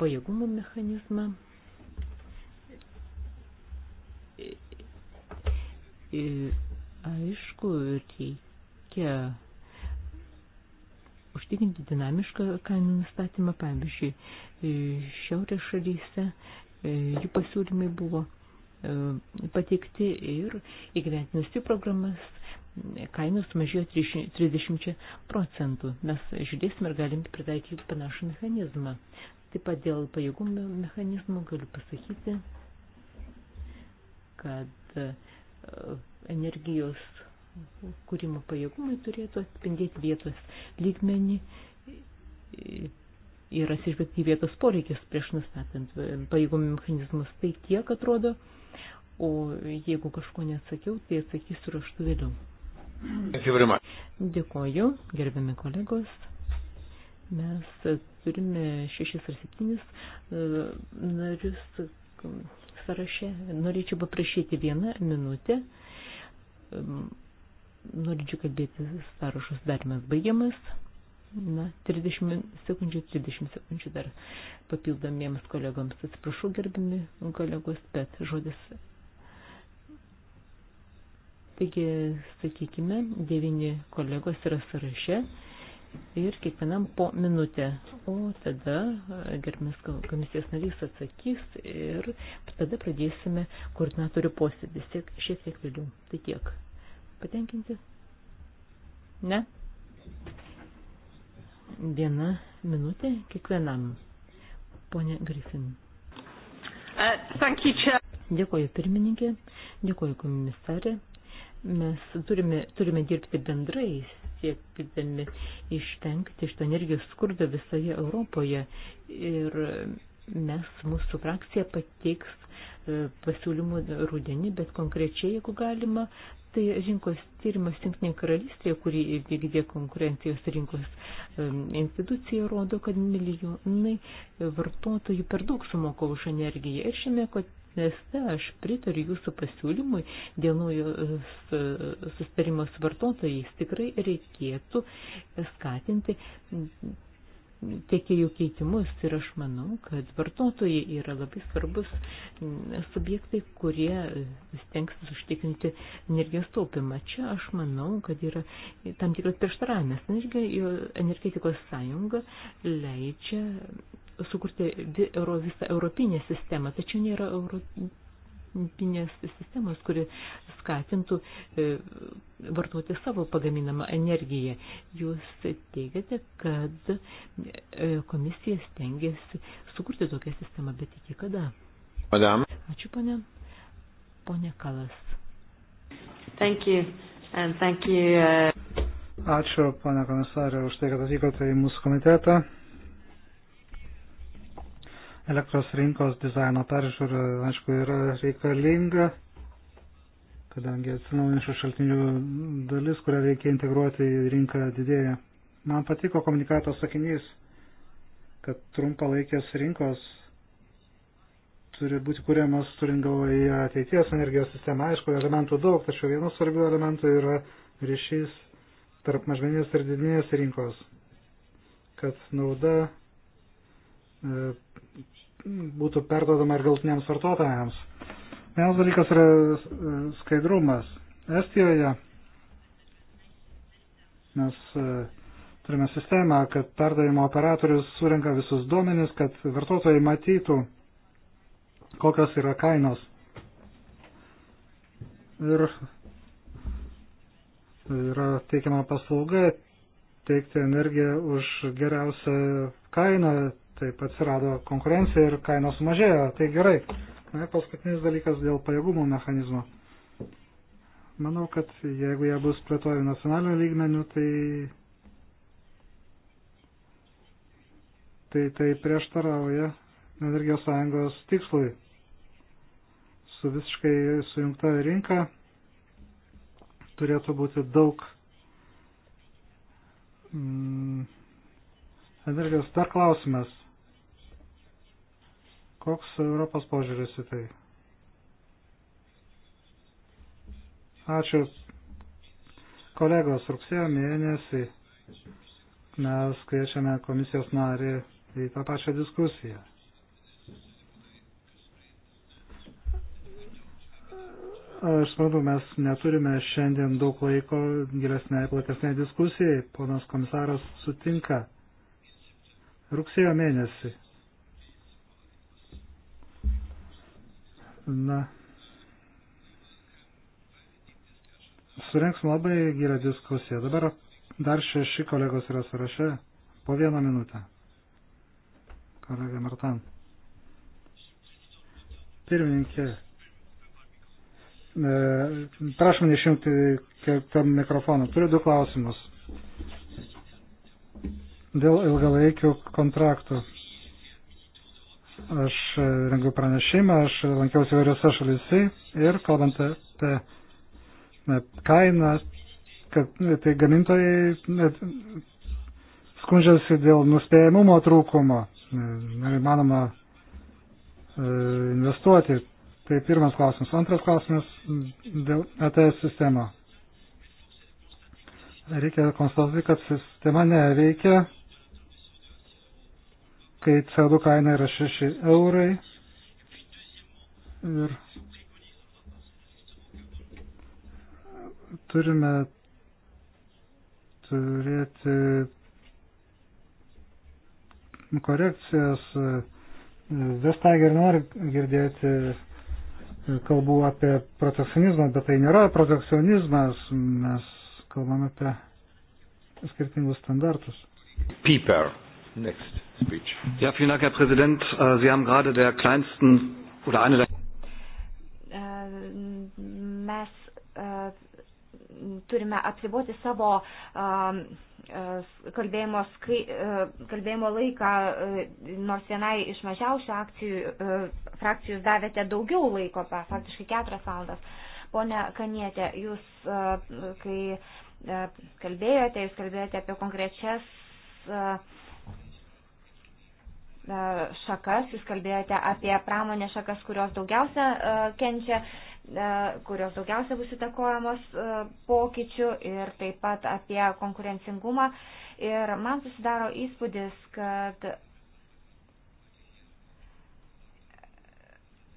pajėgumo mechanizmą aišku, reikia užtikrinti dinamišką kainų nustatymą. Pavyzdžiui, e, šiaurės šalyse e, jų pasiūlymai buvo e, pateikti ir įgyventinus jų programas kainos sumažėjo 30 procentų. Mes žiūrėsime ir galim pritaikyti panašų mechanizmą. Taip pat dėl pajėgumų mechanizmų galiu pasakyti, kad energijos kūrimo pajėgumai turėtų atspindėti vietos lygmenį ir atsižvelgti į vietos poreikius prieš nustatant e, pajėgumų mechanizmus. Tai tiek atrodo, o jeigu kažko neatsakiau, tai atsakysiu raštu vėliau. Dėkoju, gerbiami kolegos. Mes turime šešis ar septynis e, narius sąraše. Norėčiau paprašyti vieną minutę Norėčiau kalbėti, sąrašas darimas baigiamas. Na, 30 sekundžių, 30 sekundžių dar papildomiems kolegoms. Atsiprašau, gerbimi kolegos, bet žodis. Taigi, sakykime, devyni kolegos yra sąraše ir kiekvienam po minutę. O tada gerbimis komisijos narys atsakys ir tada pradėsime koordinatorių posėdį šiek tiek vėliau. Tai tiek patenkinti? Ne? Viena minutė kiekvienam. Pone Griffin. Uh, Dėkoju pirmininkė, dėkoju komisarė. Mes turime, turime dirbti bendrai, siekdami ištengti iš energijos skurdo visoje Europoje. Ir mes, mūsų frakcija pateiks uh, pasiūlymų rudenį, bet konkrečiai, jeigu galima, Tai rinkos tyrimas Junktinėje karalystėje, kurį vykdė konkurencijos rinkos institucija, rodo, kad milijonai vartotojų per daug sumoka už energiją. Ir šiame mieste aš pritariu jūsų pasiūlymui dėl naujo e, sustarimo su vartotojais. Tikrai reikėtų skatinti tiekėjų keitimus ir aš manau, kad vartotojai yra labai svarbus mm, subjektai, kurie stengsis užtikrinti energijos taupimą. Čia aš manau, kad yra tam tikras prieštaravimas. Energetikos sąjunga leidžia sukurti euro, visą europinę sistemą, tačiau nėra euro, gamtinės sistemos, kuri skatintų e, vartoti savo pagaminamą energiją. Jūs teigiate, kad e, komisija stengiasi sukurti tokią sistemą, bet iki kada? Madam. Ačiū, ponė. Pone Kalas. Thank you. And thank you. Uh... Ačiū, ponė komisarė, už tai, kad atvykote į mūsų komitetą elektros rinkos dizaino peržiūra, aišku, yra reikalinga, kadangi atsinaujinčių šaltinių dalis, kurią reikia integruoti į rinką, didėja. Man patiko komunikato sakinys, kad trumpalaikės rinkos turi būti kuriamas turint galvoje ateities energijos sistemą. Aišku, elementų daug, tačiau vienas svarbių elementų yra ryšys tarp mažmeninės ir didinės rinkos, kad nauda e, būtų perdodama ir galtiniams vartotojams. Vienas dalykas yra e, skaidrumas. Estijoje mes e, turime sistemą, kad perdavimo operatorius surinka visus duomenis, kad vartotojai matytų, kokios yra kainos. Ir tai yra teikiama paslauga teikti energiją už geriausią kainą taip atsirado konkurencija ir kainos sumažėjo. Tai gerai. Na, paskutinis dalykas dėl pajėgumų mechanizmo. Manau, kad jeigu jie bus plėtojami nacionaliniu lygmeniu, tai tai, tai prieštarauja energijos sąjungos tikslui su visiškai sujungta rinka turėtų būti daug mm, energijos. Dar klausimas. Koks Europos požiūris į tai? Ačiū. Kolegos, rugsėjo mėnesį mes kviečiame komisijos narį į tą pačią diskusiją. Aš suprantu, mes neturime šiandien daug laiko gilesnė, platesnė diskusijai. Ponas komisaras sutinka rugsėjo mėnesį Na, surenksim labai gyrą diskusiją. Dabar dar šeši kolegos yra sąraše. Po vieną minutę. Kolega Martan. Pirmininkė. E, prašom išjungti tam mikrofoną. Turiu du klausimus. Dėl ilgalaikių kontraktų. Aš rengiu pranešimą, aš lankiausi įvairiose šalise ir kalbant apie kainą, kad tai gamintojai skundžiasi dėl nuspėjimumo trūkumo, neįmanoma e, investuoti. Tai pirmas klausimas. Antras klausimas dėl ETS sistemo. Reikia konstatuoti, kad sistema neveikia kai CO2 kaina yra 6 eurai. Ir turime turėti korekcijas. Vestager nori girdėti kalbų apie protekcionizmą, bet tai nėra protekcionizmas, mes kalbame apie skirtingus standartus. Piper. Next speech. Ja, vielen Dank, Herr Präsident. Äh, Sie haben gerade der kleinsten oder eine der. Äh, mes äh, turime apsiboti savo ähm, kalbėjimo, skai, kalbėjimo laiką, nors vienai iš mažiausių akcijų, frakcijų davėte daugiau laiko, faktiškai keturias valandas. Pone Kanietė, jūs, kai kalbėjote, jūs kalbėjote apie konkrečias E, šakas, jūs kalbėjote apie pramonės šakas, kurios daugiausia e, kenčia, e, kurios daugiausia bus įtakojamos pokyčių ir taip pat apie konkurencingumą. Ir man susidaro įspūdis, kad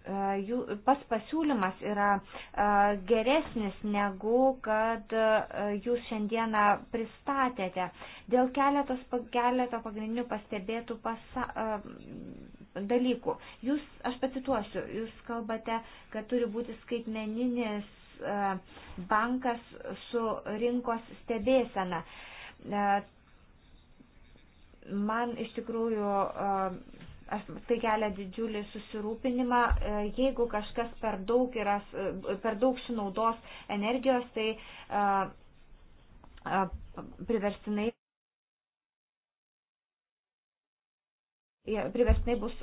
E, jų, pas pasiūlymas yra e, geresnis negu kad e, jūs šiandieną pristatėte. Dėl keletos, keleto pagrindinių pastebėtų pasa, dalykų. Jūs, aš pacituosiu, jūs kalbate, kad turi būti skaitmeninis bankas su rinkos stebėsena. Man iš tikrųjų tai kelia didžiulį susirūpinimą. E, jeigu kažkas per daug, yra, e, per daug sunaudos energijos, tai e, priverstinai. Priverstinai bus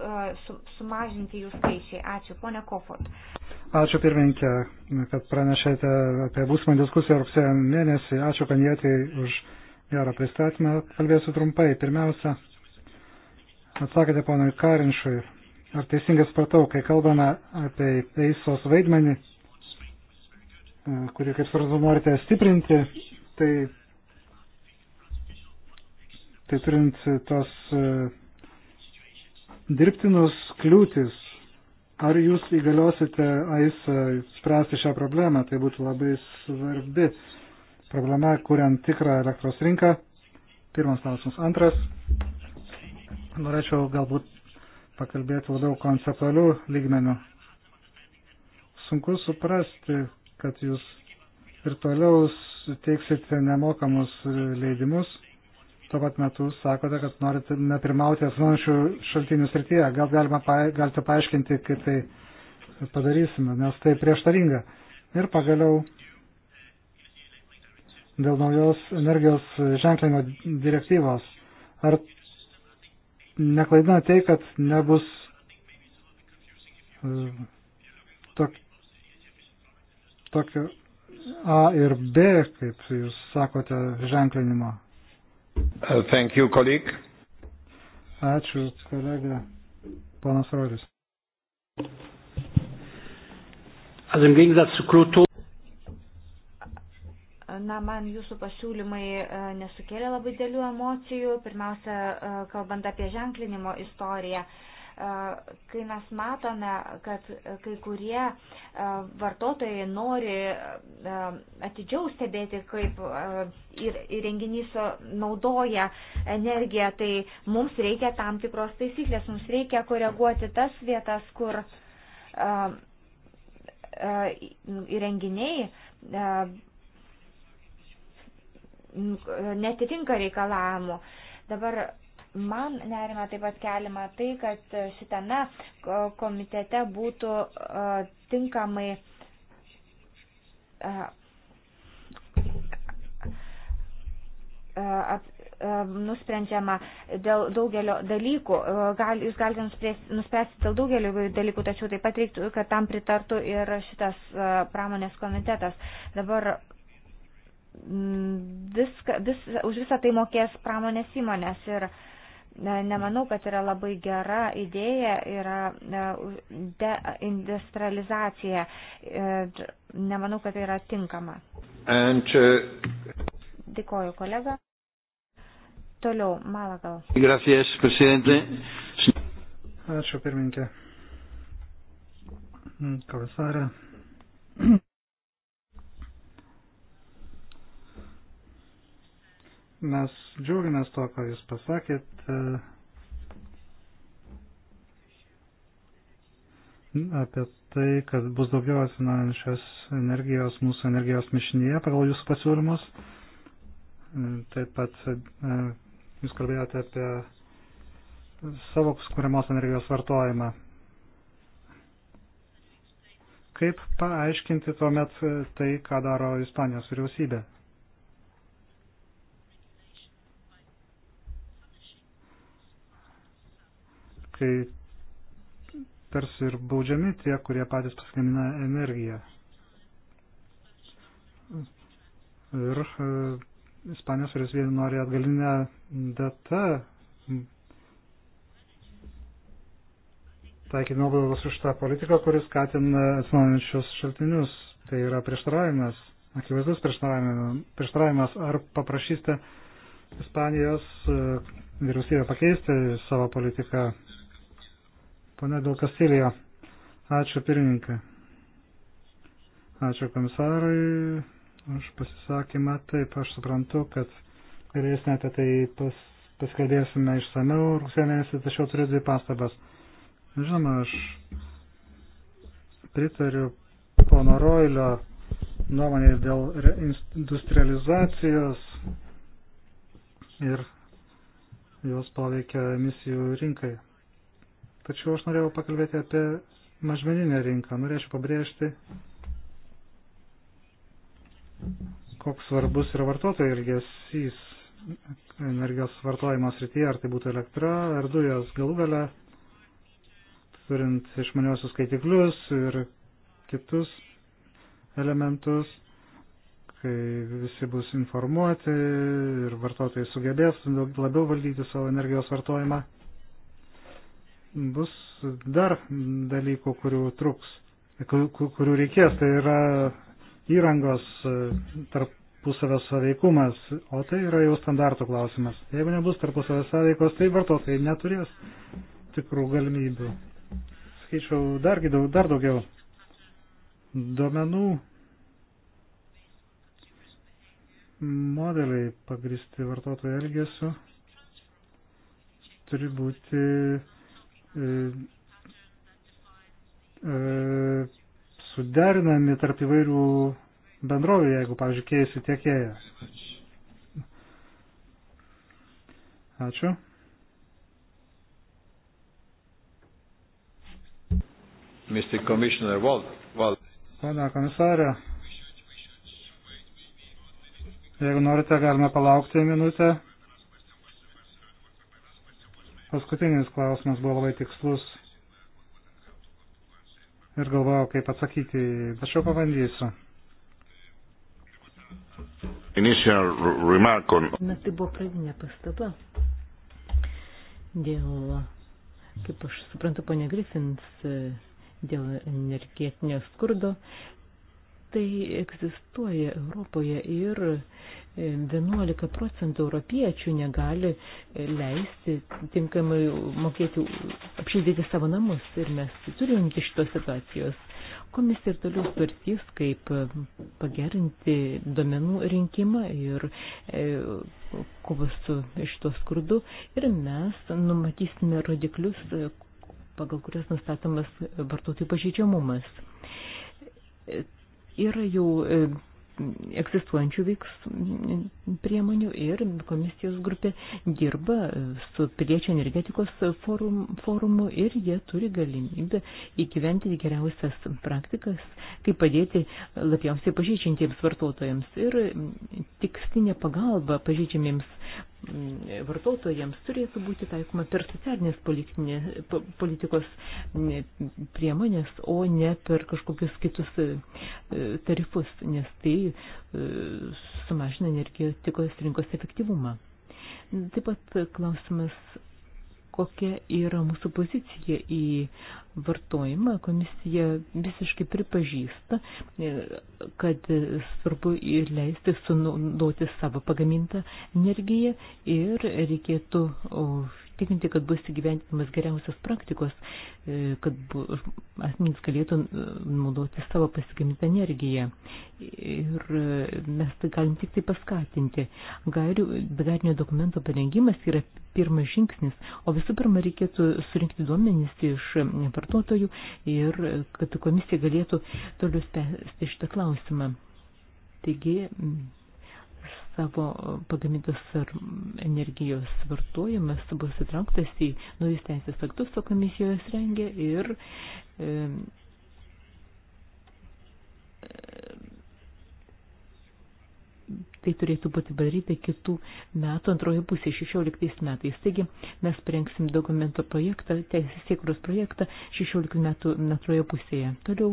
sumažinti jų skaičiai. Ačiū, ponia Kofot. Ačiū pirmininkė, kad pranešėte apie būsimą diskusiją rugsėjo mėnesį. Ačiū, kad jėtai už gerą pristatymą. Kalbėsiu trumpai. Pirmiausia, Atsakėte, ponai Karinšui, ar teisingai supratau, kai kalbame apie eisos vaidmenį, e, kurį, kaip svarbu, norite stiprinti, tai, tai turint tos e, dirbtinus kliūtis, ar jūs įgaliosite eisą spręsti šią problemą, tai būtų labai svarbi problema, kuriant tikrą elektros rinką. Pirmas klausimas. Antras norėčiau galbūt pakalbėti labiau konceptualių lygmenių. Sunku suprasti, kad jūs ir toliau teiksite nemokamus leidimus, tuo pat metu sakote, kad norite nepirmauti atsinaujančių šaltinių srityje. Gal galima, galite paaiškinti, kaip tai padarysime, nes tai prieštaringa. Ir pagaliau dėl naujos energijos ženklino direktyvos. Ar neklaidina tai, kad nebus e, tok, tokio A ir B, kaip jūs sakote, ženklinimo. Uh, thank you, colleague. Ačiū, kolega. Ponas Rodis. Also im Gegensatz zu Kloto Na, man jūsų pasiūlymai e, nesukėlė labai dėlių emocijų, pirmiausia, e, kalbant apie ženklinimo istoriją. E, kai mes matome, kad kai kurie vartotojai nori atidžiau stebėti, kaip įrenginys naudoja energiją, tai mums reikia tam tikros taisyklės, mums reikia koreguoti tas vietas, kur įrenginiai netitinka reikalavimų. Dabar man nerima taip pat keliama tai, kad šitame komitete būtų tinkamai nusprendžiama dėl daugelio dalykų. Gal, jūs galite nuspręsti dėl daugelio dalykų, tačiau taip pat reiktų, kad tam pritartų ir šitas pramonės komitetas. Dabar viską, vis, už visą tai mokės pramonės įmonės ir e, nemanau, kad yra labai gera idėja, yra e, deindustrializacija ir e, nemanau, kad tai yra tinkama. And, uh... Dėkoju, kolega. Toliau, Malagal. Gracias, presidente. Ačiū, pirmininkė. Hmm, komisarė. Mes džiaugiamės to, ką Jūs pasakėt. apie tai, kad bus daugiau atsinaujančios energijos mūsų energijos mišinyje pagal jūsų pasiūlymus. Taip pat e, jūs kalbėjote apie savo skūriamos energijos vartojimą. Kaip paaiškinti tuomet tai, ką daro Ispanijos vyriausybė? kai tarsi ir baudžiami tie, kurie patys pasigamina energiją. Ir e, Ispanijos vyriausybė nori atgalinę datą taikyti nuobaudos už tą politiką, kuris skatina atsinaujinančius šaltinius. Tai yra prieštaravimas, akivaizdus prieštaravimas, prieštaravimas. Ar paprašysite Ispanijos e, vyriausybę pakeisti savo politiką Pane Dalkastilija, ačiū pirmininkai. Ačiū komisarui už pasisakymą. Taip, aš suprantu, kad galėsime apie tai pas, pasikalbėsime išsameu rugsėjo mėnesį, tačiau turiu dvi pastabas. Žinoma, aš pritariu pono Roilio nuomonė dėl industrializacijos ir jos poveikia emisijų rinkai. Tačiau aš norėjau pakalbėti apie mažmeninę rinką. Norėčiau pabrėžti, koks svarbus yra vartotojų ilgesys energijos vartojimo srityje, ar tai būtų elektra, ar dujos galų gale, turint išmaniosius skaitiklius ir kitus elementus, kai visi bus informuoti ir vartotojai sugebės labiau valdyti savo energijos vartojimą bus dar dalykų, kurių truks, kurių reikės, tai yra įrangos tarpusavio sąveikumas, o tai yra jau standartų klausimas. Jeigu nebus tarpusavio sąveikos, tai vartotojai neturės tikrų galimybių. Skaičiau dar, dar daugiau duomenų modeliai pagristi vartotojų elgesiu turi būti E, e, suderinami tarp įvairių bendrovių, jeigu, pavyzdžiui, keisi tiekėją. Ačiū. Mr. Commissioner Wald. Wald. Pane komisarė, jeigu norite, galime palaukti minutę. Paskutinis klausimas buvo labai tikslus ir galvojau, kaip atsakyti, tačiau pabandysiu. Na, tai buvo pradinė pastaba. Dėl, kaip aš suprantu, ponė Grifins, dėl energetinio skurdo, tai egzistuoja Europoje ir 11 procentų europiečių negali leisti tinkamai mokėti, apšildyti savo namus ir mes turim imti šitos situacijos. Komisija ir toliau svarstys, kaip pagerinti domenų rinkimą ir e, kovą su šito skurdu ir mes numatysime rodiklius, pagal kurias nustatomas vartotojų pažeidžiamumas. Yra jau e, egzistuojančių veiks priemonių ir komisijos grupė dirba su piliečio energetikos forum, forumu ir jie turi galimybę įgyventinti geriausias praktikas, kaip padėti labiausiai pažeidžiantiems vartotojams ir tikstinė pagalba pažeidžiamiems vartotojams turėtų būti taikoma per socialinės politikos priemonės, o ne per kažkokius kitus e, tarifus, nes tai e, sumažina energetikos rinkos efektyvumą. Taip pat klausimas kokia yra mūsų pozicija į vartojimą. Komisija visiškai pripažįsta, e, kad svarbu ir leisti sunaudoti savo pagamintą energiją ir reikėtų užtikrinti, kad bus įgyventinamas geriausios praktikos, e, kad asmenys galėtų e, naudoti savo pasigamintą energiją. Ir e, mes tai galim tik tai paskatinti. Gairių begarinio dokumento parengimas yra pirmas žingsnis, o visų pirma reikėtų surinkti duomenys iš vartotojų ir kad komisija galėtų toliau spręsti šitą klausimą. Taigi, savo pagamintos energijos vartojimas bus įtrauktas į naujus teisės aktus, o komisijos rengia ir e, tai turėtų būti padaryta kitų metų antroje pusėje, 16 metais. Taigi mes prengsim dokumento projektą, teisės siekros projektą 16 metų antroje pusėje. Toliau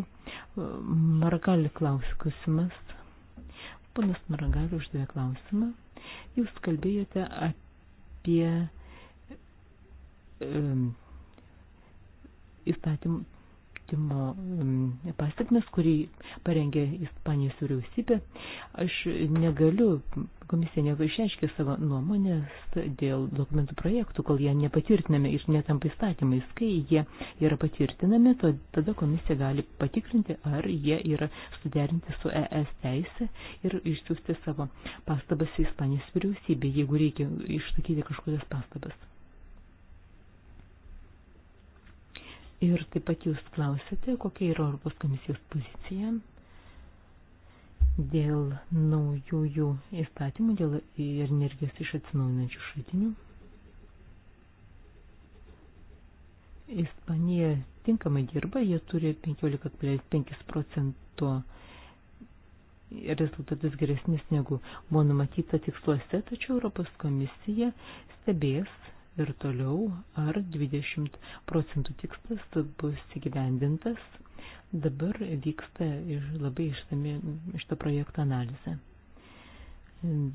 Margali klausimas. Panas Maragavė uždavė klausimą. Jūs kalbėjote apie um, įstatymą įstatymo pastatymės, kurį parengė Ispanijos vyriausybė. Aš negaliu, komisija negaliu išreiškia savo nuomonės dėl dokumentų projektų, kol jie nepatvirtinami ir netampa įstatymais. Kai jie yra patvirtinami, to, tada komisija gali patikrinti, ar jie yra suderinti su ES teise ir išsiųsti savo pastabas į Ispanijos vyriausybę, jeigu reikia išsakyti kažkokias pastabas. Ir taip pat jūs klausėte, kokia yra Europos komisijos pozicija dėl naujųjų įstatymų, dėl energijos iš atsinaujinančių šaltinių. Ispanija tinkamai dirba, jie turi 15,5 procento rezultatus geresnis negu buvo numatyta tiksluose, tačiau Europos komisija stebės ir toliau, ar 20 procentų tikslas bus įgyvendintas. Dabar vyksta ir labai ištami šito projekto analizė.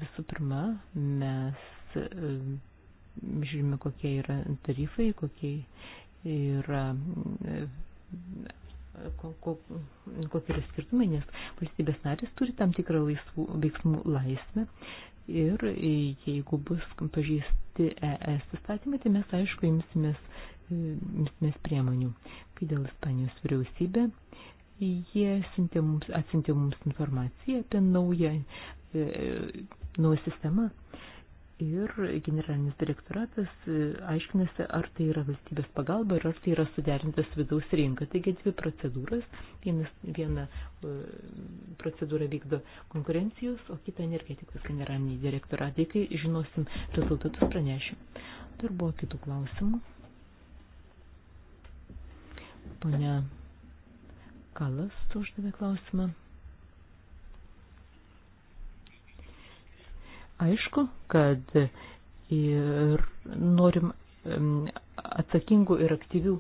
Visų pirma, mes žiūrime, kokie yra tarifai, kokie yra kokie yra skirtumai, nes valstybės narės turi tam tikrą laisvų veiksmų laisvę Ir jeigu bus pažįsti ES įstatymai, tai mes aišku imsimės, e, imsimės priemonių. Kai dėl Ispanijos vyriausybė, jie atsintė mums, atsintė mums informaciją apie naują, e, e naują sistemą. E, ir generalinis direktoratas e, aiškinasi, ar tai yra valstybės pagalba ir ar tai yra suderintas vidaus rinka. Taigi dvi procedūras, vienas, viena e, procedūra vykdo konkurencijos, o kita energetikos generaliniai direktoratai, kai žinosim rezultatus pranešim. Dar buvo kitų klausimų. Pone Kalas uždavė klausimą. Aišku, kad ir norim atsakingų ir aktyvių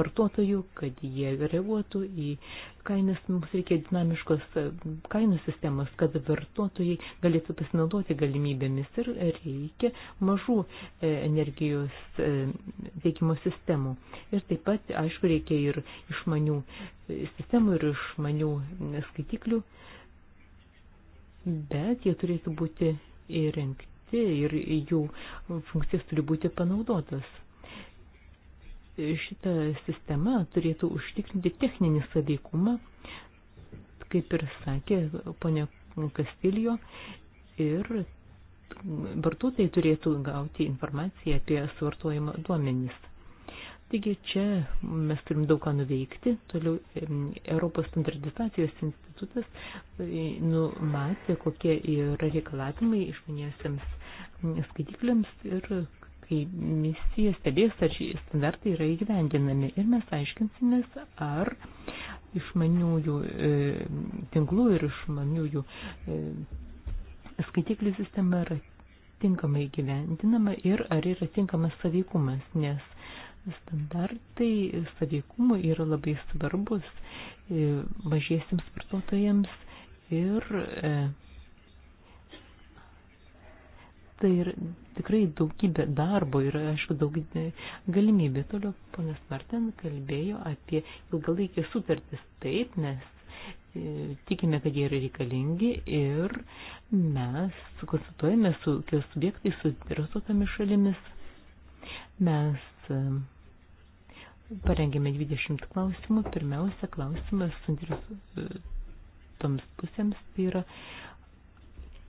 vartotojų, kad jie reaguotų į kainas. Mums reikia dinamiškos kainų sistemos, kad vartotojai galėtų pasinaudoti galimybėmis ir reikia mažų e, energijos e, veikimo sistemų. Ir taip pat, aišku, reikia ir išmanių e, sistemų ir išmanių skaitiklių bet jie turėtų būti įrengti ir jų funkcijas turi būti panaudotas. Šita sistema turėtų užtikrinti techninį saveikumą, kaip ir sakė ponia Kastilio, ir vartotojai turėtų gauti informaciją apie suvartojimą duomenys. Taigi čia mes turim daug ką nuveikti. Toliau Europos standartizacijos institutas statutas numatė, kokie yra reikalavimai išmaniesiams skaitikliams ir kai misija stebės, ar šie standartai yra įgyvendinami. Ir mes aiškinsimės, ar išmaniųjų e, tinklų ir išmaniųjų e, skaitiklių sistema yra tinkamai įgyvendinama ir ar yra tinkamas saveikumas, nes standartai saveikumo yra labai svarbus e, mažiesiams vartotojams ir e, tai yra tikrai daugybė darbo ir aišku daug e, galimybė. Toliau ponas Martin kalbėjo apie ilgalaikį sutartis. Taip, mes tikime, kad jie yra reikalingi ir mes konsultuojame su subjektais, su interesuotomis šalimis. Mes Parengėme 20 klausimų. Pirmiausia, klausimas toms pusėms tai yra,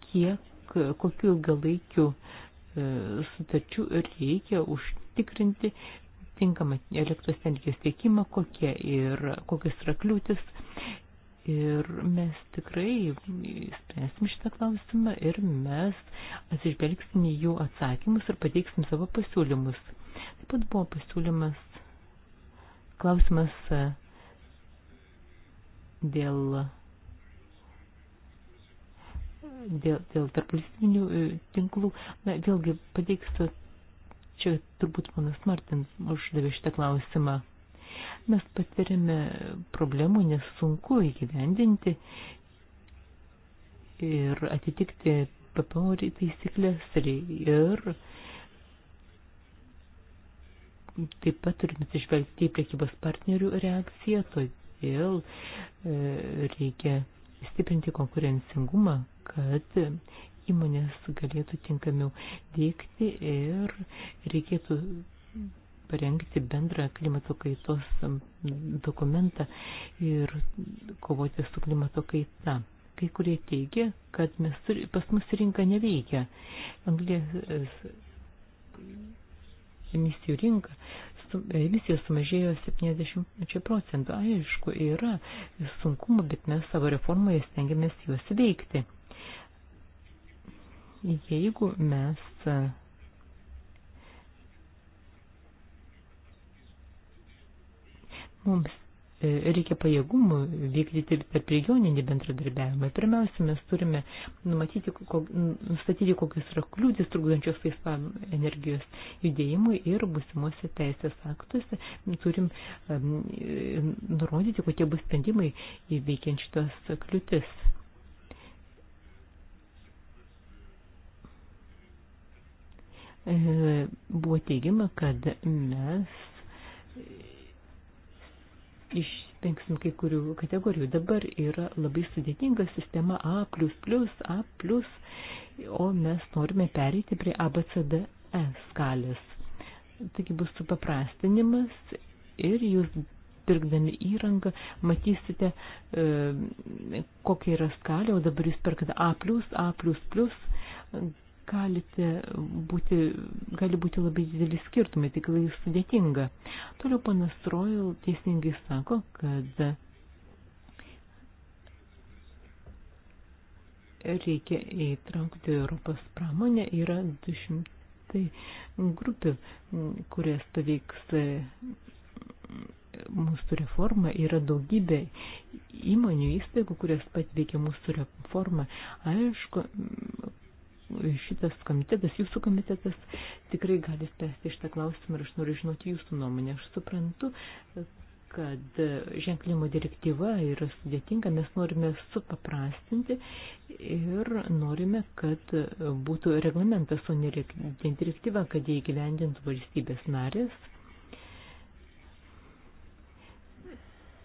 kiek, kokiu ilgalaikiu e, sutarčių reikia užtikrinti tinkamą elektros energijos tiekimą, kokie ir kokios yra kliūtis. Ir mes tikrai spręsim šitą klausimą ir mes atsižvelgsim į jų atsakymus ir pateiksim savo pasiūlymus. Taip pat buvo pasiūlymas Klausimas e, dėl, dėl, dėl tarpvalstybinių e, tinklų. Na, vėlgi pateiksiu, čia turbūt ponas Martins uždavė šitą klausimą. Mes patiriame problemų, nes sunku įgyvendinti ir atitikti PPO taisyklės ir, ir taip pat turime atsižvelgti į priekybos partnerių reakciją, todėl e, reikia stiprinti konkurencingumą, kad įmonės galėtų tinkamiau veikti ir reikėtų parengti bendrą klimato kaitos dokumentą ir kovoti su klimato kaita. Kai kurie teigia, kad mes, pas mus rinka neveikia. Anglės emisijų rinką, emisijos sumažėjo 70 procentų. Aišku, yra sunkumų, bet mes savo reformoje stengiamės juos veikti. Jeigu mes mums E, reikia pajėgumų vykdyti tarp regioninį bendradarbiavimą. Pirmiausia, mes turime numatyti, kok, nustatyti, kokius yra kliūtis trukdančios laisvam energijos judėjimui ir būsimuose teisės aktuose turim um, nurodyti, kokie bus sprendimai įveikiant šitas kliūtis. E, buvo teigiama, kad mes išvengsim kai kurių kategorijų. Dabar yra labai sudėtinga sistema A, A, o mes norime pereiti prie ABCDE skalės. Taigi bus supaprastinimas ir jūs pirkdami įrangą matysite, e, kokia yra skalė, o dabar jūs perkate A, A, galite būti, gali būti labai dideli skirtumai, tikrai sudėtinga. Toliau panas Royal teisingai sako, kad reikia įtraukti Europos pramonę, yra 200 grupių, kurias paveiks mūsų reforma yra daugybė įmonių įstaigų, kurias pat veikia mūsų reforma. Aišku, šitas komitetas, jūsų komitetas tikrai gali spręsti šitą klausimą ir aš noriu žinoti jūsų nuomonę. Aš suprantu, kad ženklimo direktyva yra sudėtinga, mes norime supaprastinti ir norime, kad būtų reglamentas, o ne direktyva, kad jie įgyvendintų valstybės narės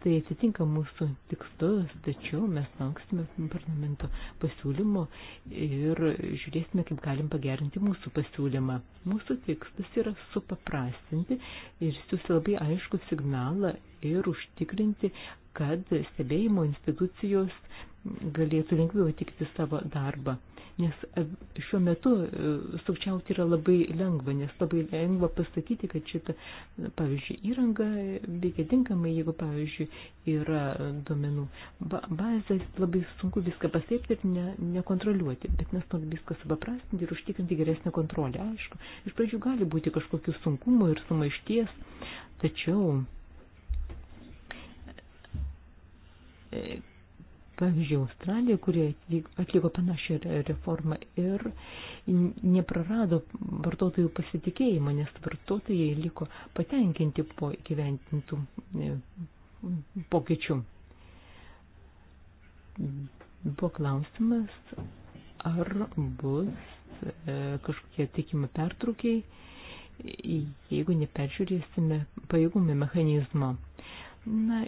Tai atsitinka mūsų tikslus, tačiau mes lauksime parlamento pasiūlymo ir žiūrėsime, kaip galim pagerinti mūsų pasiūlymą. Mūsų tikslas yra supaprastinti ir siūsti labai aišku signalą ir užtikrinti, kad stebėjimo institucijos galėtų lengviau atlikti savo darbą. Nes e, šiuo metu e, sukčiauti yra labai lengva, nes labai lengva pasakyti, kad šita, pavyzdžiui, įranga veikia tinkamai, jeigu, pavyzdžiui, yra duomenų ba bazės, labai sunku viską pasiekti ir ne, nekontroliuoti, bet mes norime viską supaprastinti ir užtikrinti geresnę kontrolę. Aišku, iš pradžių gali būti kažkokių sunkumų ir sumaišties, tačiau e, pavyzdžiui, Australija, kurie atliko panašią reformą ir neprarado vartotojų pasitikėjimo, nes vartotojai liko patenkinti po įgyventintų e, pokyčių. Buvo klausimas, ar bus e, kažkokie tikimi pertraukiai, jeigu neperžiūrėsime pajėgumų mechanizmo. Na,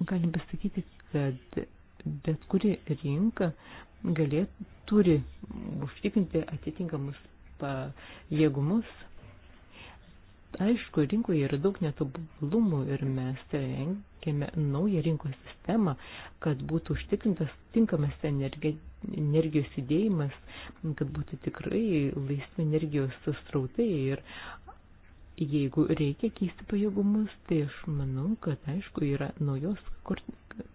galim pasakyti, kad bet kuri rinka galėt, turi užtikrinti atitinkamus pajėgumus. Aišku, rinkoje yra daug netobulumų ir mes rengėme naują rinkos sistemą, kad būtų užtikrintas tinkamas energijos judėjimas, kad būtų tikrai laisvi energijos strautai ir jeigu reikia keisti pajėgumus, tai aš manau, kad aišku yra naujos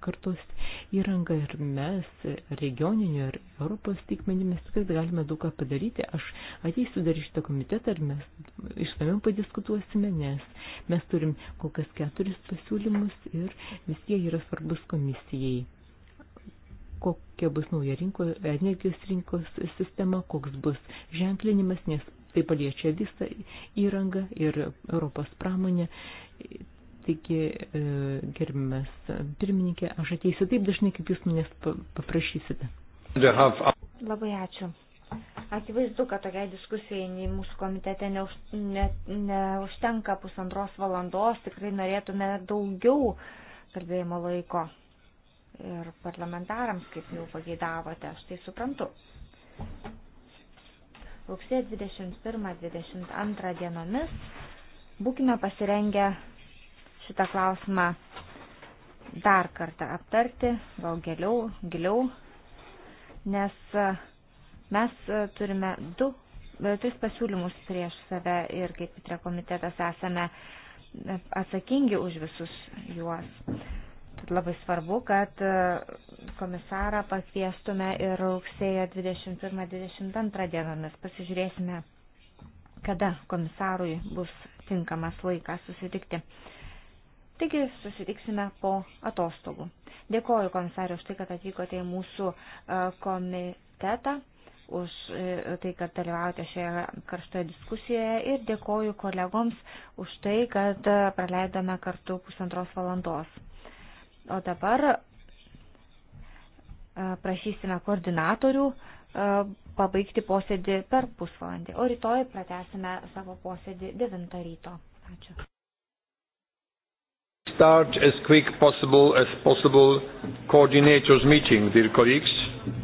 kartos įranga ir mes regioniniu ir Europos tikmenį mes tikrai galime daug ką padaryti. Aš ateisiu dar į šitą komitetą ir mes išsamiau padiskutuosime, nes mes turim kol kas keturis pasiūlymus ir vis jie yra svarbus komisijai kokia bus nauja rinko, energijos rinkos sistema, koks bus ženklinimas, nes tai paliečia visą įrangą ir Europos pramonę. Taigi, e, gerbimas pirmininkė, aš ateisiu taip dažnai, kaip jūs manęs paprašysite. Labai ačiū. Akivaizdu, kad tokiai diskusijai mūsų komitete neuž, ne, neužtenka pusantros valandos, tikrai norėtume daugiau kalbėjimo laiko ir parlamentarams, kaip jau pageidavote, aš tai suprantu rugsėjo 21-22 dienomis. Būkime pasirengę šitą klausimą dar kartą aptarti, gal giliau, giliau, nes e, mes e, turime du, e, tris pasiūlymus prieš save ir kaipitra komitetas esame atsakingi už visus juos. Tad labai svarbu, kad e, komisarą pakviestume ir rugsėjo 21-22 dienomis. Pasižiūrėsime, kada komisarui bus tinkamas laikas susitikti. Taigi susitiksime po atostogų. Dėkoju komisariu už tai, kad atvykote į mūsų e, komitetą už e, tai, kad dalyvaujate šioje karštoje diskusijoje ir dėkoju kolegoms už tai, kad praleidome kartu pusantros valandos. O dabar e, prašysime koordinatorių e, pabaigti posėdį per pusvalandį, o rytoj pratesime savo posėdį 9 ryto. Ačiū. Start as quick possible as possible coordinators meeting, dear colleagues.